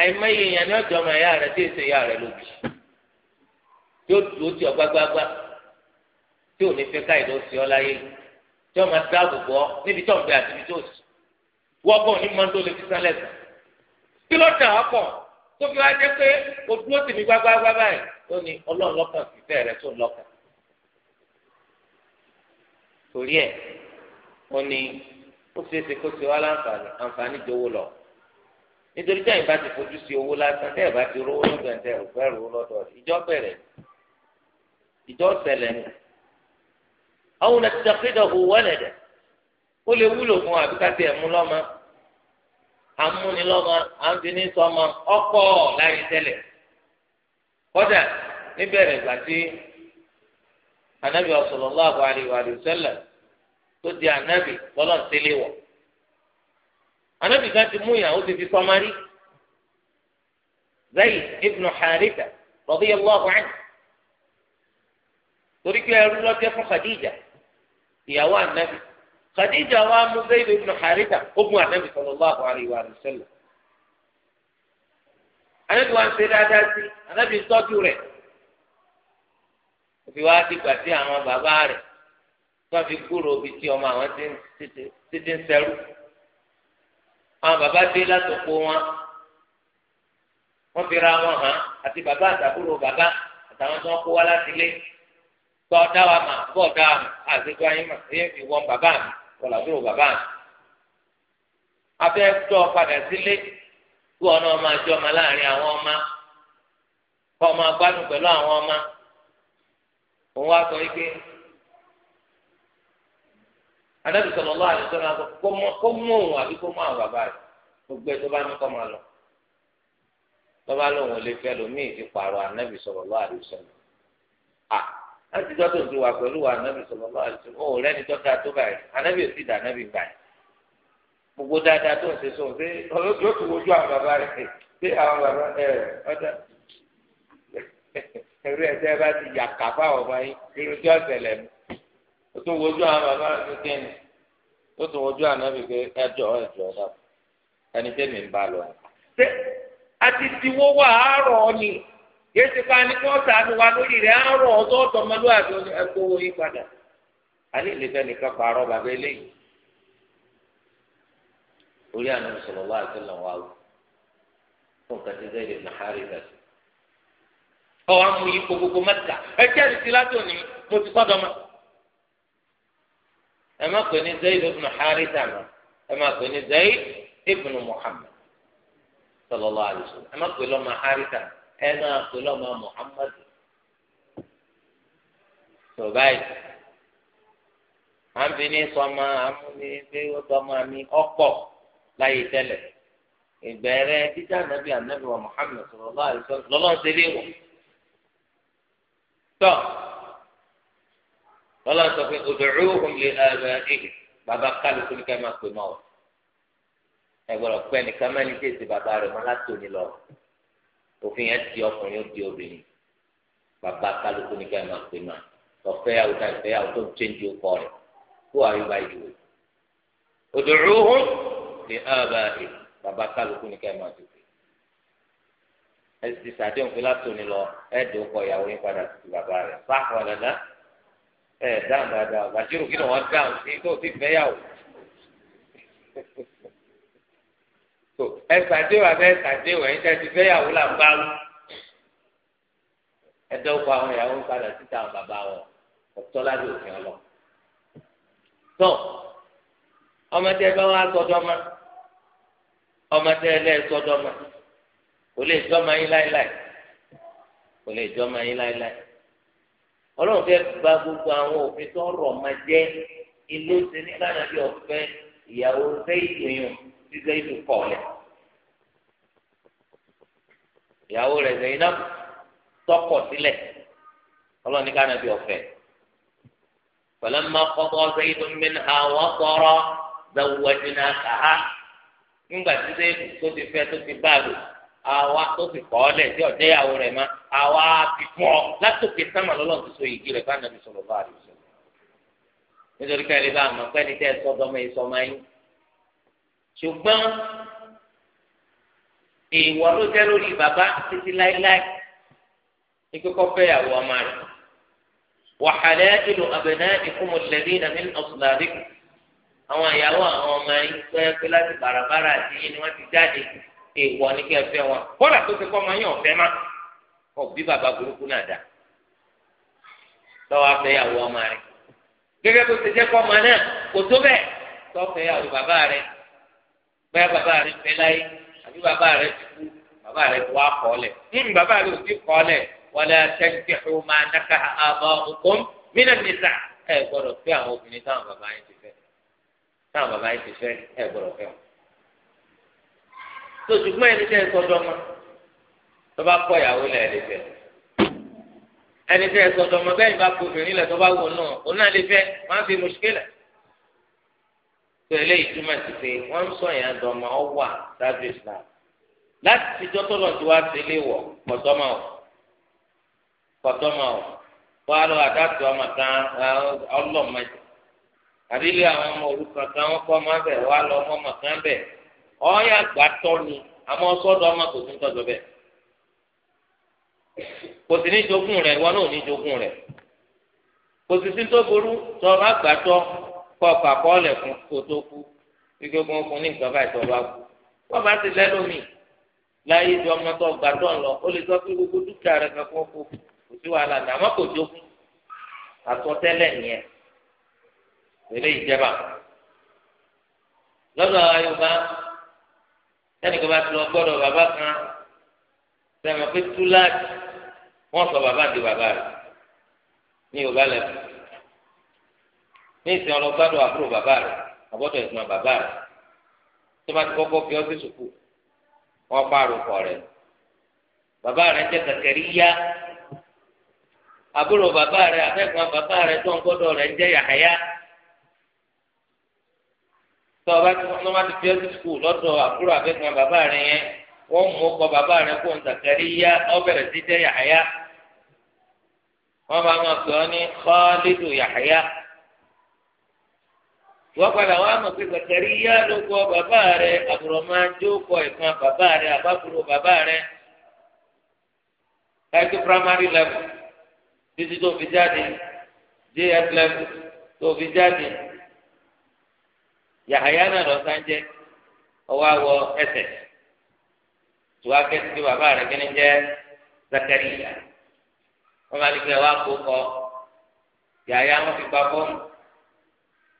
àìmọye yẹn ni ọjọ́ ọmọ ìyá rẹ̀ tí èsè tí ò ní fẹ́ ká ìlú sí ọ láyé tí ọmọ dáàbò bọ́ níbi tó ń bẹ àti ibi tó sì wọ́pọ̀ ní mọ́tò lè fi sálẹ̀ sàn. kí ló dà wọ́pọ̀ tó fi wá jẹ́ pé o dúró tì mí gbágbáágbá báyìí ó ní ọlọ́run lọ́kàn sí fẹ́ rẹ tó lọ́kàn. torí ẹ̀ ó ní ó ṣeé ṣe kó ṣe wá láǹfààní àǹfààní jowó lọ nítorí tí àyìnbá ti fojú sí owó lásán tẹ́ ẹ̀ bá ti rówó lọ́dọ̀ ẹ̀ tẹ́ ẹ̀ fẹ́ rówó lọ́dọ̀ ìjọ bẹ̀rẹ̀ ìjọ ṣẹlẹ̀ àwọn nàtàkìdàhù wọlẹdẹ ó lè wúlò fún àbíkátì ẹmú lọ́mọ amúnilọ́mọ àǹfinísọmọ ọkọ láyé tẹ́lẹ̀ kódà níbẹ̀rẹ̀ ìgbà tí anabi sallallahu alaihi wa sallam tó di anabi lọlọ sílé wọ anabi kan ti mú ìyàwó ti fi sọmarí Zayd ibn Haritha radiyallahu anhu torí pé ẹrú lọ jẹ fún Khadija ìyàwó ànábì Khadija wa mú Zayd ibn Haritha ogun ànábì sallallahu alaihi wa sallam ànábì wa ń ṣe dáadáa sí ànábì tọ́jú rẹ̀ òfin wa ti gbà sí àwọn bàbá rẹ̀ tó fi kúrò ibi tí ọmọ àwọn ti ń sẹ́rù àwọn bàbá dé látòkò wọn wọ́n fi ra wọn hàn àti bàbá àtàkùrò bàbá àtàwọn tó ń kó wá láti lé tọ́ ọ̀dá wa mà bọ́ ọ̀dá wa mà àzẹ́jú ayé mà ṣé ìwọ̀n bàbá mi kọlà dúró bàbá mi. afẹ́ tọ́ padà sílé kí ọ̀nà ọmọ àti ọmọ láàrin àwọn ọmọ kọ́ ọmọ agbádùn pẹ̀lú àwọn ọmọ òun wá sọ wípé anabi sọlọ lọ àdìsọ náà kó mú òun àbí kó mú àwọn bàbá rẹ gbogbo ẹ tó bá ní kọ́ máa lọ lọ́ba lóun ò lè fẹ́ lómi ìdí pààrọ̀ anabi sọlọ lọ àdìsọ láti jọ́ tó ti wà pẹ̀lú wa ànábì sọ̀rọ̀ lọ́wọ́ àti ó rẹ́ni tó dáa tó báyìí ànábì ò sì dà ànábì gbà yìí gbogbo dáadáa tó ń ṣe sóun ṣe yóò tún wojú àwọn bàbá rẹ̀ ṣé àwọn bàbá ẹ̀ ọ̀dà ẹ̀rú ẹ̀sẹ̀ bá ti yà kàfà ọ̀bá yìí irun tí ọ̀sẹ̀ lẹ̀ mú ó tún wojú àwọn bàbá rẹ̀ kékeré ó tún wojú ànábì pé ẹjọ́ ẹjọ́ ẹ̀dá ẹni tẹ́mi ń bá lọ. ṣé àti tiwọ́ wà á rọ̀ ọ́ ni yéé ti pa ni kí wọ́n sàánú wa lórí rẹ̀ á rọ̀ ọ̀dọ́ ọ̀dọ́mọlúwàbí ẹ̀kọ́ owó yín padà alẹ́ ìlú fẹ́ nìkan pààrọ̀ bàbá eléyìí orí àná sọ̀rọ̀ wá àti lọ́wọ́ àwọn fún kàtí sẹ́yìn ní hàrìdà sí. ọ̀ wá mú ipò gbogbo mẹ́ta ẹjẹ́ àdìsí látò ní mo ti kọ́dọ̀ ma. ẹ má pè ní zayd ibn hàrìdà mọ́ ẹ má pè ní zayd ibn muhammad sọlọ́lá àdìsí ẹ má pè lọ́mọ hàrìdà mọ́. ẹ máa pè lọ́mọ Muhammadu sọ̀báyì à ń fi ní sọmọ àmúni pé ó tọmọ mi ọ̀pọ̀ láyé tẹ́lẹ̀ ìbẹ̀rẹ̀ títà nàbí ànábì wa Muhammad sallallahu alaihi wasallam lọ́lọ́run ṣe léwọ̀ tọ́ lọ́lọ́run sọ pé ud'uuhum li aabaa'ihim bàbá kálukú ní ká máa pè mọ́ ọ ẹ gbọ́dọ̀ pẹ́ nìkan mẹ́ni tètè bàbá rẹ̀ òfin yẹn ti ọkùnrin ó di obìnrin bàbá kálukú ní ká ẹ máa pè máa tọfẹ àwùjọ ìfẹ àwùjọ ń tẹ ń di ọkọ rẹ kó àyè báyìí wò òdòdó hó lè ábà rè bàbá kálukú ní ká ẹ máa tó pè ẹ ti sàdéhùn fún látòní lọ ẹ dè ọkọ ìyàwó yín padà sí bàbá rẹ sáfọ dada ẹ dáhùn dáadáa bàjẹ́rù kí ni wọ́n dáhùn sí tó ti fẹ́ yàwó tó ẹ sàdéwà bẹ́ẹ̀ sàdéwà ẹ̀ ń tẹ́tí fẹ́yàwó là ń bá wù ẹ dẹ́wọ́ àwọn ìyàwó padà síta àwọn bàbá wọn ọ̀tọ́ lábẹ́ òfin ọlọ. tó ọmọdé bá wà sọdọ́mọ ọmọdé ẹlẹ́ẹ̀ sọdọ́mọ kò lè jọ́mọ yín láéláé kò lè jọ́mọ yín láéláé ọlọ́run fẹ́ gba gbogbo àwọn òfin tó rọ̀ ọmọ ilé ṣe nígbà náà bí ọ̀fẹ́ ìyàwó fẹ́ ìdòyún tí zayidu kọ̀ lẹ̀ ìyàwó rẹ̀ Zainab tọkọ̀ sílẹ̀ ọlọ́ni ká nàbí ọ̀fẹ́ falamma qada Zaydun minha wataran zawwajnakaha nígbà tí zayidu tó ti fẹ́ tó ti bá a lò àwa tó ti kọ́ ọ lẹ̀ tí ọ̀jẹ́ ìyàwó rẹ̀ ma àwa fi fún ọ látòkè sámà lọ́lọ́run ti so ìdí rẹ̀ fún ànàbì sallallahu alaihi wasallam nítorí káyọ̀ lè bá àmọ́ pẹ́ni tẹ́ ẹ sọ́dọ́mọ ṣùgbọ́n ìwọ ló jẹ́ lórí bàbá títí láéláé ikú kọ́fẹ́ ìyàwó ọmọ rẹ̀ wàhálẹ́ ìlú abẹ́nẹ́ ìkúmọ̀ lẹ́bí nàmí ọ̀sùnláàbí àwọn ìyàwó àwọn ọmọ yìí pẹ́ pé láti bàràbàrà àti yìí ni wọ́n ti jáde ìwọ ní kẹfẹ́ wọn kọ́lá tó ti kọ́ ọmọ yẹn ọ̀fẹ́ má ọ̀bí bàbá burúkú náà dá lọ́wọ́ afẹ́ ọmọ rẹ̀ gẹ́gẹ́ bó ti jẹ́ kọ́ ọmọ náà kò tó bẹ́ẹ̀ tọ́fẹ́ ìyàwó bàbá rẹ̀ bóyá bàbá rẹ fẹ́ láyé àbí bàbá rẹ ti kú bàbá rẹ wá kọ́ lẹ̀ ń bàbá rẹ ò sí kọ́ lẹ̀ wala tankihu ma nakaha aba'ukum minan nisa' ẹ gbọ́dọ̀ fẹ́ àwọn obìnrin táwọn bàbá yẹn ti fẹ́ táwọn bàbá yẹn ti fẹ́ ẹ gbọ́dọ̀ fẹ́ wọn. tó ṣùgbọ́n ẹni tẹ́ ẹ sọ́dọ̀ mọ́ tó bá kọ́ ìyàwó lẹ̀ fẹ́ ẹni tẹ́ ẹ sọ́dọ̀ mọ́ bẹ́ẹ̀ ni bá tó eléyìí túmọ̀ sí pé wọ́n ń sọ yẹn dọ̀mọ́ ọ wà sábẹ́ islam láti tijọ́ tó lọ sí wa ti lé wọ̀ pọ̀tọ́mọ̀ ọ̀ pọ̀tọ́mọ̀ ọ̀ wọ́n á lọ àdáàtì ọmọ kan ọlọ́mọdé àwọn ọmọ olùkọ́ kan wọ́n kọ́ ọmọ bẹ̀ wọ́n á lọ ọmọ ọmọ kan bẹ̀ ọ̀ọ́yà gbà tọ́ ni àmọ́ sọ́dọ̀ ọmọ kò sí ń kò sí ní jogún rẹ̀ wọn náà ní jogún rẹ̀ kò sí sí tó tọ́ kọ́ ọ̀kọ́ àkọọ́lẹ̀ fún kó tó kú wípé kó ń fún ní nǹkan báyìí tó bá kú wọ́n bá ti lẹ́lómi láyé ju ọmọ tó gbà tó ń lọ ó lè sọ pé gbogbo dúkìá rẹ̀ kan fún kó kò sí wàhálà ní àmọ́ kò tó kú àsọtẹ́lẹ̀ nìyẹn pẹ̀lẹ́ ìjẹba lọ́dọ̀ Yorùbá sẹ́nìkan bá ti lọ gbọ́dọ̀ bàbá kan sẹ́nìkan pé túláàdì wọ́n sọ bàbá di bàbá rẹ̀ ní Yorùbá lẹ́kọ̀ọ́ ní ìsìn ọlọ́gbádùn àbúrò bàbá rẹ̀ àbọ̀dọ̀ ìgbọ̀n bàbá rẹ̀ tó bá ti kọ́kọ́ fi ọ́sì sùkú wọ́n pààrọ̀ kọ̀ rẹ̀ bàbá rẹ̀ jẹ́ kẹ̀kẹ́rí yá àbúrò bàbá rẹ̀ àfẹ́gbọ́n bàbá rẹ̀ tó ń gbọ́dọ̀ rẹ̀ jẹ́ yàháyá tó o bá ti wọ́n bá ti fi ọ́sì sùkú lọ́dọ̀ àbúrò àfẹ́gbọ́n bàbá rẹ̀ yẹn wọ́n mú ọkọ bàbá rẹ̀ kó ń kẹ̀kẹ́rí yá ó bẹ̀rẹ̀ sí jẹ́ yàháyá wọ́n bá wọn pè ọ́ ní Khalidu Yahya wọ́n padà wá mọ̀ pé Zakariya ló kọ bàbá rẹ̀ Abdulrahman kọ ìkan bàbá rẹ̀ àbábúrò bàbá rẹ̀ kájú primary level títí tó fi jáde js level tó fi jáde Yahaya náà lọ sáńjẹ ọwọ́ àwọ ẹsẹ̀ tó wá kẹ́sì pé bàbá rẹ̀ kí ni jẹ́ Zakariya wọ́n máa ní kí ẹ wá kó kọ Yahaya wọ́n fi gba fọ́ọ̀mù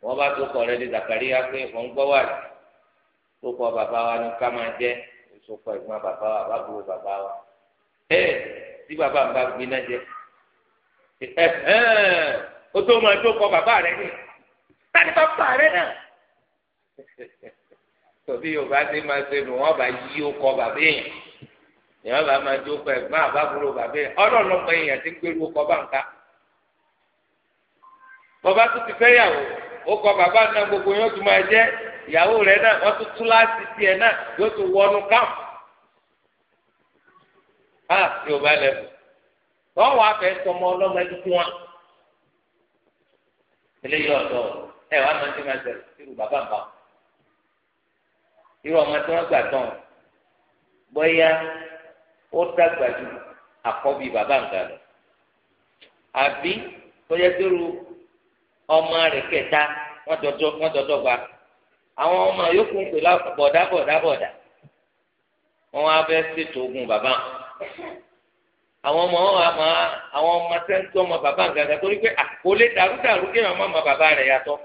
wọ́n bá tó kọ̀ rẹ̀ di Zakariya pé òun gbọ́ wà rí tó kọ bàbá wa ní ká máa jẹ́ ìsopọ̀ ìgbọ́n bàbá wa bá gbowó bàbá wa ẹ tí bàbá mi bá gbiná jẹ ẹ ẹ o tó máa tó kọ bàbá rẹ ní tani bàbá rẹ náà tòbí yorùbá ti máa ṣe nù wọn bá yí ó kọ bàbá èèyàn èèyàn bá máa jó kọ ẹ̀gbọ́n àbábúrò bàbá èèyàn ọlọ́ọ̀lọ́pọ̀ èèyàn ti ń gbèrú ọkọ̀ bá ń ká bàbá tó ti fẹ́ yàwó. ó kọ bàbá náà gbogbo yóò tún máa jẹ ìyàwó rẹ náà wọ́n tún tún láti náà yóò tún wọnú a yóò bá lẹ̀ wọ́n wàá ẹni fún wa. eléyìí ẹ wàá máa máa irú bàbá bá irú ọmọ tí wọ́n gbà tán bóyá ó dàgbà ju àkọ́bí bàbá nǹkan lọ ọmọ rẹ̀ kẹta wọ́n dọ́dọ́ gba àwọn ọmọ yòókù ń pè lá bọ̀dá bọ̀dá bọ̀dá wọ́n wá fẹ́ ṣètò ogun bàbá àwọn ọmọ wọn àmọ́ àwọn ọmọ sẹ́ńtọ́ ọmọ bàbá gàdá torí pé kò lè dàrú dàrú kí àwọn ọmọ bàbá rẹ̀ yàtọ̀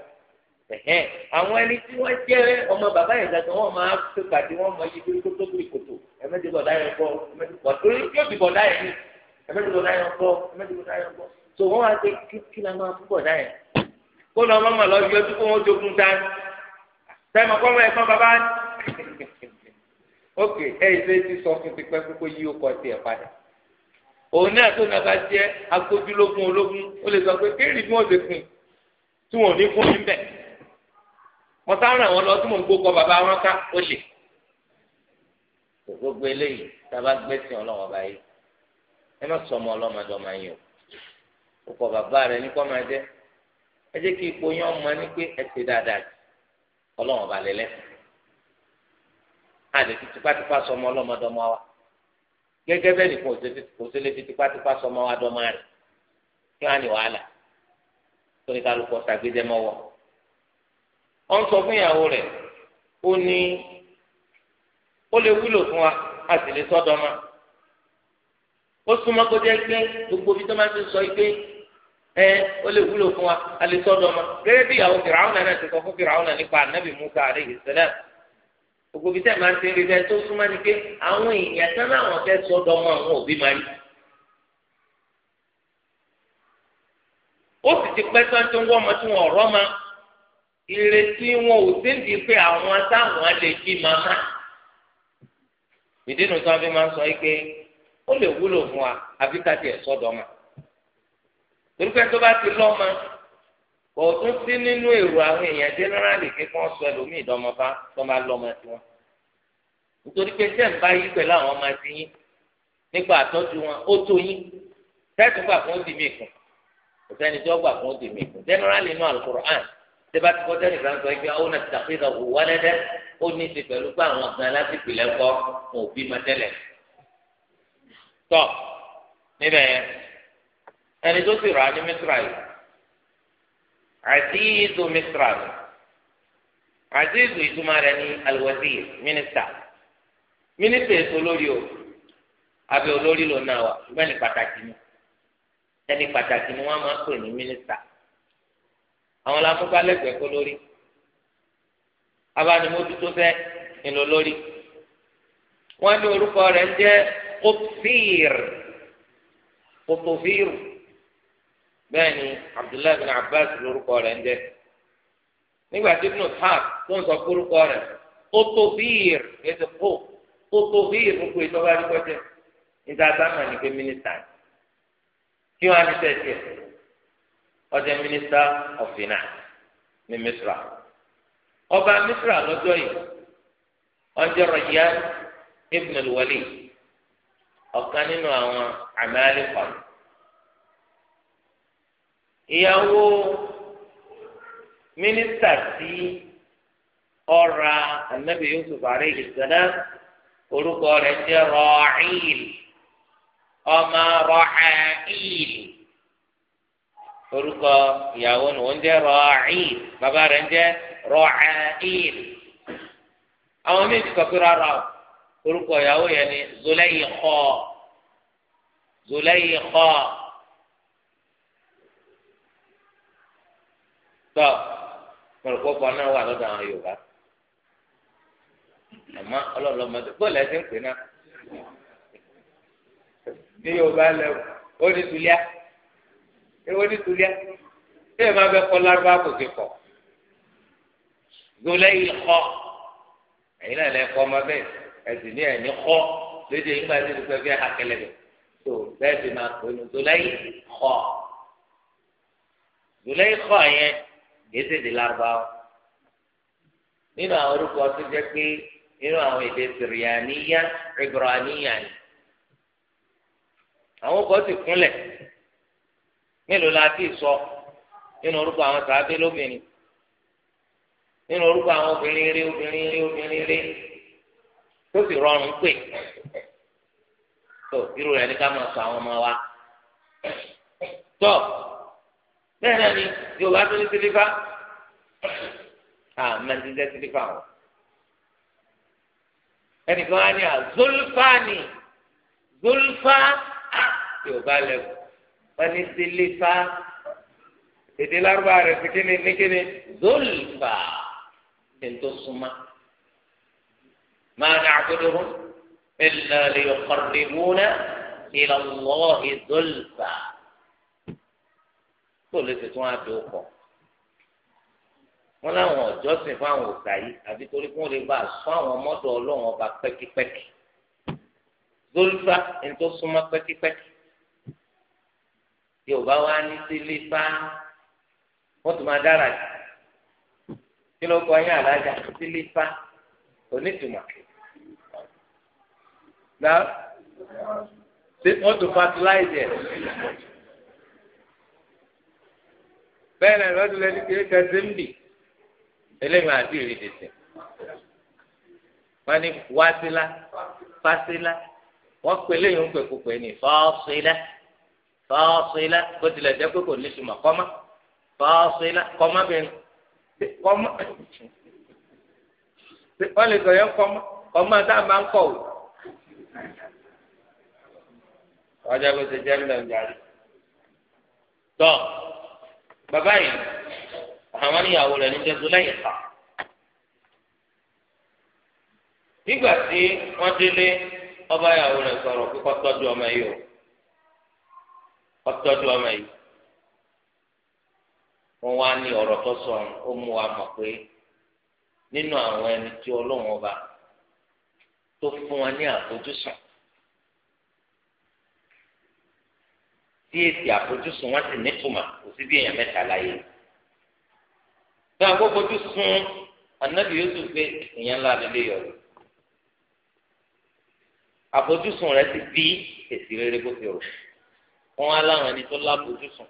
ẹ̀hẹ́n àwọn ẹni tí wọ́n jẹ́ ọmọ bàbá yẹn gàdá wọ́n máa fi pàdé wọ́n máa yí kí kó tó kiri kòtò ẹ̀mẹ́tì bọ̀dá yẹn kọ́ ẹ̀mẹ́tì bọ̀dá yẹn ní ẹ̀mẹ́tì bọ̀dá yẹn kọ́ ẹ̀mẹ́tì bọ̀dá yẹn kọ́ so wọ́n wá pé kí la máa fún bọ̀dá yẹn kó lọ mọ́mọ́ lọ yọ ojú kó wọ́n jogun ta sẹ́mi kọ́ mọ́ ẹ̀fọn bàbá ok ẹ ṣe ti sọ fún ti pẹ́ kókó yí ó kọ tiẹ̀ padà òun náà tó náà bá jẹ́ agbójúlógún ológun ó lè sọ pé kéèrè bí wọ́n ṣe pin tí wọ́n ò ní fún yín bẹ̀ mo sá ràn wọ́n lọ tí mò ń gbókọ bàbá wọn ká ó lè gbogbo eléyìí tá a ọlọ́wọ́ báyìí ẹ má sọ ọmọ ọlọ́mọdé ọmọ yín o kọ bàbá rẹ ní kọ́ máa jẹ́ ẹ jẹ́ kí ipò yẹn ọmọ ní pé ẹ ṣe dáadáa jù ọlọ́run ọba lẹ́lẹ́ àdè fi tipátipá sọmọ ọlọ́mọdọ́mọ wa gẹ́gẹ́ bẹ́ẹ̀ ni kò sí lè fi tipátipá sọmọ wa dọ́mọ rẹ̀ kí wọ́n á ní wàhálà tó ní kálukọ́ sàgbéjẹ́mọ́wọ́ ọ ń sọ fún ìyàwó rẹ̀ ó ní ó lè wúlò fún wa a sì lè sọ́dọ̀ ma ó súnmọ́ kó jẹ́ pé gbogbo ibi tó máa ti sọ pé ẹ o lè wúlò fún wa a lè sọdọ ma gẹ́gẹ́ bí ìyàwó fìràwọn náà ti sọ fún fìràwọn náà nípa anabi musa aleyhi sẹlẹm gbogbo bí sẹ máa ń tẹrí bẹ́ẹ̀ tó súnmọ́ ni pé àwọn èèyàn tán láwọn mọ àwọn òbí máa ó sì ti pẹ́ tán tó ń wọ ọmọ tí ma ìrètí wọn ò séǹdì pé àwọn táwọn lè fi màmá ìdí nu ha máa ń sọ yìí pé ó lè fún wa torí pé tó bá ti lọ́mọ kò tún sí nínú èrò àwọn èèyàn jẹ́nẹ́rálì pé kí wọ́n sọ ẹlòmíì dọ́mọba tó bá lọ́mọ tiwọn nítorí pé tẹ́ ń bá yí pẹ̀lú àwọn ọmọ ti yín nípa àtọ́jú wọn ó tó yín tẹ́tù gbà fún òdì mìkùn kò sẹ́ni tó gbà fún òdì mìkùn jẹ́nẹ́rálì inú Al-Qur'an tẹ́ bá ti kọ́ sẹ́ni kan sọ ẹgbẹ́ àwọn àtàkùn ìdàgbò wọlé dẹ́ ó ní ti pẹ̀lú pé àwọn ẹni tó sì rà ní misra yìí àzízu misra ni àzízu ìtumọ̀ rẹ̀ ní alwazir mínísítà mínísítà èso lórí o abẹ olórí ló náà wà ṣùgbọ́n ní pàtàkì ni ẹni pàtàkì ni wọ́n máa ń pè ní mínísítà àwọn làmúgbálẹ́gbẹ̀ẹ́ kó lórí abánimójútó fẹ́ ńlọ lórí wọ́n ní orúkọ rẹ̀ ń jẹ́ kófíìr kótófíìr bẹ́ẹ̀ ni abdullahi bin abbas lórúkọ rẹ̀ ń jẹ́ nígbà tí ibùdó tap tó ń sọ fórúkọ rẹ̀ kótóbíìr ètò kó kótóbíìr gbogbo ìjọba àdúgbòjẹ níta sáàmà ní pé mínísítà kí wọn á ní sẹ́ẹ̀tì ẹ̀ ọjọ́ mínísítà of finance ní misra ọba misra lọ́jọ́ yìí ọjọ́ rọ̀yà ibn al-Walid ọ̀kan nínú àwọn àmàlẹ́kọ̀ọ́ ìyàwó mínísítà sí ọ̀ra anabi yusuf aleyhi salam orúkọ rẹ̀ jẹ́ rọ̀ọ́ìl ọmọ rọ̀ọ́ìl orúkọ ìyàwó ni wọ́n jẹ́ rọ̀ọ́ìl bàbá rẹ̀ jẹ́ rọ̀ọ́ìl àwọn méjì kọ̀ọ̀kan rárá orúkọ ìyàwó yẹn ni zulayi kọ́ zulayi kọ́. tọ́ pọ̀lọ́pọ̀pọ̀ náà wà lọ́dọ̀ àwọn Yorùbá àmọ́ ọlọ́ọ̀lọ́mọdé bọ́ọ̀lù ẹ̀sìn ń pè náà ní Yorùbá lẹ́wọ̀ ó ní tulia èwo ní tulia ṣé ẹ máa fẹ́ kọ́ lárúbá kò sí kọ́ zolẹ́ yìí kọ́ ẹ̀yin náà lẹ́kọ́ ọmọ bẹ́ẹ̀ ẹ̀sìn ní ẹ̀ní kọ́ lédè yìí máa ti dùkọ́ bí ẹ̀ tó bẹ́ẹ̀ sì máa pè ní zolẹ́ yìí kọ́ zolẹ́ yìí kọ́ yẹn kìí ṣèdè lárúbáwá nínú àwọn orúkọ tó jẹ́ pé nínú àwọn èdè sìrìàníyà ìbùràníyà ni àwọn orúkọ sì kúnlẹ̀ mélòó la ti sọ nínú orúkọ àwọn sàábé lóbìnrin nínú orúkọ àwọn obìnrin rí obìnrin rí obìnrin rí tó sì rọrùn pé tó irú rẹ̀ ní ká máa sọ àwọn ọmọ wa tó. bẹ́ẹ̀ náà ni yorùbá tó ní sílífà àmọ́ ti jẹ́ sílífà o ẹnìkan á ní àzólfà ni zólfà yorùbá lẹ́wọ̀ wọ́n ní sílífà èdè lárúbá rẹ̀ sí kíni ní kíni zólfà ní tó súnmọ́ máa ní àkúndùrún ilẹ̀ lè le kọ́rin wuna ìlànà ìzólfà. kó lè fi tún àdó kọ wọn láwọn ọjọsìn fáwọn òkà yìí àbí torí kí wọn lè bá a sọ àwọn ọmọdé Ọlọ́run ọba pẹ́kípẹ́kí zolfa ẹni tó súnmọ́ pẹ́kípẹ́kí yorùbá wa ní sílé fá wọn tún máa dára jù kí ló kọ yín àlájà sílé fá onítùmọ̀ náà wọn tún fertilize ẹ. bẹ́ẹ̀ náà lọ́dún lẹ́ni tí ó ṣe ń bì eléyìí máa dì tètè wọ́n ní wásílá fásílá wọ́n pè kó pè ní fọ́ọ̀sílá fọ́ọ̀sílá bó tilẹ̀ jẹ́ pé kò ní sùnmọ̀ kọ́má kọ́má bẹ́ẹ̀ kọ́má wọ́n lè sọ bàbá yìí àwọn níyàwó rẹ̀ ní jẹ́sọ lẹ́yìn ta. nígbà tí wọ́n délé ọba ìyàwó rẹ̀ sọ̀rọ̀ pé kó tọ́jú ọmọ yìí o kó tọ́jú ọmọ yìí. wọ́n wá ní ọ̀rọ̀ tó sọ ó mú wa mọ̀ pé nínú àwọn ẹni tí ọlọ́run ọba tó fún wa ní àfojúsùn tí èsì àfojúsùn wọn sì nítumọ̀ kò sí bí èèyàn mẹ́ta láyé bí wọn kó fojú sun anabi yusuf pé èèyàn ńlá lè lè yọrọ àfojúsùn rẹ̀ ti bí èsì rere bó ti rò wọn á láwọn ẹni tó láfojúsùn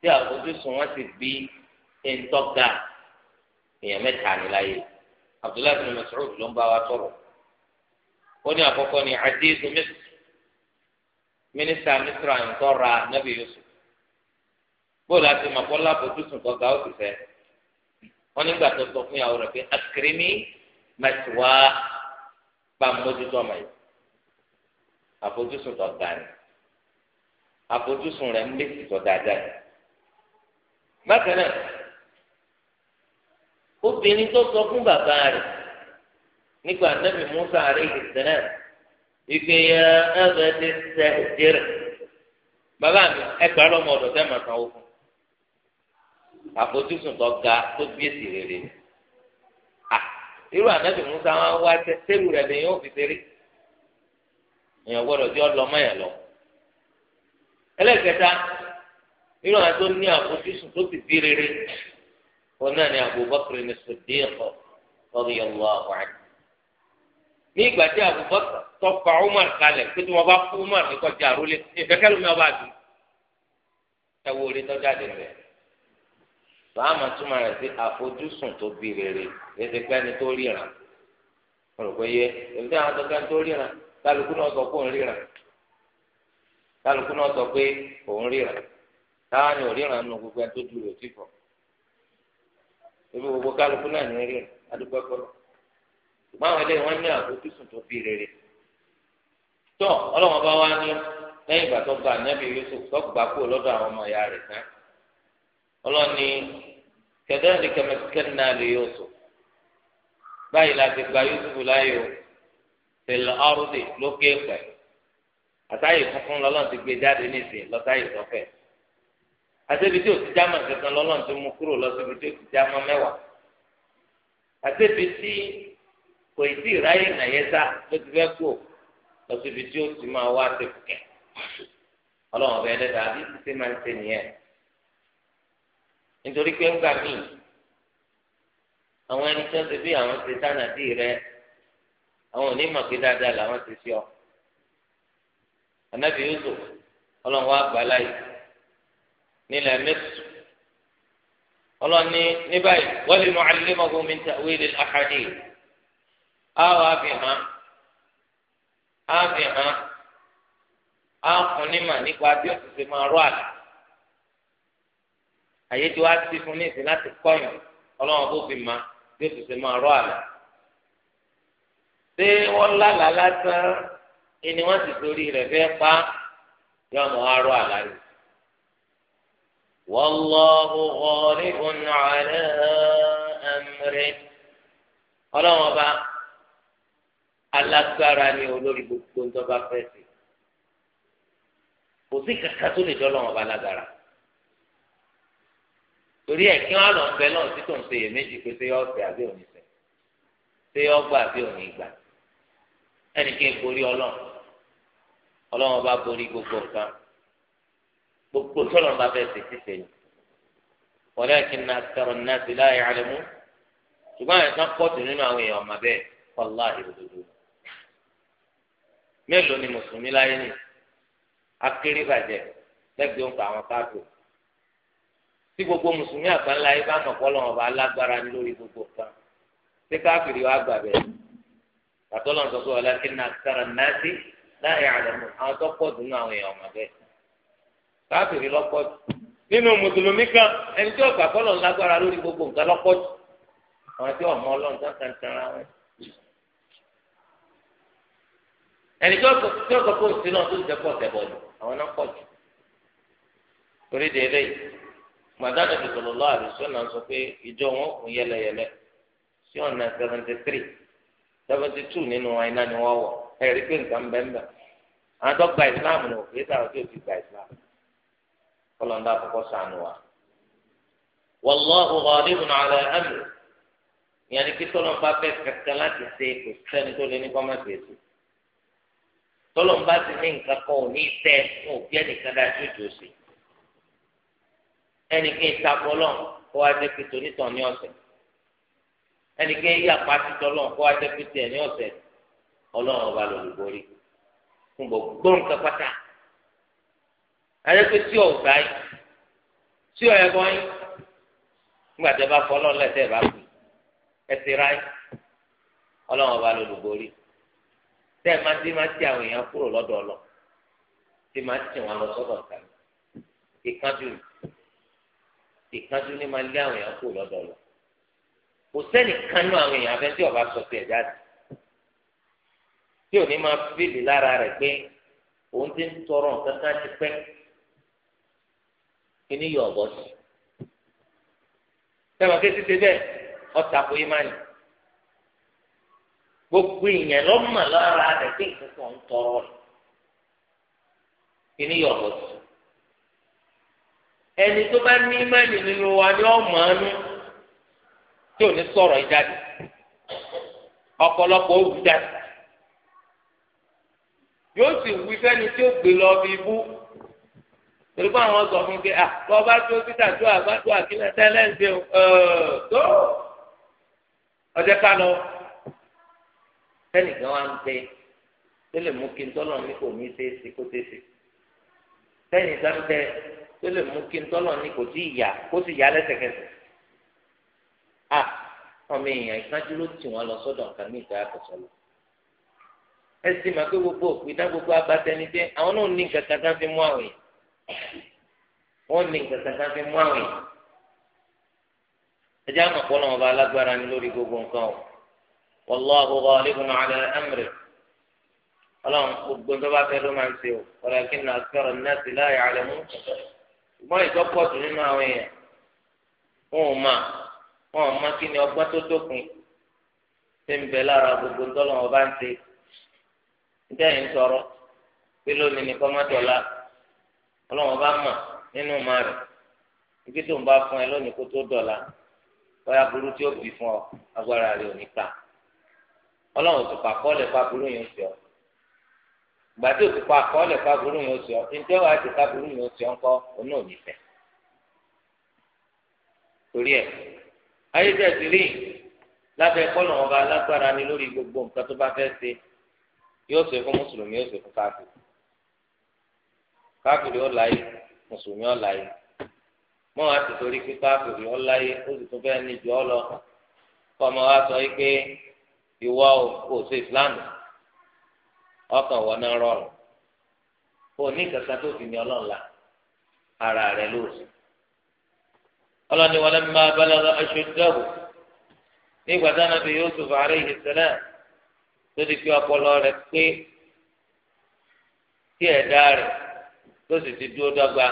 tí àfojúsùn wọn ti bí ntọ́ga èèyàn mẹ́ta ní láyé abdullahi bin Mas'ud ló ń bá wa tọrọ ó ní àkọ́kọ́ ní adé mínísítà mísírà nǹkan ra nábì Yusuf bóòlù àti màkọ́lá bòtúsùn kọ́ ga ó ti fẹ́ wọn nígbà tó sọ fún ìyàwó rẹ̀ pé akérèmí mẹsìwá bá mójútó ọmọ yìí àfojúsùn tó ga ni àfojúsùn rẹ̀ ń bèsì tó dáadáa ni bákan náà obìnrin tó sọ fún bàbá rẹ̀ nígbà nábì Musa àrẹ ìdìtẹ ìgbé ya ẹbẹ ti sẹ jẹrẹ bàbá mi ẹgbẹ́ lọ́mọ ọ̀dọ̀ sẹ́ màá sanwó fún àfojúsùn tó ga tó bí èsì rere à irú ànábì musa wọn wá sẹ́rù rẹ̀ lẹ́yìn òfin ṣeré èèyàn gbọ́dọ̀ tí ọ lọ lọ ẹlẹ́kẹta irú àwọn tó ní àfojúsùn tó sì bí rere wọn náà ní Abubakar ní Siddiq radiyallahu anhu ní ìgbà tí Abubakar tọpa Umar kalẹ̀ pé tí wọ́n bá fún Umar ní kọjá àrólé ìfẹ́kẹ́ lómi ọba àdùn ẹ wo orí tọ́jáde rẹ̀ bàámà túmọ̀ rẹ̀ sí àfojúsùn tó bí rere ètò ìpẹ́ni tó ríran mo rò pé yé èmi táwọn tó kẹ́ni tó ríran kálukú náà sọ pé òun ríran kálukú náà sọ pé òun ríran táwọn ni òríran nù gbogbo ẹni tó ju sí fọ ebi gbogbo kálukú náà ní ríran adúpẹ́ kọ́lọ́ ṣùgbọ́n àwọn eléyìí wọ́n ní àfojúsùn tó fi rere tó ọlọ́wọ́n bá wá ní lẹ́yìn ìgbà tó gba ànábì Yusuf tó gbà kú lọ́dọ̀ àwọn ọmọ ìyá rẹ̀ tán ọlọ́ni kẹdẹ́rì kẹmẹsíkẹ́rì náà lè Yusuf báyìí la ti gba Yusuf láyé o tẹ̀lé ọ́rùdì lókè pẹ̀ àtàyè funfun lọ́lọ́n ti gbé jáde nísìnyí lọ́tàyè sọ́fẹ̀ àtẹ̀bi tí o ti lọ́lọ́n ti mú kúrò lọ́sibí tí o mẹ́wàá àtẹ̀bi kò ì sí ìráyè nàyẹ́sà ló ti fẹ́ kú lọ síbi tí ó ti máa wá sí kẹ̀ ọlọ́run ọ̀bẹ ẹlẹ́dàá bí títí máa ń ṣe nìyẹn nítorí pé ńgbà míì àwọn ẹni tó ń ṣe bí àwọn ṣe tánàdì rẹ àwọn onímọ̀ pé dáadáa làwọn ti ṣe ọ ànábì Yusuf ọlọ́run wá gbà láyé nílẹ̀ mẹ́tù ọlọ́run ní báyìí wọ́n lè mọ alẹ́ àkàdé yìí. àwọn àfihàn àfihàn àfúnnímà nípa bí o ti ṣe máa rọ àlà àyè ma ti fún níìsín láti kọyàn ọlọ́run tó fi ma bí o ti se máa rọ àlà ṣé wọ́n lálàá lásán ẹni wọ́n sì torí rẹ̀ fẹ́ pa yọ̀nà arọ àlá yìí. والله غالب على أمره ọlọ́run ọba alágbára ni olórí gbogbo ń tọ́ba fẹ́ sí kò sí kàkà tó lè dọ́lọ́ wọn bá lágbára torí ẹ̀ kí wọ́n lọ ń bẹ náà títò ń ṣeyè méjì pé ṣé yọ ọ̀sẹ̀ àbí òní sẹ̀ ṣé yọ ọgbà àbí òní gbà ẹnì kí n borí ọlọ́run ọlọ́run bá borí gbogbo nǹkan gbogbo tọ́lọ̀ bá fẹ́ ṣe ṣíṣe ni walakinna akthara an-nasi la ya'lamun ṣùgbọ́n àìsàn pọ̀jù nínú àwọn èèyàn ọ̀mà bẹ́ẹ̀ wallahi òdodo mélòó ni mùsùlùmí láyé ni akéré bàjẹ́ lẹ́gbẹ̀ẹ́ òǹkà àwọn káàtó tí gbogbo mùsùlùmí àgbáńlá yìí bá mọ̀ kọ́lọ́ ọba alágbára ní lórí gbogbo kan tí káfíìrì wa gbà bẹ́ẹ̀ pàtọ́lọ́ ń sọ pé ọ̀la kí náà sára náà sí láyé àdàmú àwọn tó pọ̀ dùnú àwọn èèyàn ọ̀mà bẹ́ẹ̀ káfíìrì lọ́pọ̀ jù nínú mùsùlùmí kan ẹni tí ọ̀gbà kọ́lọ́ lágbára lórí gbogbo nǹkan lọ́pọ̀ jù àwọn tí ẹni tí wọ́n sọ fún òsín náà tó ti dẹ́pọ̀ tẹ̀bọ̀ ni àwọn náà pọ̀ jù torí de eléyìí gbàdánù ìdòlòlò àdùsọ náà sọ pé ìjọ wọn kún yẹlẹyẹlẹ sí ọ̀nà seventy three seventy two nínú wọn ni wọ́n wọ̀ ẹ̀rí pé nǹkan bẹ́ẹ̀ àwọn tó gba ìsìláàmù ní òfin táwọn ti gba ìsìláàmù kọlọ́ńdà àkọ́kọ́ sànù wa. wàlláhu ghalibun ala amri ìyẹn ni kí tọ́lọ́mbà fẹ́ kẹ̀kẹ́ láti ṣe kò sẹ́ni tó lé ní kọ́mọ̀tì ètò tọ́lọ́n bá ti ní nǹkan kan ò ní tẹ fún òbí ẹnìkan dájú ìjọ sí ẹnì kí n takọ lọ́n kó wá jẹ́ pé tonítàn ní ọ̀sẹ̀ ẹnì kí n yàpá títọ́ lọ́n kó wá jẹ́ pé tiẹ̀ ní ọ̀sẹ̀ ọlọ́run ọba lòlùborí fún gbogbo nǹkan pátá àdẹ́pẹ́ tí ò gbá yín tí ò ẹ̀gbọ́n yín nígbà tí ẹ bá fọ́ ọlọ́run lẹ́sẹ̀ bá kù ẹ ti ra yín ọlọ́run ọba lòlùborí tẹ́ ẹ máa ti máa ti àwọn èèyàn kúrò lọ́dọ̀ ọlọ tí máa ti wọn lọ sọ́dọ̀ ọ̀tá ìkánjú ìkánjú ni máa lé àwọn èèyàn kúrò lọ́dọ̀ ọlọ kò sẹ́ni kánú àwọn èèyàn abẹ́ tí ọba sọ tiẹ̀ jáde tí ò ní máa fìlì lára rẹ̀ pé òun ti ń tọrọ nǹkan kan ti pẹ́ kí ni yọ̀ ọ̀bọ̀ sí. sẹ́wọ̀n kí ti ṣe bẹ́ẹ̀ ọ̀tàkùn yìí máa yìí. gbogbo ìyẹn lọ lára rẹ̀ pé ìkọ̀kọ̀ ń tọrọ rẹ̀ kí ni yọ̀bọ̀ sí. ẹni tó bá ní mẹ́lì nínú wa ni ọmọ anú tí ò ní sọ̀rọ̀ ìjáde ọ̀pọ̀lọpọ̀ ó jáde yóò sì wí fẹ́ni tí ó gbé lọ bí ibú àwọn fún pé à bá tó títà tó tẹ́lẹ̀ ń ṣe ọ̀ tẹ́nìkan wá ń bẹ tó lè mú kí n tọ́lọ̀ ní kò ní ṣeéṣe kó ṣeéṣe tẹ́nìkan ń bẹ tó lè mú kí n tọ́lọ̀ ní kò tí ì yá kó sì yá lẹ́sẹ̀kẹsẹ̀ à ọmọ èèyàn ìkájú ló tì wọ́n lọ sọ́dọ̀ nǹkan ní ìgbà àkọsọ lọ ẹ sì máa pé gbogbo òpin dá gbogbo abatẹnidẹ àwọn náà ní nǹkan kan fi mú àwìn wọn ní nǹkan kan fi mú àwìn ẹ jẹ́ àmọ̀ pọ́nlọ́mọba alágbára ni lórí gbogbo nǹkan o. والله غالب على أمره ọlọ́run gbogbo tó bá fẹ́ ló máa ń ṣe o walakinna akthara an-nasi la ya'lamun ṣùgbọ́n ìtọ́pọ̀tù nínú àwọn èèyàn wọn ò mà wọn ò mọ kí ni ọgbọ́n tó dópin ṣé ń bẹ lára gbogbo tọ́lọ́wọ́ bá ń ṣe níjẹ́ yìí ń sọ̀rọ̀ pé lónìí ni kọ́mọ́tọ́lá ọlọ́wọ́ bá mà nínú ìmọ̀ rẹ̀ ibi tó ń bá fún ẹ lónìí kó tó dọ̀la bóyá burú tí ó bì fún ọ agbára rẹ̀ ò ní ká ọlọ́run ti pa kọ́ọ̀lẹ̀ fáburú yẹn sí ọ ìgbà tí o ti pa kọ́ọ̀lẹ̀ fáburú yẹn sí ọ ǹjẹ́ wàá ti fáburú yẹn sí ọ ńkọ́ òun náà nífẹ̀ẹ́ torí ẹ ayé tẹ̀ sí rí lábẹ́ kọ́lọ̀ wọn bá lágbára ni lórí gbogbo nǹkan tó bá fẹ́ ṣe yóò ṣe fún mùsùlùmí yóò ṣe fún káfíìn káfíìn ó láyé mùsùlùmí ó láyé mọ́ wàá ti torí pé káfíìn ó láyé ó sì tún fẹ́ níjọ́ lọ kọ́ ọmọ wa sọ yìí pé. ìwọ òsè islam ọkàn wọn náà rọrùn o kankan tó fi ní ọlọ́run la ara rẹ lóòsì ọlọ́ni wọlé máa balẹ̀ aṣojú nígbà tí anabi yusuf tó ti fi ọpọlọ rẹ pé ẹ̀dá rẹ tó sì ti dúró dọ́gba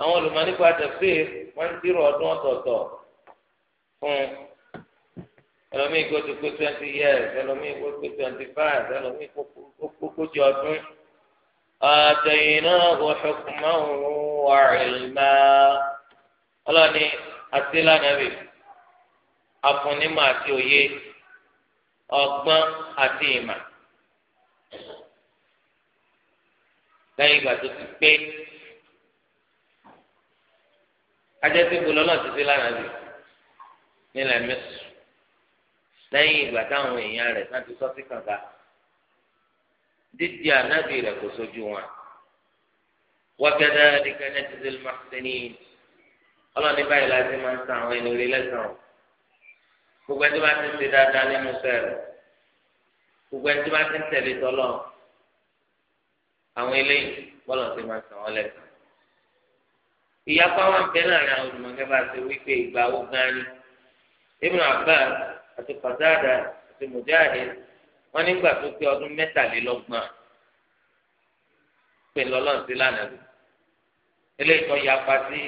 àwọn olùmọ̀ nípa tẹ̀síì wọ́n ń tìrọ̀ ẹlòmíì kó ti pé twenty years ẹlòmíì kó pé twenty five ẹlòmíì kó kókójì ọdún. آتيناه حكما وعلما ọlọ́ni àti lánàbì afúnnímọ̀ àti òye ọgbọ́n àti ìmọ̀ lẹ́yìn ìgbà tó ti pé ajẹ́síbu lọ́nà títí lánàbì nílẹ̀ mẹ́sùn lẹ́yìn ìgbà táwọn èèyàn rẹ̀ sáà ti sọ sí kànga dídì ànábì rẹ̀ kò sójú wọn. وكذلك نجزي المحسنين ọlọ́ni báyìí la ti máa ń san àwọn ẹni orí lẹ́sàn-án gbogbo ẹni tó bá ti ń ṣe dáadáa nínú sẹ́ẹ̀rẹ̀ gbogbo ẹni tó bá ti ń tẹ̀lé tọ́lọ̀ àwọn eléyìí bọ́lọ̀ ti máa ń san lẹ́sàn-án. ìyapa wa ń bẹ láàrin àwọn olùmọ̀kẹ́ bá ti wí pé ìgbà wo gan ni Ibn Abbas àti kọ̀dáàdà àti mujahid wọ́n nígbà tó pé ọdún mẹ́tàlélọ́gbọ̀n pé lọ́lọ́run sí lánàá bí eléyìí tó ya pa sí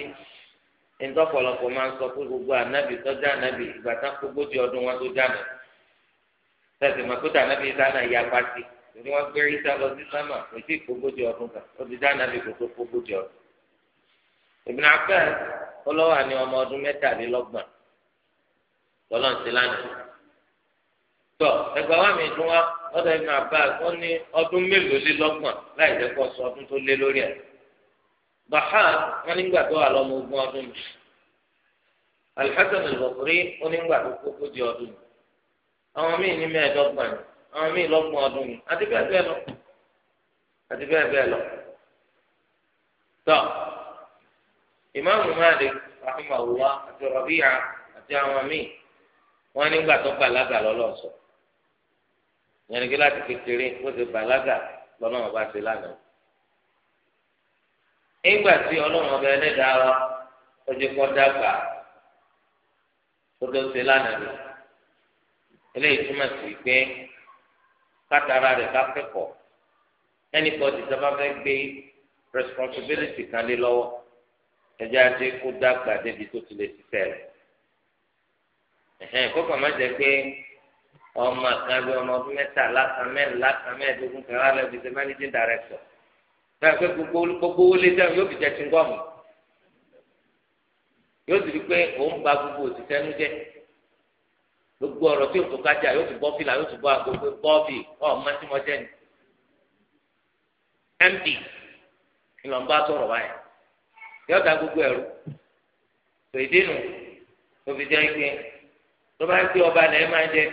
ntọ́pọ̀lọpọ̀ máa ń sọ pé gbogbo ànábì tọ́jà ànábì ìgbà tán gbogbo ọdún wọn tó jáde tẹ̀sí ma pé tànábì sáná ya pa sí wọn gbé isa lọ sí sámà kò sí gbogbo ọdún kan ó ti dá ànábì kò tó gbogbo ọdún. Ibn Abbas olówó àni ọmọ ọdún mẹ́tàlélọ́gbọ̀n lọ́lọ́ ti lánàá. tọ́ ẹgbẹ́ wa mi dún wa lọ́dọ̀ Ibn Abbas ó ní ọdún mélòó lé lọ́gbọ̀n láì jẹ́ kó sọ ọdún tó lé lórí ẹ̀. bàhá wọn nígbà tó wà lọ́mọ ogún ọdún mi. Al-Hasan al-Basri ó nígbà tó kókó di ọdún mi. àwọn míì ní mẹ́ẹ̀ẹ́dọ́gbọ̀n àwọn míì lọ́gbọ̀n ọdún mi àti bẹ́ẹ̀ bẹ́ẹ̀ lọ. àti bẹ́ẹ̀ bẹ́ẹ̀ lọ. tọ́ ìmáàmù Malik rahimahullah àti Rabi'a àti àwọn míì wọn nígbà tó bàlágà lọlọsọ yẹn nígbà láti kékeré ó ti bàlágà lọ́nà ọba ti lánàá nígbà tí ọlọ́run ọba ẹlẹ́dàá wa ó kọ́ dàgbà ó tó ti lánàá lọ eléyìí túmọ̀ sí pé kátàrà rẹ̀ ká ẹnì kan ti sábà fẹ́ gbé responsibility kan lé lọ́wọ́ ẹjẹ́ kó dàgbà ẹ̀hẹ́n kókò má jẹ́ pé ọmọ kan bí ọmọ ọdún mẹ́tàlá kan mẹ́rìnlá kan mẹ́ẹ̀ẹ́dógún kan wà lọ́ọ́ fi ṣe managing director bẹ́ẹ̀ pé gbogbo gbogbo owó lé dáhùn yóò fi jẹ́ chingọ́ọ̀mù yóò sì rí pé òun ba gbogbo òṣìṣẹ́ nu jẹ́ gbogbo ọ̀rọ̀ tí òtò kájà yóò fi bọ́ fìlà yóò fi bọ́ agogo bọ́ọ̀bì ọ̀ọ́mọ tí mo jẹ́ ni md ìlànà bá sọ̀rọ̀ báyìí yọ̀ọ̀dà gbogbo ẹ̀rú tòìdínù tó fi jẹ́ pé tó bá ń pè ọba lẹ́ẹ̀ máa jẹ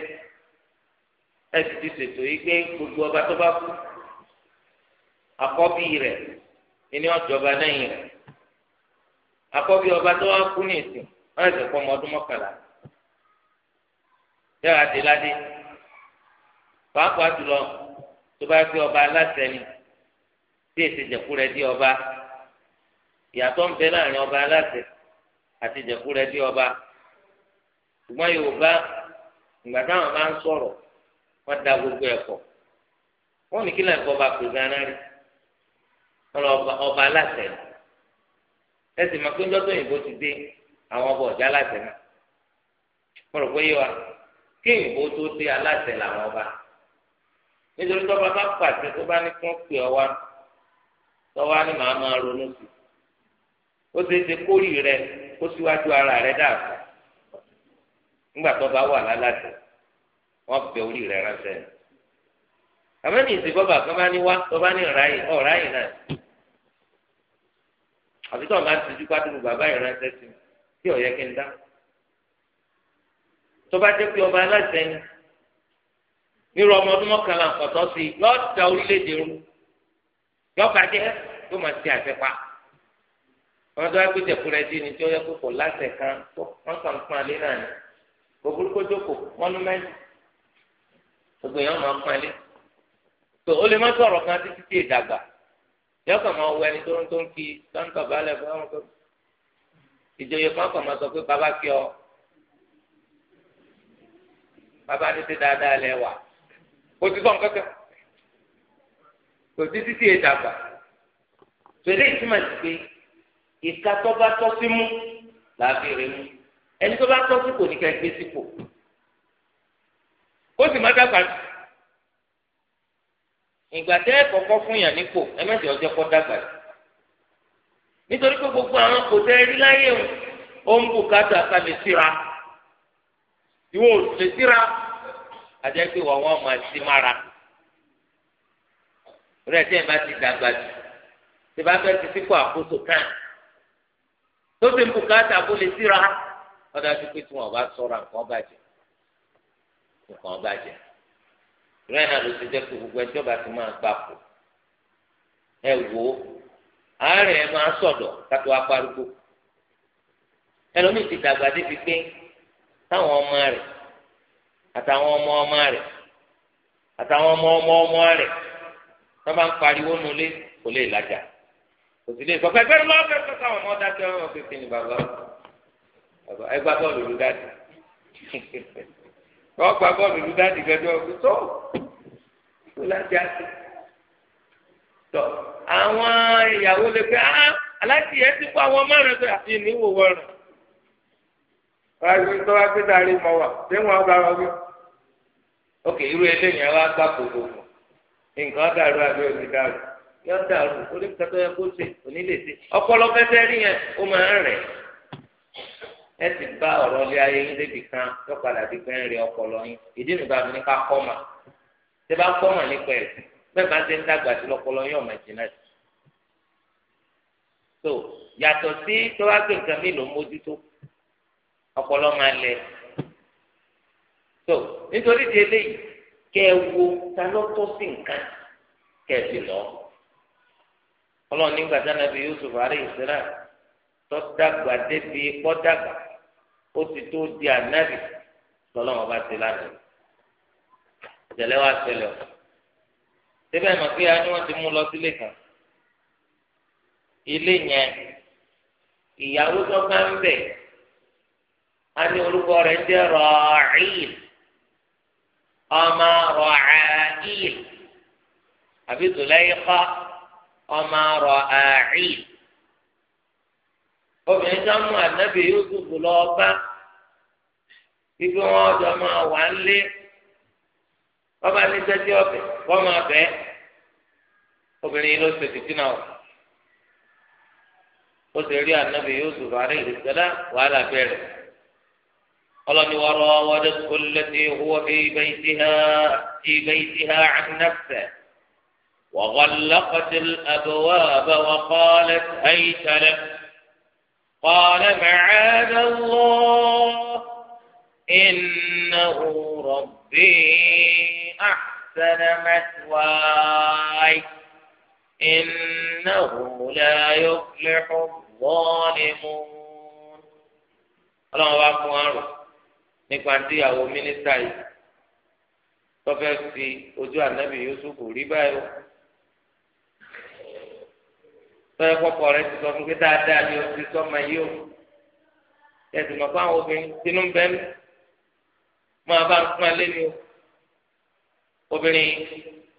ẹ sì ti ṣètò yìí pé gbogbo ọba tó bá kú àkọ́bí rẹ̀ ni ọ̀jọba lẹ́yìn rẹ̀ àkọ́bí ọba tó wá kú ní ìsìn wọ́n ẹ̀sẹ̀ pọ̀ ọmọ ọdún mọ́kànlá yàrá dé ládé pàápàá jùlọ tó bá pé ọba aláṣẹ tí èsì jẹ̀kú rẹ̀ di ọba ìyàtọ̀ ń bẹ láàrin ọba aláṣẹ àti jẹ̀kú rẹ̀ di ọba. ṣùgbọ́n yorùbá ìgbà táwọn bá ń sọ̀rọ̀ wọ́n da gbogbo ẹ̀kọ́ wọ́n ní kí lẹ́yìn kọ́ bá pè gánà rí ọba aláṣẹ ẹ sì máa pé tó yìnbó ti dé àwọn ọba ọ̀já aláṣẹ náà wọ́n rò pé yé wa kí yìnbó tó dé aláṣẹ làwọn ọba nítorí tọ́ba bá pàṣẹ tó bá ní kí wọ́n pè ọ wá tọ́wá ni màá máa ronú sí ó ṣeé ṣe kórìí rẹ kó ńgbà tó bá wà lálàdé wọn bẹ orí rẹ ránṣẹ́ àmọ́ ìsìnkú ọba kan bá ní wá tó bá ní ọ̀ráyìn ọ̀ráyìn náà àbí tó o máa ń tijú pàdúrù bàbá yìí ránṣẹ́ sí mi tí kí n dá tó bá jẹ́ pé ọba aláṣẹ ni nírú ọmọ ọdún mọ́kànlá nǹkan tó sí lọ́ọ̀dà orílẹ̀-èdè rú yọ̀ọ̀ka tó máa ti àṣẹpa wọn tó wá pé jẹ̀kúrẹ́ dín ní tí ó yẹ kó kò láṣẹ kan tó wọ́n kàn ń alẹ́ náà ni gbogbo kó jókòó mọ́númẹ́ntì gbogbo yẹn máa pọn ẹlẹ́ tó o lè má sọ̀rọ̀ kan títí tí ìdàgbà yọ kàn máa wọ ẹni tó ń tó ń kí sáńtọ̀ balẹ̀ fún ọmọ tó ìjòyè kan kàn máa sọ pé bàbá kí ọ bàbá ní ti dáadáa lẹ wà kò sí sọ̀n kankan kò sí títí ìdàgbà tòlẹ́ ìtumọ̀ sí pé ìka tó bá tọ́ mú làá fi mú ẹni tó bá tọ́ sípò ní ká gbé sípò kó sì má dàgbà jù ìgbà tẹ́ ẹ kọ́kọ́ fún yàn nípò ẹ mẹ́tẹ̀ẹ́ ọjọ́ kọ́ dàgbà jù nítorí pé gbogbo àwọn kò tẹ́ rí láyé o ó ń bùkátà ká lè síra ìwọ ò lè síra àjẹ́ pé wọ́n wọ́n máa sí mára rẹ̀ tẹ́ ẹ bá ti dàgbà jù tí bá fẹ́ ti sípò àkóso kan tó ti ń bùkátà kó lè síra wọ́n dájú pé tí wọ́n bá sọ̀rọ̀ nǹkan bàjẹ́ nǹkan bàjẹ́ ìrọ̀ ìnà ló ti jẹ́ pé gbogbo ẹjọ́ bá ti máa gbà kú ẹ wò ó àárẹ̀ ẹ máa sọ̀dọ̀ kátó apárúgbó ẹlòmíì ti dàgbà débi pé táwọn ọmọ rẹ̀ àtàwọn ọmọ ọmọ rẹ̀ àtàwọn ọmọ ọmọ ọmọ rẹ̀ tó bá ń pariwo nulẹ̀ kò lè làjà kò sì lè sọ pé ẹgbẹ́ ló ń fẹ́ sọ́kà àwọn ọmọ dákẹ́ ọmọ kékeré ni bàbá ẹgbà bọ́ọ̀lù lù dáàdì wọ́n gba bọ́ọ̀lù lù dáàdì gẹ́gẹ́ ọ̀gbìn tó tó láti àti tọ àwọn ìyàwó lè pẹ́ á ah, aláti ẹ̀ ti kó àwọn márùn-ún tó àti ìníwò wọ̀rùn. wọ́n á tó wá pé dárí mọ́ wà ṣé wọ́n bá wọn wí. ok irú eléyìí á wá gbà kókó fún nǹkan dàrú àbí òní dàrú yọ dàrú oníkàtọ́ yẹ kó ṣe òní lè ṣe ọpọlọ fẹsẹ̀ rí yẹn ó máa ń rẹ̀. ẹ ti bá ọ̀rọ̀ ilé ayé yín débi kan yóò padà di pé ń rí ọpọlọ yín ìdí nìgbà mi ní ká kọ́ mà ṣé bá kọ́ mà nípa ẹ̀ bẹ́ẹ̀ bá ṣe ń dàgbà sí lọ́pọlọ yín ọ̀mọ̀ so yàtọ̀ sí tó wá pé nǹkan ló mójútó ọpọlọ máa lẹ so nítorí ti eléyìí kẹ ẹ wo ta ló tó sí nǹkan kẹ ẹ lọ ọlọ́run nígbà tí tọ́dàgbà débi kọ́dàgbà ó ti tó di ànábì lọ́lọ́wọ́ bá ti lánàá ìṣẹ̀lẹ̀ wa ṣẹlẹ̀ o síbẹ̀ mọ̀ pé a ní wọ́n ti mú lọ sílé kan ilé yẹn ìyàwó tó ń bẹ̀ a ní orúkọ rẹ̀ jẹ́ rọ̀ọ̀ìl ọmọ rọ̀ọ̀ìl àbí zùlẹ́yìn kọ́ ọmọ rọ̀ọ̀ìl. obìnrin tó mú ànábì yóò Yusuf lọ ọba ibi wọn jọ máa wà ń lé ọba ní sẹ́jọ́ ọ̀bẹ wọ́n máa bẹ́ obìnrin yìí ló ṣe náà wọ̀ ó ṣe rí ànábì yóò àárẹ̀ alayhi salam wàhálà bẹ̀rẹ̀ ọlọ́ni wọ́n rọ wọ́dẹ kólẹ́tì huwa fi baytiha fi baytiha an nafsihi wa ghallaqat al-abwab wa qalat hayta lak. قال معاذ الله إنه ربي أحسن مثواي إنه لا يفلح الظالمون ọlọ́run bá fún ọrùn nípa tí àwọn mínísítà yìí tó fẹ́ fi ojú ànábì Yusuf rí báyìí tọ́yẹ kọ́kọ́ rẹ ti sọ fún pé dáadáa ni o ti sọ ma yí o ẹ̀sìn mọ̀ fún àwọn obìnrin tinú ń bẹ́ẹ̀ máa bá ń pọn alẹ́ ni o obìnrin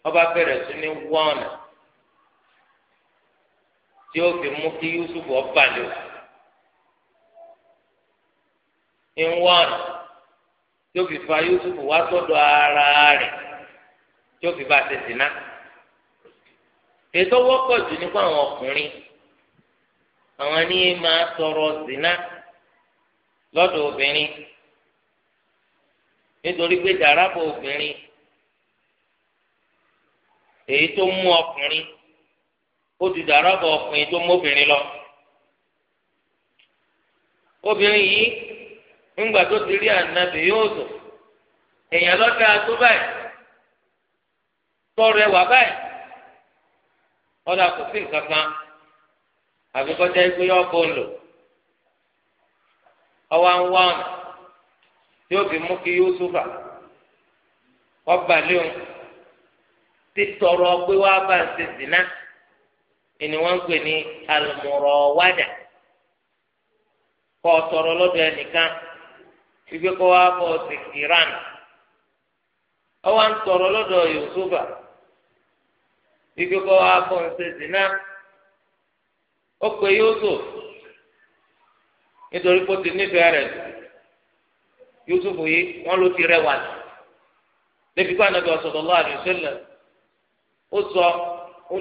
ọba bẹ̀rẹ̀ sí ní wọ́ọ̀nà tí ó fi mú kí Yusuf ọba lè o ní wọ́ọ̀nà tí ó fi fa Yusuf wá sọ́dọ̀ ara rẹ̀ tí ó fi bá a ṣe sìn náà. ètò wọ́pọ̀ jù nípa àwọn ọkùnrin àwọn ní máa tọrọ zina lọ́dọ̀ obìnrin nítorí pé dàrábọ̀ obìnrin èyí tó mú ọkùnrin ó ti dàrábọ̀ ọkùnrin tó mú obìnrin lọ obìnrin yìí ńgbà tó ti rí ànábì yóò sọ èèyàn lọ́dà tó báyìí tọrọ ẹwà báyìí. ọ̀dà kò sí nǹkan kan àbí kọjá ikú yọ bó ń lò ọwọ́ ń wá ọ̀nà tí ó fi mú kí Yusufa ọba léwu títọrọ pé wá bá ń ṣe zina ni wọ́n ń pè ní almurawada kọ́ tọrọ lọ́dọ̀ ẹnìkan ibi kọ́ wá bọ̀ sí ọwọ́ ń tọrọ lọ́dọ̀ Yusufa ike kọ́ wa kọ́ ń ṣe zina ó pe Yusuf nítorí pé ó ti nífẹ̀ẹ́ rẹ̀ Yusuf yìí wọ́n ló ti rẹwà jù lẹ́bi kó anabi sallallahu alaihi wasallam ó sọ ó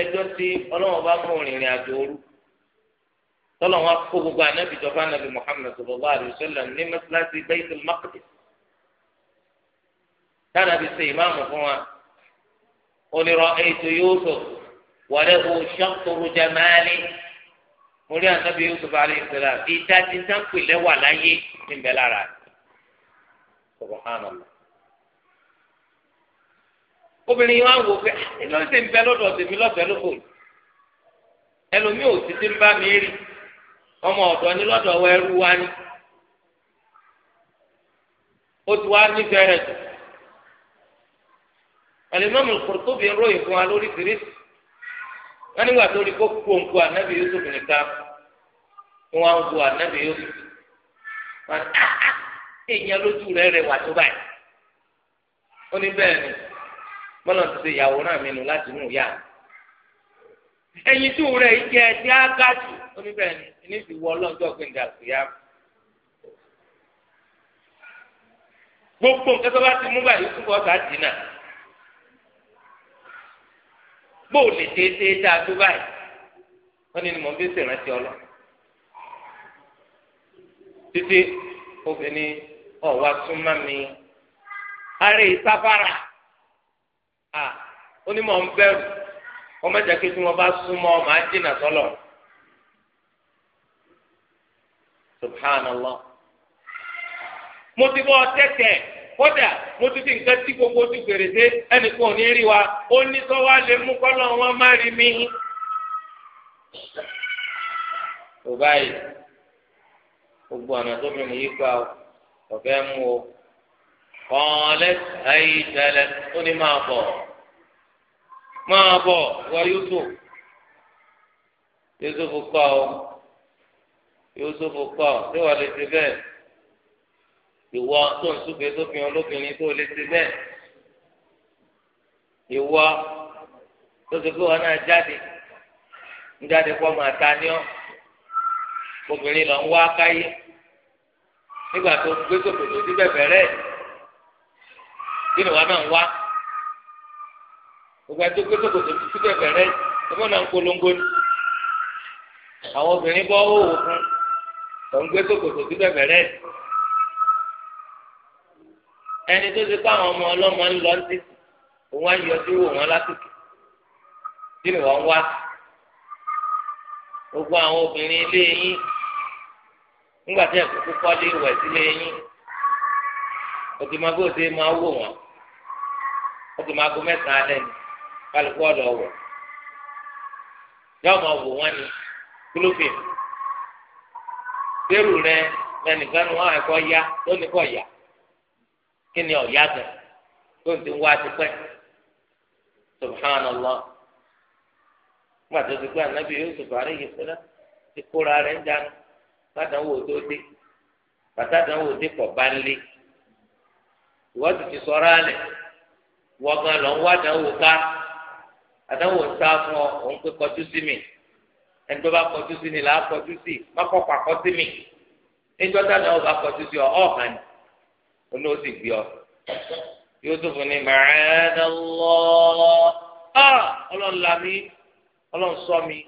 ẹjọ́ tí ọlọ́wọ́n bá mú rìnrìn àjò òru tọ́lọ̀ wọn kó gbogbo anabi jọba anabi Muhammad sallallahu alaihi wasallam ní mẹ́tíláṣí Baitul Maqdis táwọn anabi ṣe ìmáàmù fún wa. قل رأيت يوسف وله شطر جماله orí ànábi yusuf aleyhisselam ìdájí sáńpìlẹ wà láyé níbẹ̀ lára subhanallah obìnrin wa wò pé ah, ló ṣe ń bẹ lọ́dọ̀ tèmi lọ́fẹ̀ẹ́ lóko ẹlòmíì ò ti ń bá mi rí ọmọ ọ̀dọ̀ ni lọ́dọ̀ ẹrú wa ni ó ti wá jù alimami Qurtubi ròyìn fún wa lórí tìrìsì wọn nígbà tó rí kó kóńkó anabi yusuf nìkan wọn wá ń wo anabi yusuf wọn á èèyàn lójú rẹ rẹ wà tó báyìí ó ní bẹ́ẹ̀ ni bọ́lá ti ṣe ìyàwòrán mi nù láti inú ìyá ẹyin tí òun rẹ̀ yìí jẹ́ ẹtí ágájù ó ní bẹ́ẹ̀ ni ní ti wọ ọlọ́jọ́ gbẹ̀ngà síyá. gbogbo nǹkan tó bá ti mú báyìí kúkọ́ ọ̀sà dínà. bóò lè tètè tá a tó báyìí wọ́n ni mò ń bí sèrántí ọlọ títí obìnrin mi ara ìsáfárà à onímọ̀ ń bẹ̀rù ọmọ tí bá ọmọ àjìnà subhanallah kódà mo ti fi nǹkan tí gbogbo ti fèrèsé ẹnìkan ò ní rí wa ó ní sọ́wọ́ lè mú kọ́lọ́ wọn má rí mi. kò báyìí gbogbo ọ̀nà tó fi mi yí pa ọ ọ̀fẹ́ mú o kọ́ọ̀lẹ́ ayé ìtẹ́lẹ̀ ó ní máa bọ̀ máa bọ̀ wọ Yusuf Yusuf kọ́ ọ Yusuf kọ́ ọ tí wọ́n lè ti bẹ́ẹ̀ ìwọ tó ń súfèé sófin olóbìnrin tó lè ṣe bẹ́ẹ̀ ìwọ tó ṣe pé wọn náà jáde ń jáde pọ́ máa ta ní ọ́ obìnrin lọ ń wá káyé nígbà tó gbé sòkòtò síbẹ̀ bẹ̀rẹ̀ kí ni wọn náà ń wá gbogbo àti gbé sòkòtò síbẹ̀ bẹ̀rẹ̀ ẹgbẹ́ wọn náà ń polongo ni àwọn obìnrin bọ́ òwò fún lọ ń gbé sòkòtò síbẹ̀ bẹ̀rẹ̀. ẹni tó ti kọ́ ọmọ ọlọmọ ń lọ sí òun á yọjú wò wọn lásìkò tí ni wọ́n wá gbogbo àwọn obìnrin ilé yín nígbà tí ẹ̀kọ́ kúkọ́ lé ìwẹ̀ sílé yín òtí máa bóde máa wò òtí máa kó kálukú kí ni ọ̀yá gan tó ń ti wá tipẹ́ subhanallah nígbà tó ti pé anabi yusuf alayhi salam ti kóra rẹ̀ ń jánu bàtàwọ̀ tó dé bàtàwọ̀ dé pọ̀ bá ń lé ìwọ́n ti ti sọ̀rọ̀ alẹ̀ wọ́n gan lọ ń wá àdánwò ká àdánwò ń sá fún ọ òun pé kọjú sí mi ẹni bá kọjú sí ni là á kọjú sí má kọ́ pàkọ́ sí mi níjọ́ táwọn ọba kọjú sí ọ ọ̀hàn ni. oní ó sì gbé ọ yóòtúfù ní màádàlọ́ ah! ọlọ́run là sọ mi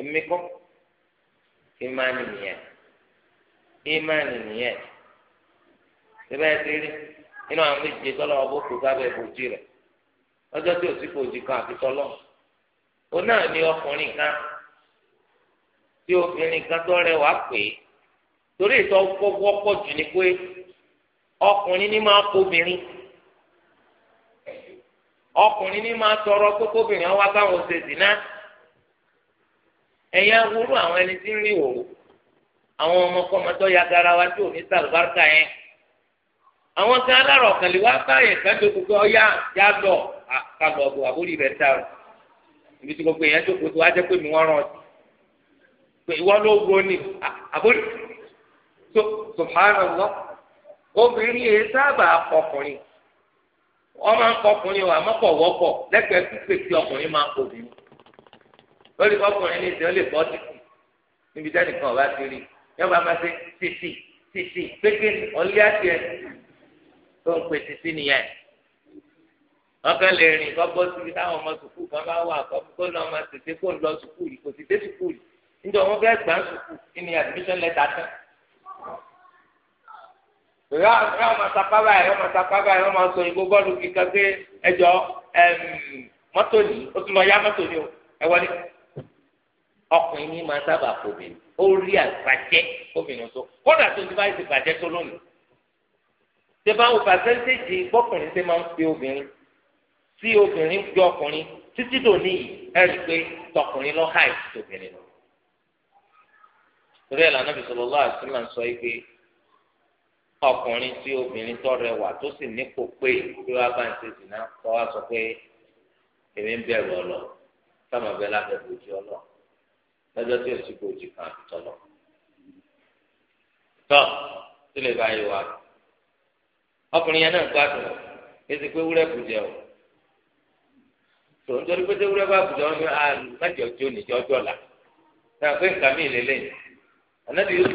èmi nìyẹn nìyẹn ti rí inú àwọn méje sábẹ́ rẹ̀ tí náà ní ọkùnrin kan tí obìnrin kan tó rẹwà torí ìtọ́ jù ni pé. ọkùnrin ní máa kóbìnrin ọkùnrin ní máa tọrọ kókóbìnrin wá báwọn ṣe dìná ẹ̀yà wúrú àwọn ẹni tí ń àwọn ya garawa tí ò ní sàlùbáríkà yẹn àwọn lè wá kájọ ọyá já lọ ibi tí gbogbo èèyàn jókòó tó wá pé mi rán ọ ìwọ ló obìnrin yìí sábà kọkùnrin wọ́n máa ń kọkùnrin wà mọ́pọ̀ wọ́pọ̀ lẹ́gbẹ̀ẹ́ pípé tí ọkùnrin máa ń kọbìnrin ó lè kọkùnrin ní ìsìn ó lè bọ́ títì níbi jáde kan ọba ti rí yọba máa ṣe títì títì pété ọ̀lẹ́ àti ẹ̀ tó ń pè títì nìyẹn wọ́n kàn lè rìn kọ́ bọ́ síbi táwọn ọmọ sùkúù kan bá wà kọ́ kó lọ́ máa tètè kó lọ sùkúù yìí kò sì dé sùkúù yìí níjọ wọn fẹ́ gbà sùkúù kí ni admission letter tán yọ yọ ma sapa báyìí yọ ma sapa báyìí yọ ma sọ ìgbó bọ́ọ̀lù kíkà pé ẹjọ mọ́tò ní o tún lọ ya mọ́tò ní o ẹ wọlé ọkùnrin ní ma sábà kò bìnrin ó rí àgbàjẹ obìnrin tó kódà tó ti báyìí ti bàjẹ́ tó lónìí ṣé báwo pàṣẹ́ntéèjì gbọ́kùnrin ṣe máa ń fi obìnrin sí obìnrin ju ọkùnrin títí dòní yìí ẹ rí i pé tọkùnrin lọ háì tòbìnrin lọ. torí ẹ̀ lànà Ànábì sallallahu alaihi wasallam sọ yìí pé. ọkùnrin tí obìnrin tó wà tó sì nípò pé bí bá ń ṣe náà kọ́ sọ pé èmi ọlọ sábà bẹ́ẹ̀ ọlọ lọ́jọ́ tí òsì bòjú kan àbùtọ̀ lọ. tọ́ lè bá wá ọkùnrin yẹn náà gbádùn pé wúrẹ́ o tòun pété wúrẹ́ bá wọn ah, ní tí nìjọ́ ọjọ́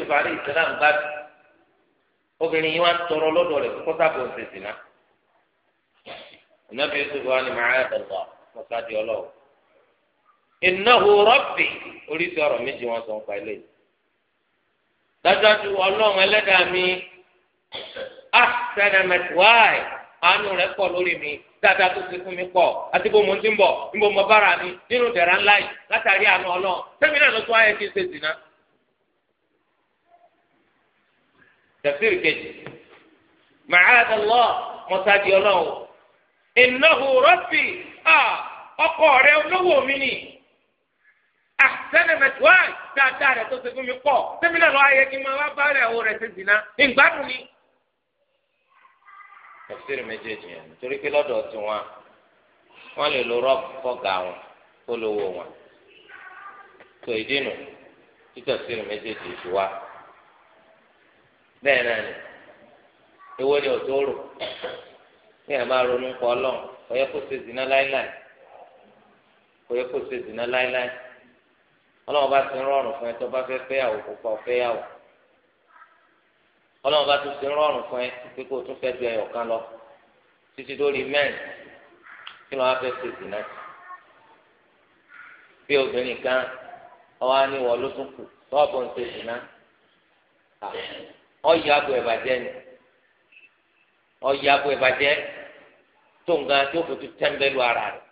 pé nǹkan obìnrin yìí wá ń tọrọ lọ́dọ̀ rẹ̀ kó sábà ń sèṣì náà ìnáfi yusuf wa ni màá yàtọ̀ lọ kó sáàdì ọlọ́wọ́ innahu rabbi oríṣi ọ̀rọ̀ méjì wọn sọ ń pa ilé yìí dájúdájú ọlọ́run ẹlẹ́dàá mi ahsana matwaya àánú rẹ̀ pọ̀ lórí mi dáadáa tó ti fún mi pọ̀ àti bó mo ti ń bọ̀ ń bó mo bára mi nínú dẹ̀ra ńlá látàrí àánú ọlọ́run sẹ́mi náà ló tún ayé kí n ṣe sì tafsir kejì màáda lọ mọ́sáàdì ọlọ́run ìnáwó rọ́bì ọkọ rẹ olówó mi ni àtẹnumẹtù wa dáadáa tó ṣe mi pọ̀ sẹ́mínà lọ́wọ́ ayé ma n bá rẹ̀ wò rẹ̀ ni. tó bẹ́ẹ̀ náà ni èwo ni ọ̀tọ́ rò ní ẹ̀ máa ronú pọ̀ ọlọ́run kò yẹ kó ṣe zina láíláí kò yẹ kó ṣe zina láíláí ọlọ́run bá ti rọrùn fún ẹ tó bá fẹ́ fẹ́yàwó kó pa ọlọ́run bá ti lọ títí lórí mẹ́rin kí ló wá fẹ́ ṣe bí obìnrin kan ní ló ọyọ abo ni ọyọ abo ìbàjẹ́ tó nǹkan tó fojú tẹ́ńbẹ́lú ara rẹ̀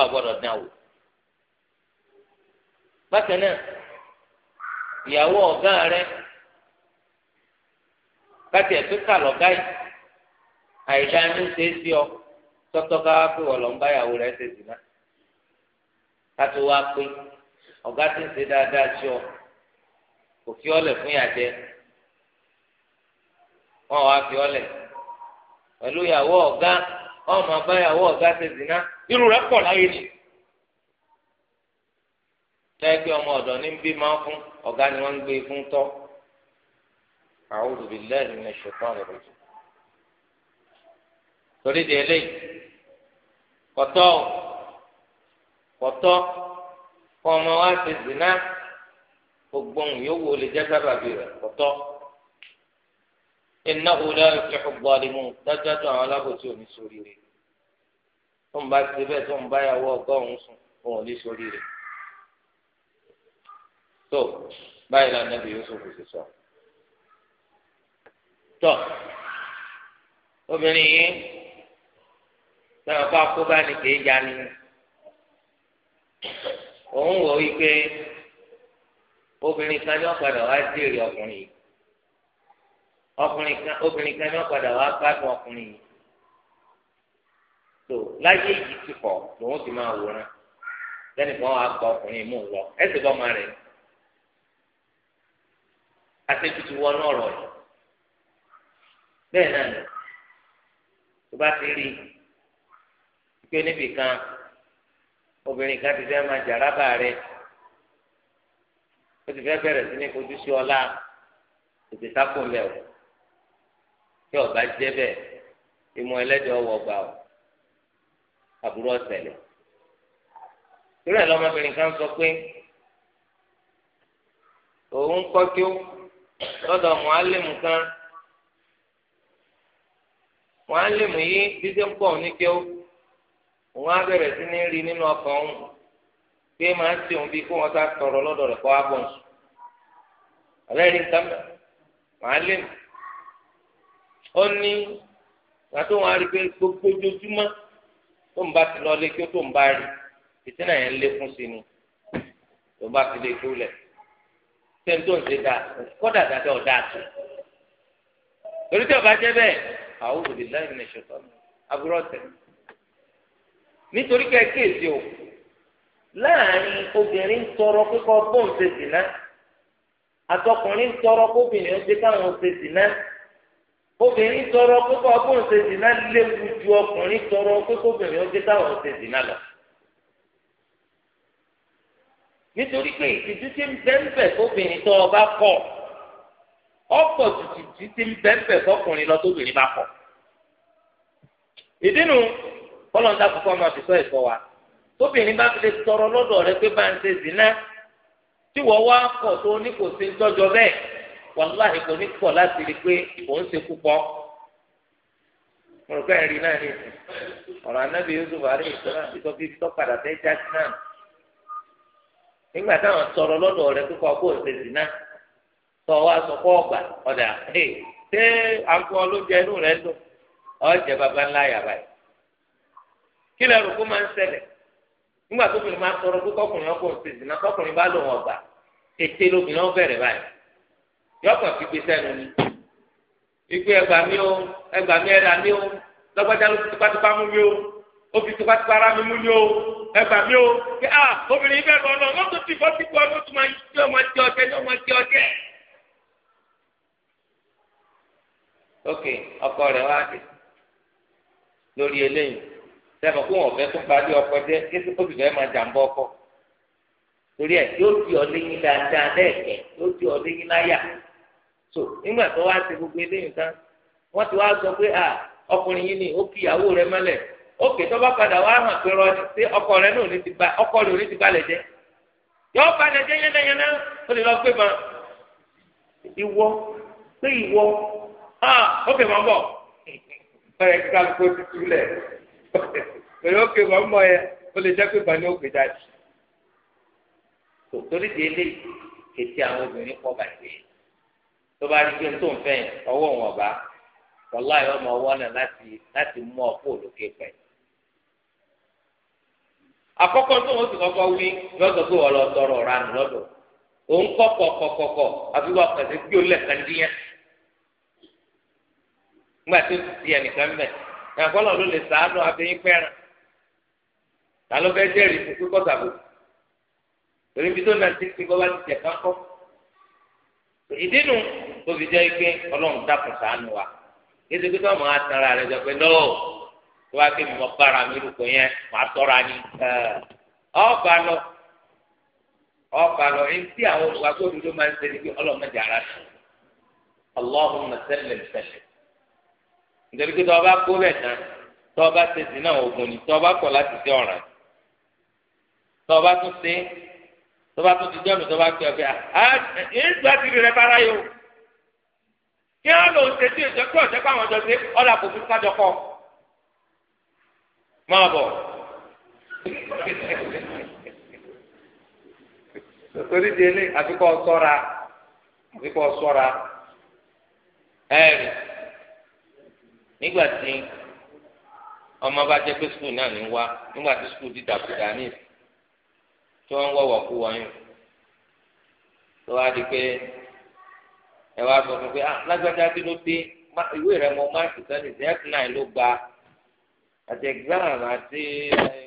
ọ gbọ́dọ̀ dán wò bákan náà ìyàwó ọ̀gá rẹ̀ káti ẹ̀tún kà lọ́gá yìí àìdá ní ṣe é sí ọ tọ́tọ́ wá pé wọ́n ń bá ìyàwó rẹ̀ ṣe sí náà ká tó wá pé ọ̀gá kò fi ọlẹ̀ fún yà jẹ wọn wá fi ọlẹ̀ pẹ̀lú ìyàwó ọ̀gá ọmọ bá ìyàwó ọ̀gá ṣe zina irú rẹ̀ pọ̀ láyé ni tẹ́gbẹ́ ọmọ ọ̀dọ̀ ní bí máa fún ọ̀gá ni wọ́n ń gbé fún tọ́ a'udhu billahi minash shaitanir rajim torí di eléyìí kọ̀tọ́ kọ̀tọ́ kọ́ ọmọ wa ṣe zina gbogbo ohun yòówù ó lè jẹ́ sábàbí rẹ̀ kọ́tọ́ iná òwúlẹ̀ ìfẹ́ gbọ́dìmù dájúdájú àwọn alábòsí ò ní sórí rẹ̀ tó ń bá ti bẹ́ẹ̀ tó ń bá yàwó ọgọ́rùn-ún sùn òun ní sórí rẹ̀ tó báyìí lọ nàbí Yusuf sì sọ tó obìnrin yìí sọ̀rọ̀ fún akóbá ni ni òun wò wí obìnrin kan ní ọ̀padà wá jèrè ọkùnrin yìí ọkùnrin kan obìnrin kan ní ọ̀padà wá gbádùn ọkùnrin yìí tó láyé yìí ti kọ̀ lòun ti máa wòran lẹ́nu kan wàá gba ọkùnrin mú un lọ ẹ̀sìn bọ́ ọmọ rẹ̀ àtẹ̀tutù wọnú ọ̀rọ̀ yìí bẹ́ẹ̀ náà nì tó bá ti rí i pé níbì kan obìnrin kan ti fẹ́ máa jà rábà rẹ̀. o ti fẹ́ bẹ̀rẹ̀ sí ní kojú sí ọlá tètè sákùn o tí ọba jẹ́ bẹ́ẹ̀ ìmọ̀ ẹlẹ́dẹ̀ ọwọ́ gbà o àbúrò ọ̀sẹ̀lẹ̀ irú ẹ̀ lọ́mọbìnrin kan sọ pé òun kọ́ kí ó kan mọ̀álẹ́mù yìí bí sẹ́ńpọ̀ ní kí òun á sí ní rí nínú ọkàn pé máa ń ṣe òun bíi kó wọn sá tọrọ lọ́dọ̀ rẹ̀ kọ́ wá bọ̀ nsù abẹ́rẹ́ nǹkan mẹ́ màá lé mi ó ní gbàtó wọn á rí i pé gbogbo ojoojúmọ́ tó ń bá ti lọ lé kí ó tó ń bá rí ìtìnà yẹn ń lékún sí ni tó bá fi lé kí lẹ̀ ṣé n tó ń ṣe dáa kọ́dà dáadáa ọ̀dà àti torí tí ọba jẹ́ bẹ́ẹ̀ àwọn òbí lẹ́yìn ní àbúrò ọ̀tẹ̀ nítorí kẹ́kẹ́ èsì òkú láàrin obìnrin ń tọrọ kíkọ bóun ṣe dìná àtọkùnrin ń tọrọ kóbìnrin ń ṣe káwọn ṣe dìná obìnrin tọrọ kíkọ bóun ṣe dìná léwu ju ọkùnrin tọrọ kíkóbìnrin ń ṣe káwọn ṣe dìná lọ. nítorí pé ìtìjú ti ń bẹ́ńbẹ̀ kóbìnrin tó ọba kọ̀ ọ̀pọ̀ tìtìjú ti ń bẹ́ńbẹ̀ kọkùnrin lọ tóbìnrin bá kọ̀. ìdí nu kọ́lọ́ńdà kúkọ́ máa fi sọ ẹ̀fọ́ wa. tóbìnrin bá fi tọrọ lọ́dọ̀ rẹ pé bá ń ṣe zina tí wọ́n wá kọ̀ tó ní kò sí tọ́jọ́ bẹ́ẹ̀ wàláhì kò ní kọ̀ láti rí i pé òun ṣe púpọ̀ mọ̀lùkọ́ ẹ̀rí náà ọ̀rọ̀ anábì fẹ́ já sí zina tọ́ wa sọ kọ́ ọ̀gbà ọ̀dà ṣé inú dùn baba ńlá yàrá yìí kí lẹ́rù kó nígbà tó kùnrin máa tọrọ pé kọkùnrin ọkùnrin ṣe ìdìnnà kọkùnrin bá lòun ọgbà ète lóbìnrin ó bẹ̀rẹ̀ báyìí yọkàn fi gbé sẹ́nu ni ìgbé ẹgbà mi o ẹgbà mi ẹ̀dà mi o lọ́gbàdá ló fi tipátipá mú mi o ó fi tipátipá ara mi mú mi o ẹgbà mi o kí a obìnrin bẹ́ẹ̀ lọ náà wọ́n tó ti bọ́ sí pọ́ ló máa ń ọmọ jẹ́ ọjẹ́ ní ọmọ jẹ́ ọjẹ́. ok ọkọ rẹ wá dé lórí eléyìí sẹ́fọ̀ kó wọn fẹ́ tó balẹ̀ ọkọ jẹ́ kéṣe kó sì máa jàǹbọ̀ ọkọ torí ẹ̀ yóò di ọ léyìn dáadáa lẹ́ẹ̀kẹ́ yóò di ọ léyìn láyà so nígbà tó wá ti gbogbo eléyìí tán wọ́n ti wá sọ pé à ọkùnrin yìí ni ó kí ìyàwó mọ́lẹ̀ tó bá padà wá hàn pé rọ ni pé ọkọ náà ní ti ba ọkọ ò ní ti jẹ́ yọ yánnayànna ó lè lọ ma ìwọ pé ìwọ ah bọ̀ pẹ̀lú òkè mọ́mọ́ yẹn ó lè jẹ́ pé bani ó gbé jáde. torí di eléyìí kètì àwọn obìnrin pọ̀ bàjẹ́ tó bá rí pé tó yẹn ọwọ́ wọn yọ ọmọ ọwọ́ náà láti láti mú àkọ́kọ́ tó wọ́n ti kọ́kọ́ wí lọ́dọ̀ wọ́n lọ tọrọ lọ́dọ̀ kọ́ kọ̀kọ̀kọ̀kọ̀ àfi pẹ̀lú tó ti ẹ̀kọ́lọ̀ ló lè sàánú abẹ́yín pẹ́ràn ta ló fẹ́ jẹ́rìí fún kíkọ́ sàbò torí bí tó náà ti fi bọ́ bá ti tẹ̀ kánkọ́ ìdínú tó fi jẹ́ ọlọ́run dákun sàánú wa atara jọ pé tó wá bára mi yẹn tọ́ra ni ọba lọ ọba lọ ẹni tí àwọn máa ń ṣe ara ọlọ́run nítorí pé tọ́ba kó bẹ̀ tán t'ọba tètè náà ogun ni tọ́ba kọ̀ láti ṣe ọ̀ràn tọ́ba tún ṣe tọ́ba tún ti jọ́nu tọ́ba pé ọ̀fẹ́ ah, ìgbà tí rẹ̀ bára yó kí lò ṣe tí ìjọ pàwọn jọ kò fi kájọ máa torí délé àfikọ́ nígbà tí ọmọ bá jẹ́ pé skul náà ní wá nígbà tí skul dìdàkudà ní tí wọ́n ń wọ̀wọ̀ kú wọ̀nyí tó wá di pé ẹ wá sọ fún pé ah lágbájá kí ló dé ìwé rẹ mọ máàkì sẹ́ni zẹ́ẹ̀kì náà ló gba àti exam àti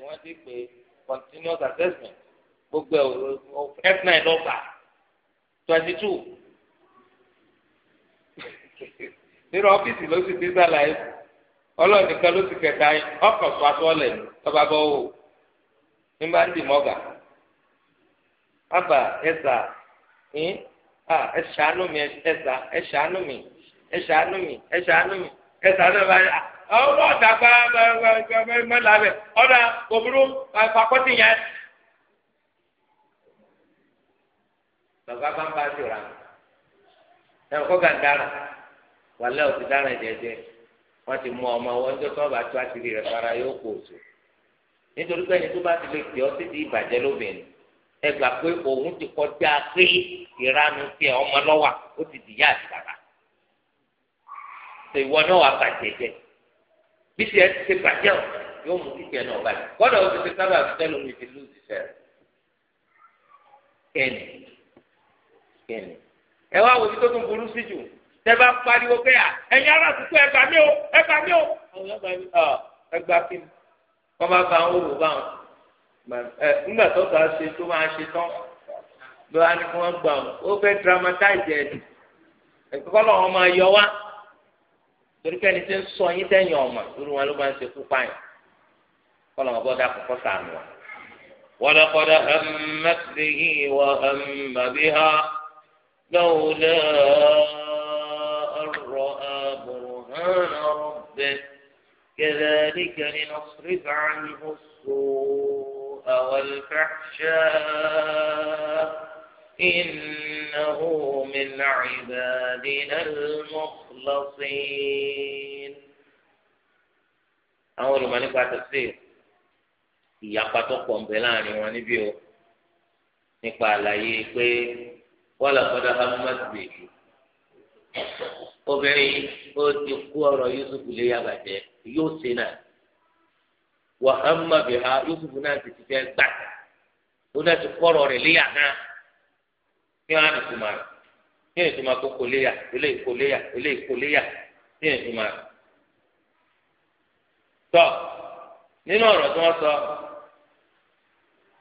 wọ́n ti pè continuous assessment gbogbo ẹ̀ f nine gbà twenty two. nínú ọ́fíìsì ló sì ti sàlàyé ọlọ́ọ̀dì kan ló sì kẹta ọkọ̀ sọ asọ́ọ̀lẹ̀ tọ́ba bọ́ wò ní bá ń dì mọ́gà ẹ̀sà mi mi mi mi ọwọ́ ọ̀dà ọ̀dà òbúrú pàkọ́tì yẹn. bàbá bá ń bá a wàlẹ́ ò ti dáràn jẹjẹ wọ́n ti mú ọmọ wọn tó tó àtìrí rẹ̀ fara yóò kó oṣù nítorí pé ẹni tó bá ti lè pè ọ́ títí ìbàjẹ́ lóbìnrin ẹ gbà pé òun ti kọjá pé ìranu ọmọ lọ́wà ó ti àti bàbá ìwọ náà wà bàjẹ́ bí ti ṣe bàjẹ́ ọ̀ yóò mú kíkẹ́ náà bàjẹ́ tẹ́bá pariwo pé à ẹ̀yin ará àtúntò ẹ̀gbà mi o ẹ̀gbà mi o. ẹgbà kí ni bá fa owó bá wọn. nígbà tó bá ṣe tó máa ṣe tán ló wá ní kí wọ́n gbà wọn ó fẹ́ dramatize ẹ̀ ní. kọ́ lọ́wọ́ máa yọ wá torí kẹ́ni tí ń sọ yín tẹ́yìn ọ̀mà lórí wọn ló máa ń ṣe kú páyìn kọ́ lọ́wọ́ bọ́ dà kọ́kọ́ sànù wọn. ولقد همت به وهم بها لولا سبحان ربه كذلك لنصرف عنه السوء والفحشاء إنه من عبادنا المخلصين أول ما نفع تفسير يا tó pọ̀ ونبيو láàrin wọn níbí o nípa àlàyé obìnrin ó ti kú ọ̀rọ̀ yusuf lé yàgbàjẹ́ yóò ṣe náà wàhámà bìhá yusuf náà ti ti fẹ́ gbà ó náà ti kọ́rọ̀ rẹ̀ léyà náà kí wọ́n á lè tuma rẹ̀ kí wọ́n tuma kó kóléyà eléyìí kóléyà eléyìí kóléyà kí wọ́n tuma rẹ̀. tọ́ nínú ọ̀rọ̀ tí wọ́n sọ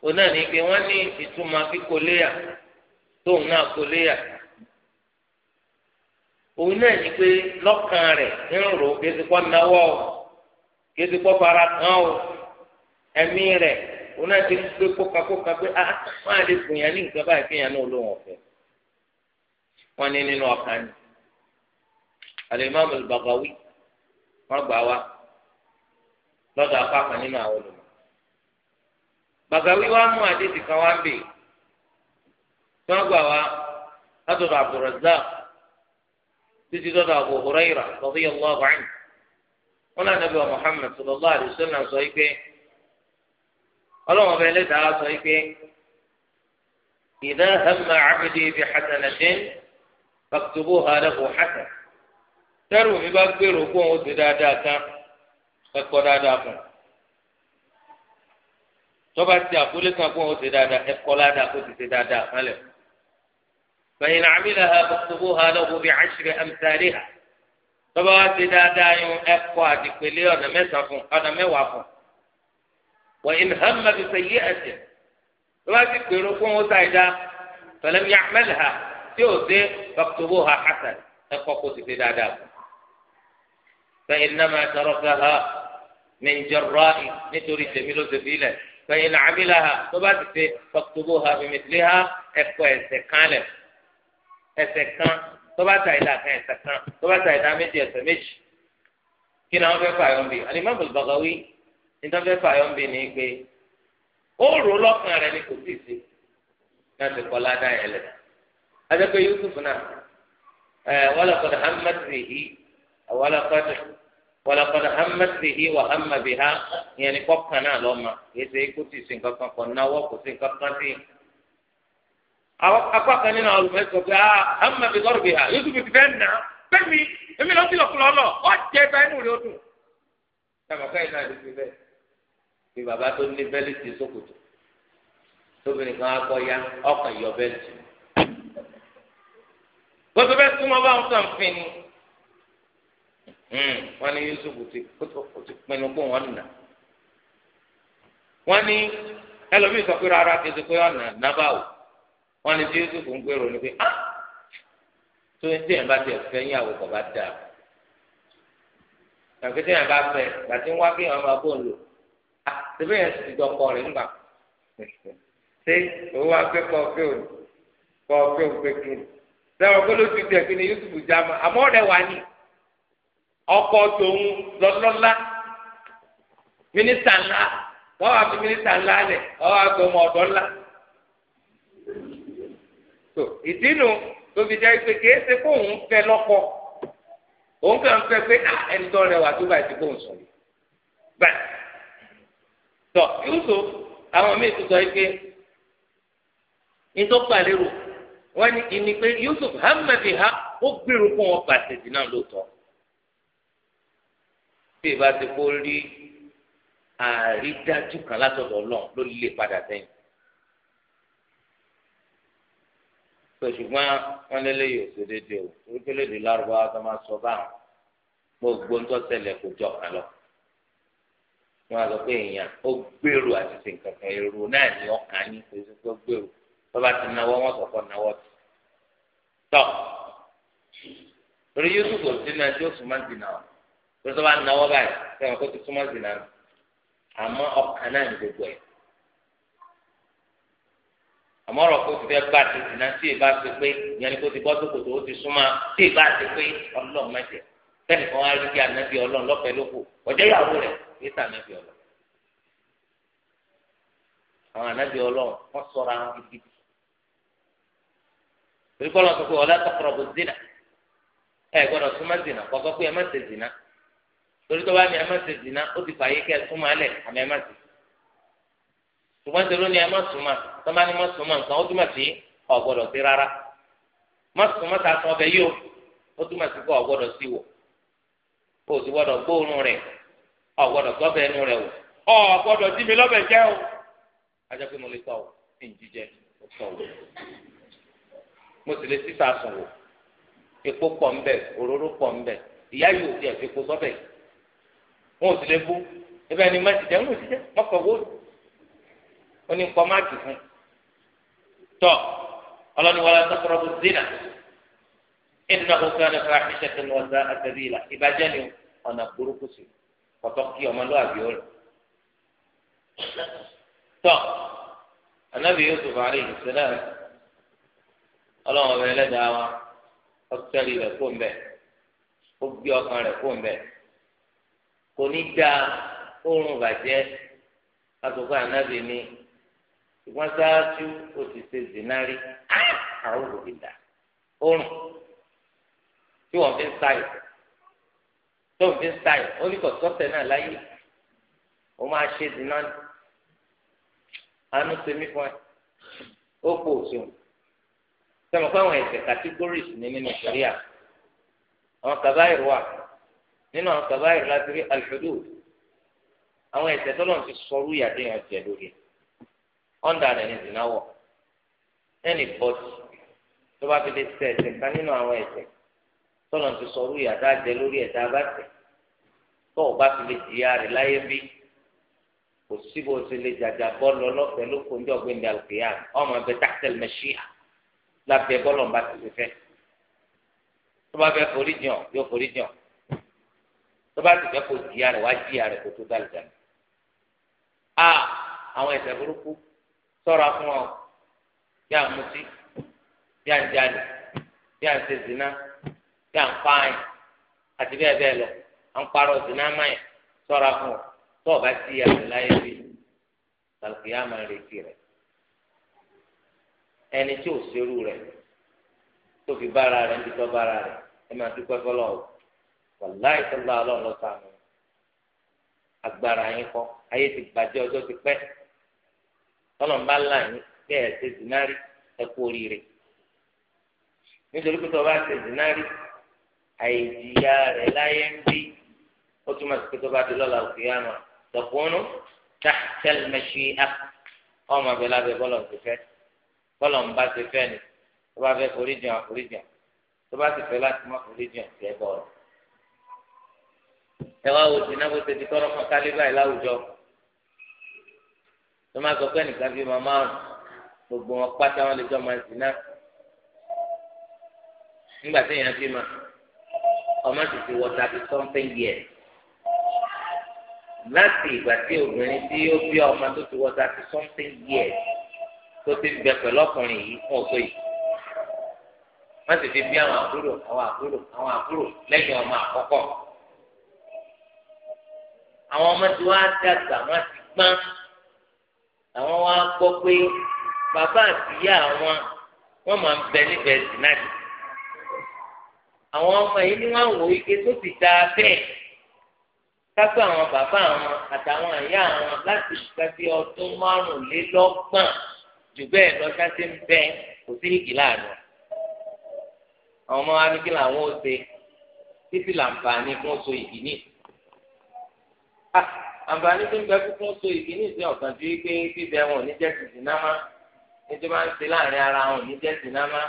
ó náà ní pé wọ́n ní ìtumọ̀ kíkóléyà tóun náà kóléyà. òun náà ní pé lọ́kàn rẹ̀ ń rò kézikọ́ náwó o kézikọ́ fara kan o ẹ̀mí rẹ̀ òun náà ti gbé kókakóka pé a ah, máa lè fún yàn ní náà wọn ní nínú ọkàn ni Al-Imam wọn gbà wá lọ́dọ̀ nínú àwọn olùmọ̀ mú àdéhùn kan wá bè gbà wá látọ̀dọ̀ títí dọ́dọ̀ Abu Hurairah radiyallahu anhu wọn náà nàbẹ wa Muhammad sallallahu alaihi wasallam sọ pé ọlọ́wọ́n bẹ́ẹ̀ lẹ́dàá sọ pé idha hamma abdi bi hasanatin faktubuha lahu hasan tẹ́rù mi bá gbèrò kó òun ti dáadáa kan ẹ̀kọ́ dáadáa fún tọ́ba ti àkólé kan kó òun ti dáadáa ẹ̀kọ́ ládàá kó ti ti dáadáa kan lẹ̀ فإن عملها فاكتبوها له بعشر أمثالها فبوات دا دايون تكليون مسافون قد موافون وإن هم بسيئة فلا تكبركم وسايدا فلم يعملها تؤذي فاكتبوها حسن أكوا قوتك دا فإنما تركها من جراء نتوري جميل زبيلة فإن عملها فبوات فاكتبوها بمثلها أكوا يستكالب ẹsẹ̀ kan tó bá ta ìdá kan ẹsẹ̀ kan tó bá ta ìdá méjì ẹsẹ̀ méjì kí ni àwọn fẹ́ fà yọ̀ǹbì Al-Imam Al-Baghawi ní tó fẹ́ fà yọ̀ǹbì ní pé ó rò lọ́kàn rẹ̀ ní kò sí sí láti kọ́ ládàá yẹn lẹ̀ adẹ́pẹ́ Yusuf náà ẹ̀ walaqad hammat bihi walaqad walaqad hammat bihi wa ni kọ́kàn náà lọ́ọ́ ma kì í ṣe kó sì sí nǹkan kan náwó kò sí nǹkan sí apá kan nínú àwọn a ama bi lọ́rọ̀ bi ha yusuf ti na nà fẹ́mi èmi lọ sí lọ́kùlọ́ ọlọ ọ jẹ bá inú o sábà káyọ̀ náà ló fi bẹ́ẹ̀ bí bàbá tó ní bẹ́ẹ̀lì sókòtò tóbìnrin kan akọ ya ọkàn yọ bẹ́ẹ̀lì tì. gbọ́dọ̀ bẹ́ẹ̀ súnmọ́ bá wọn sàn fún mi. wọ́n ní yusuf ti pinnu pé wọ́n nà. wọ́n ní ẹlòmíì sọ pé rárá kí ẹ pé ọ̀nà wọn ni tí yusuf ń gbèrò ni pé ah tó ń tẹ̀yìn bá tiẹ̀ fẹ́ yín àwòkọ̀ bá dáa tàbí tẹ̀yìn bá fẹ́ gbàtí ń wá kí wọn máa bò ah tẹ̀bí yẹn ti dọ̀ kọ́ rẹ̀ ńgbà ṣé òun wá pé kọ́ fẹ́ òun kọ́ fẹ́ òun pé kí ni sẹ́wọ̀n kó ló ti tẹ̀ kí ni yusuf já ma àmọ́ ni ọkọ̀ tòun lọ́lọ́lá mínísítà ńlá wọ́n wá fi mínísítà ńlá tó ìdínú tóbi jẹ́ pé kìí ṣe kó òun fẹ́ lọ́kọ òun kàn fẹ́ pé ah, ẹni tó rẹwà tó bá ti bóun sùn bẹ́ẹ̀ tó Yusuf àwọn míì tó sọ pé nítorí pàlérò wọ́n ní ìní pé Yusuf hamabiha ó gbèrú fún wọn pàṣẹ dì náà lóòótọ́ bí ìbá ti kó rí àrídájú kan látọ̀dọ̀ ọlọ́run ló lè padà sẹ́yìn sọ ṣùgbọ́n wọn lélẹ́ yóò ṣe déédéé o oríkèlè èdè lárúbáwá tó máa sọ báwọn gbogbo ń tọ́sẹ̀lẹ̀ kó jọ kan lọ wọn á sọ pé èèyàn ó gbèrú àti sìn kankan èrò náà ní ọkàn ní kò sí pé ó gbèrú bàbá ti náwó wọn sọ̀kọ́ náwó tì tọ́ torí yusuf kò sí náà tí ó súnmọ́ dìnnà o torí tó bá náwó báyìí sẹ́wọ̀n kó ti súnmọ́ dìnnà àmọ́ ọkàn náà ní gbogbo ẹ̀ àmọ́ ọ̀rọ̀ kó ti fẹ́ bá ti dìnnà tí ì bá ti pé ìyẹn ni kó ti bọ́ sókòtò ó ti súnmọ́ tí ì bá ti pé ọlọ́run mẹ́jẹ sẹ́ni kan wá rí kí ànábì ọlọ́run lọ́pẹ́ lóko ọ̀jẹ́ ìyàwó rẹ̀ kí sànábì ọlọ́run. àwọn ànábì ọlọ́run wọ́n sọ̀rọ̀ àwọn gidigidi. torí kọ́ lọ́n sọ pé ọ̀la tọkọrọ bó zina ẹ gbọ́dọ̀ súnmọ́ zina kọ́ sọ pé ẹ má tọ́ba ni má súnmọ́ nǹkan ó túmọ̀ sí ọ̀ gbọ́dọ̀ sí rárá má súnmọ́ ta sọ ọbẹ̀ yìí o ó túmọ̀ sí kọ́ ọ̀ gbọ́dọ̀ sí wò o sì gbọ́dọ̀ gbóòórùn rẹ̀ ọ̀ gbọ́dọ̀ gbọ́bẹ̀ ẹnu rẹ̀ wò ọ̀ gbọ́dọ̀ dí mi lọ́bẹ̀ jẹ́ o ajá pé mo lè tọ̀ ní jíjẹ ó tọ̀ wò mo sì lè sísà sùn wò epo pọ̀ ń bẹ̀ òróró pọ̀ ń bẹ̀ ìyá yóò ti ẹ̀fẹ́ epo sọ́bẹ̀ wọn ò sì lè bú ibẹ̀ ni má ti jẹ́ wọn ò sì jẹ́ mọ́kànwó ó ní kọ́ máàkì fún un tọ́ ọlọ́ni wàlá taqrabu zina innahu kana fahishatan wa sa'a sabila ìbàjẹ́ ni ọ̀nà burúkú sí kọ̀tọ́ kí ọmọlúwàbí ó rẹ̀ tọ́ anabi yusuf alayhi salam ọlọ́run ọba ẹlẹ́dàá wa ọ̀sẹ̀rì rẹ̀ kó ń bẹ̀ ó gbé ọkàn rẹ̀ kó ń kò ní dáa oorun bàjẹ́ àtúkọ̀ anabi ni ṣùgbọ́n ṣáájú ó ti ṣe zinari àwọn òbílà oorun tí wọ́n fi ń sáyò tó ń fi ń sáyò ó ní kò sọ́tẹ̀ náà láyé ó máa ṣe zinari àánú ṣe mí fún ẹ ó pò òṣèlú sọmọ pé àwọn ẹsẹ̀ categories ní nínú ìṣẹ̀ríà àwọn kàbáyìrì wà nínú àwọn kàbáyìrì láti rí alḥudud àwọn ẹsẹ̀ tó lọ́n ti sọrú ìyàdé yẹn jẹ lórí ẹ̀ ọ̀ndà rẹ̀ ní zina wọ̀ ẹnì bọ́tì tó bá fi lè ṣe ẹ̀ṣẹ̀ kan nínú àwọn ẹ̀ṣẹ̀ tọ́lọ̀ ti sọ orí àdá jẹ lórí ẹ̀dá bá tẹ̀ tó o bá fi lè jìyà rẹ̀ láyé bí kò sí bó ṣe lè jàjà bọ́ọ̀lù ọlọ́fẹ̀ẹ́ ló kó ní ọ̀gbìn ní àlùkìyà ọmọ ẹgbẹ́ táxel mẹ́ṣíà lábẹ́ bọ́ọ̀lù ọ̀nba ti fi fẹ́ tó bá fẹ́ forí jàn yóò forí jàn tó bá ti fẹ́ kó jìyà rẹ̀ wá jìyà rẹ̀ kó tó dá lùdà ní. a àwọn ẹ̀ṣẹ̀ burúkú ṣọ́ra fún ọ bí à ń mutí bí à ń jalè bí ń zina bí à ń bẹ́ẹ̀ bẹ́ẹ̀ lọ à ń zina máyà ṣọ́ra fún ọ tó o bá ti yà láyé bí kàlùkìyà máa ń retí rẹ ẹni tí o ṣerú rẹ tó fi bára rẹ tó bára rẹ ẹ máa dúpẹ́ fọlọ́ o tó bá ọlọ́run lọ́sàn-án agbára yín kọ́ tọ́lọ̀mbá ńlá yín bẹ́ẹ̀ ṣe zinari ẹ kú oríire nítorí pé tọ́ba ṣe zinari àìjìyà rẹ̀ láyé ń bí ó túmọ̀ sí pé tọ́ba di lọ́la òkè àná tọ̀kùnú tẹ́lẹ̀mẹ́sì á ọmọ abẹ lábẹ́ bọ́lọ̀ ti fẹ́ bọ́lọ̀mbá ti fẹ́ ni tọ́ba fẹ́ foríjìn àforíjìn tọ́ba ti fẹ́ láti má foríjìn àti ẹ̀ bọ́ọ̀lù ẹ wá wo jìnnà bó ṣe di tọ́rọ́ fún kálíbà ìláwùjọ tó máa sọ pé nìkan fi máa márùn gbogbo wọn pátá wọn lè jọ máa sì náà nígbà tí èèyàn fi máa ọmọ sì ti wọ thirty something years láti ìgbà tí obìnrin tí ó bí ọmọ tó ti wọ thirty something years tó ti bẹ pẹ̀lú ọkùnrin yìí fún ọ̀tọ̀ yìí wọ́n sì fi bí àwọn àbúrò àwọn àbúrò àwọn àbúrò lẹ́yìn ọmọ àkọ́kọ́ àwọn ọmọ tí wọ́n á dàgbà wọ́n á ti gbọ́n àwọn wa gbọ́ pé bàbá àtìyá àwọn wọ́n máa ń bẹ níbẹ̀ sí náà àwọn ọmọ yìí ni wọ́n wò ike tó ti dáa bẹ́ẹ̀ kápẹ́ àwọn bàbá àwọn àtàwọn àyà àwọn láti ìgbàgbé ọdún márùnlélọ́gbọ̀n jù bẹ́ẹ̀ lọ sáṣẹ́ ń bẹ kò sí ìgì láàánú àwọn ọmọ wa ní kí làwọn ó ṣe títí làǹfààní fún oṣù ìgì àǹfààní tó ń bẹ fún so ìkíní ìsìn ọ̀sán ju pé bíbẹ wọn ò ní jẹ́ sì sínú àmá ní tí wọ́n ń ṣe láàrin ara wọn ò ní jẹ́ sínú àmá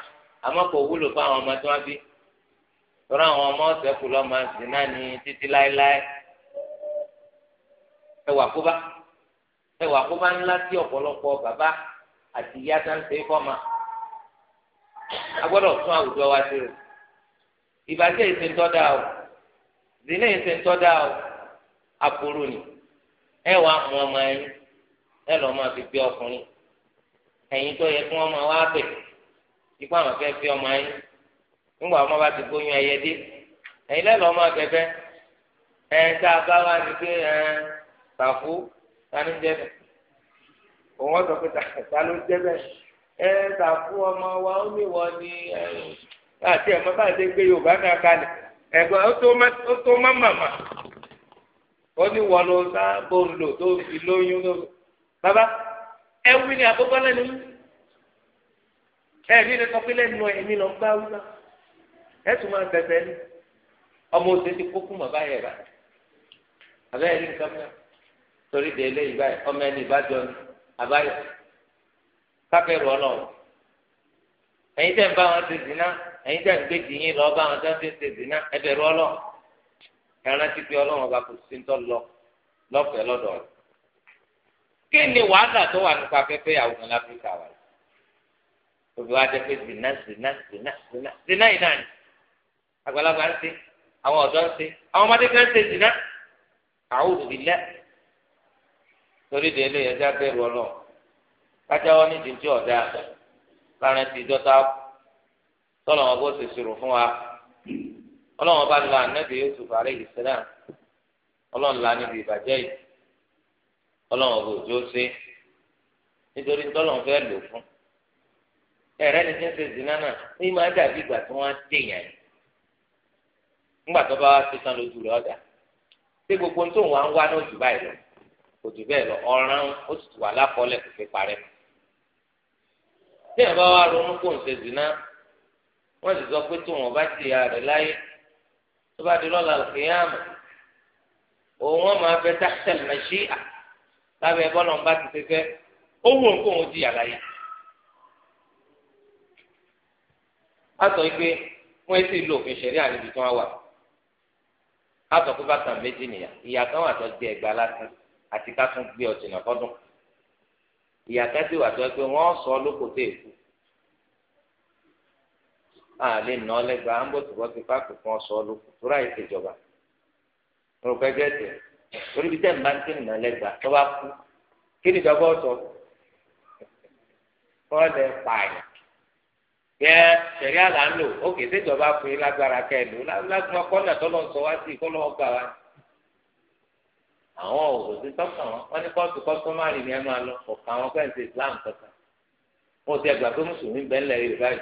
àmọ́ kò wúlò fún àwọn ọmọ tí wọ́n bí lọ́rọ̀ àwọn ọmọ ọ̀sẹ̀ kù lọ́mọ sí ní títí láéláé ẹwà kóbá ẹwà kóbá ńlá tí ọ̀pọ̀lọpọ̀ bàbá àti ìyá tá ń ṣe fọ́mà agbọ́dọ̀ tún àwùjọ wa ṣe o ìbàjẹ́ ìsìn tọ́da o ìdílé ìsìn tọ́da o àpòrò nìí ẹ wà mú ọmọ ẹyin ẹ lọ máa fi bí ọkùnrin ẹyin tó yẹ kí wọn máa bẹ ipá àwọn fẹẹ fi ọmọ ẹyin nígbà wọn bá ti gbóyún ẹyẹ dé ẹyin lẹ máa bẹ̀bẹ̀ ẹ tá a bá wá ní pé ẹ tani jẹ bẹ òun pé ló jẹ bẹ ẹ ọmọ wa ó ní a ṣe gbé Yorùbá náà ó ní wọ́n ló sá bó tó fi lóyún ló bàbá ẹ ni àkókò náà ni wí ẹ ní lẹ́nu ẹ̀mí lọ gbá wúlá ẹ tún máa bẹ̀bẹ̀ ní ọmọ òsè ti kókú mọ̀ báyẹ̀ rà àbẹ́ ẹ̀rí nǹkan torí de eléyìí báyìí ọmọ ẹni ìbájọ ni àbáyọ̀ kábẹ́rù ọlọ́run ẹ̀yin tẹ̀ ń bá wọn ṣe dìná ẹ̀yin tẹ̀ ń gbé lọ bá wọn tẹ̀ ń ẹran ti pé ọlọ́run ọba kò sí tó lọ lọ́fẹ̀ẹ́ lọ́dọ̀ rẹ̀ kí ni wàhálà tó wà nípa afẹ́fẹ́ ìyàwó kan láfíríkà wà yìí òbí wa jẹ pé zina zina zina zina zina yìí náà ni àgbàlagbà ń ṣe àwọn ọ̀dọ́ ń ṣe àwọn ọmọdé kan ń ṣe zina a'udhu billah torí de ilé ẹja bẹ̀rù ọlọ́run kájáwọ nídìí tí ọ̀dà lára ti dọ́ta tọ́lọ̀ wọn bó ṣe ṣòro fún wa ọlọ́run bá la ànábì Yusuf alayhi salam ọlọ́run la níbi ìbàjẹ́ yìí ọlọ́run ọba òjò ṣe nítorí tọ́lọ́run fẹ́ lò fún ẹ̀rẹ́ ni tí ń ṣe zina náà ní máa dàbí ìgbà tí wọ́n á dèèyàn yìí ńgbà tó bá wá ṣe tán lójú rẹ̀ ọ̀dà ṣé gbogbo ohun tó ń ń wá ní oṣù báyìí lọ kò bẹ́ẹ̀ lọ ọ̀ràn ó sì wà lákọọ́lẹ̀ kò fi parẹ́ tí ẹ̀ bá wá ronú kó ń ṣe zina wọ́n sì sọ pé tóun ọba ti ìyá rẹ̀ láyé tó bá di lọ́la àlùkìyàmù òun wọn máa bẹ táṣẹ̀lì mẹ́ṣíà lábẹ́ bọ́lá ń bá ti ṣe fẹ́ ó wù ń kó òun di àlàyé. a sọ pé wọ́n ti lo òfin ṣẹ̀rí àlebi tí wọ́n wà a pé bàtà méjì nìyà ìyá wà tó gbé ẹgbàá lásán àti ká tún gbé ọ̀tún náà fọ́dún ìyá kan wà tó gbé wọ́n sọ lóko tó èkó a lè nà ọ lẹgba à ń bọ̀ tìbọ̀ ti fáàkì fún ọsọ lóko tóra ètò ìjọba rògbẹ́ gẹ́tì torí bí tẹ́ǹbà ń tẹ̀lé nà lẹgba tó bá kú kí ni ìjọba ọ̀sọ̀ wọ́n lẹ pààyàn yẹ sẹ̀rí àlà ń lò ó kèsè ìjọba fún yín lágbára kẹ́ ẹ̀ lò lágbára kọ́nà tó lọ sọ wá sí kó lọ́wọ́ gbà wá àwọn òṣèlú tọ́kàn wọn ní kóòtù kọ́sọ́márì ni ẹ máa lọ àwọn fẹ́ǹsì Islam kankan wọn ò ti ẹgbàá pé mùsùlùmí bẹ́ẹ̀ lẹ́yìn báyìí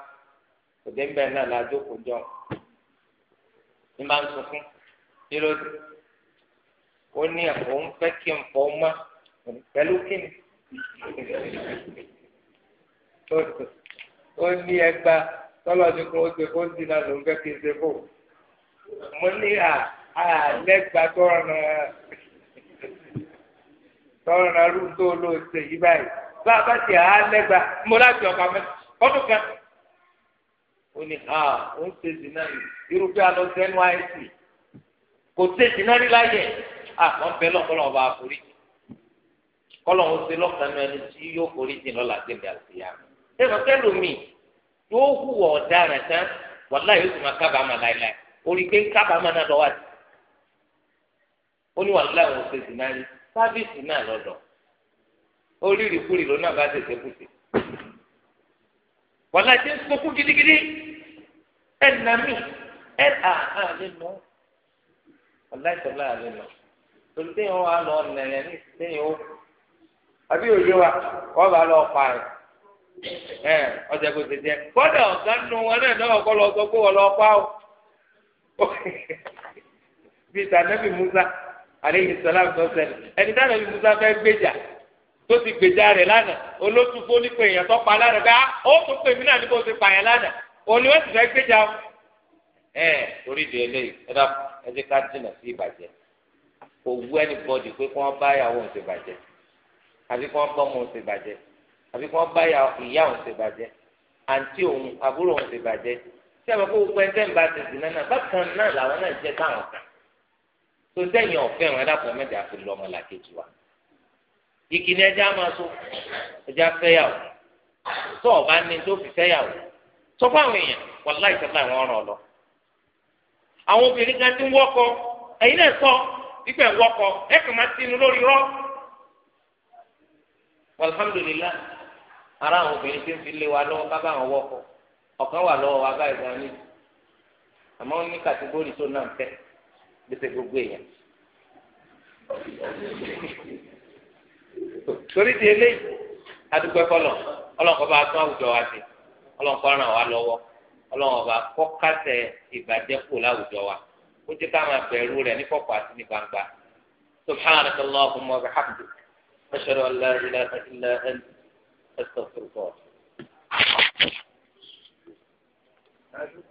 òde ń bẹ náà la jókòó jọ ní máa ń sunkún kí ló dé ó ní ẹ̀fọ́ ń fẹ́ kí n fọ́ mọ́ pẹ̀lú kí ni ó ní ẹgba tọ́lọ̀ ní kó o ṣe kó o ṣe náà ló ń fẹ́ kí n ṣe fò mo ní à à lẹ́gba tọ́rọ̀nà tọ́rọ̀nà rúntó ló ṣe yí báyìí bá a bá ti à lẹ́gba mo láti ọ̀pá mẹ́ta ọdún kan. ó ní à ó ń ṣe zina ní irúfẹ́ sí nysc kò ṣe zina rí láyè à wọ́n bẹ lọ́kọ́lọ́ ọba àforí kọ́lọ́ ń ṣe lọ́kànnú ẹni tí yóò forí jìn lọ́la sí ìdí àlùfíà ẹ̀rọ kẹlòmíì yóò hùwà ọ̀daràn tán wàlá yóò sì máa kábàámà orí pé kábàámà náà lọ́wọ́ àti ó ní wàlá rí náà lọ́dọ̀ ó wàhálà ti ń sọkún gidigidi ẹ nà mí ẹ à á lè nà wàhálà ìtọ́lá à lè nà torí téèyàn wà lọ nàlẹ́ ní téèyàn ó àbí òye wa wọ́n bá lọ pa ẹ̀ ẹ ọjà kò jẹ kọ́dà ọ̀gá wọn náà náà kọ́ lọ sọ pé wọ́n lọ pa ó bíi tànàbí Musa àlẹ́ ìṣọ̀lá ìṣọ̀sẹ̀ ẹni tànàbí Musa fẹ́ gbéjà tó ti gbèjà rẹ̀ lánàá olótùfó nípa èèyàn tó pa lánàá bá ah, ó tó pè mí náà ní kó ti pààyàn lánàá òní wọ́n ti fẹ́ gbèjà o. ẹ torí ìdè eléyìí ẹ dá ẹ jẹ ká dínà sí ìbàjẹ́ kò wú ẹnìbọdì pé kí wọ́n bá ìyàwó òun ti bàjẹ́ àbí kí wọ́n bá ọmọ òun ti bàjẹ́ àbí kí wọ́n bá ìyá òun ti bàjẹ́ àǹtí òun àbúrò òun ti bàjẹ́ tí a bá kó gbogbo ẹgbẹ́ ń bá ti dì náà bákan náà làwọn náà jẹ́ táwọn kan tó sẹ́yìn ọ̀fẹ́ wọn dápọ̀ mẹ́ta àfi lọ́mọ làkejì wa. igi ni ẹja máa so ẹja fẹ́yàwó tó tó fi fẹ́yàwó sọ fáwọn èèyàn wàláì sẹ́láì wọ́n ràn ọ́ lọ. àwọn obìnrin kan ti ń wọ́kọ ẹ̀yin náà sọ wípé ń wọ́kọ ẹ kàn máa tinú lórí rọ́. alhamdulilayi ara àwọn obìnrin ti ń fi lé wa lọ́wọ́ bá bá àwọn wọ́kọ ọ̀kan wà lọ́wọ́ wa ni àmọ́ ní kàtígórì torí di eléyìí adúgbò kọlọ ọlọ́nkọ́ bá tún àwùjọ wa sí ọlọ́nkọ́ ràn wá lọ́wọ́ ọlọ́nkọ́ bá kọ́ kásẹ̀ ìbàjẹ́ kù láwùjọ wa ó jẹ́ ká máa bẹ̀rù rẹ̀ ní kọ̀kọ̀ àti ní gbangba subhanak allahumma wa bihamdika ashhadu an la ilaha illa anta astaghfiruka.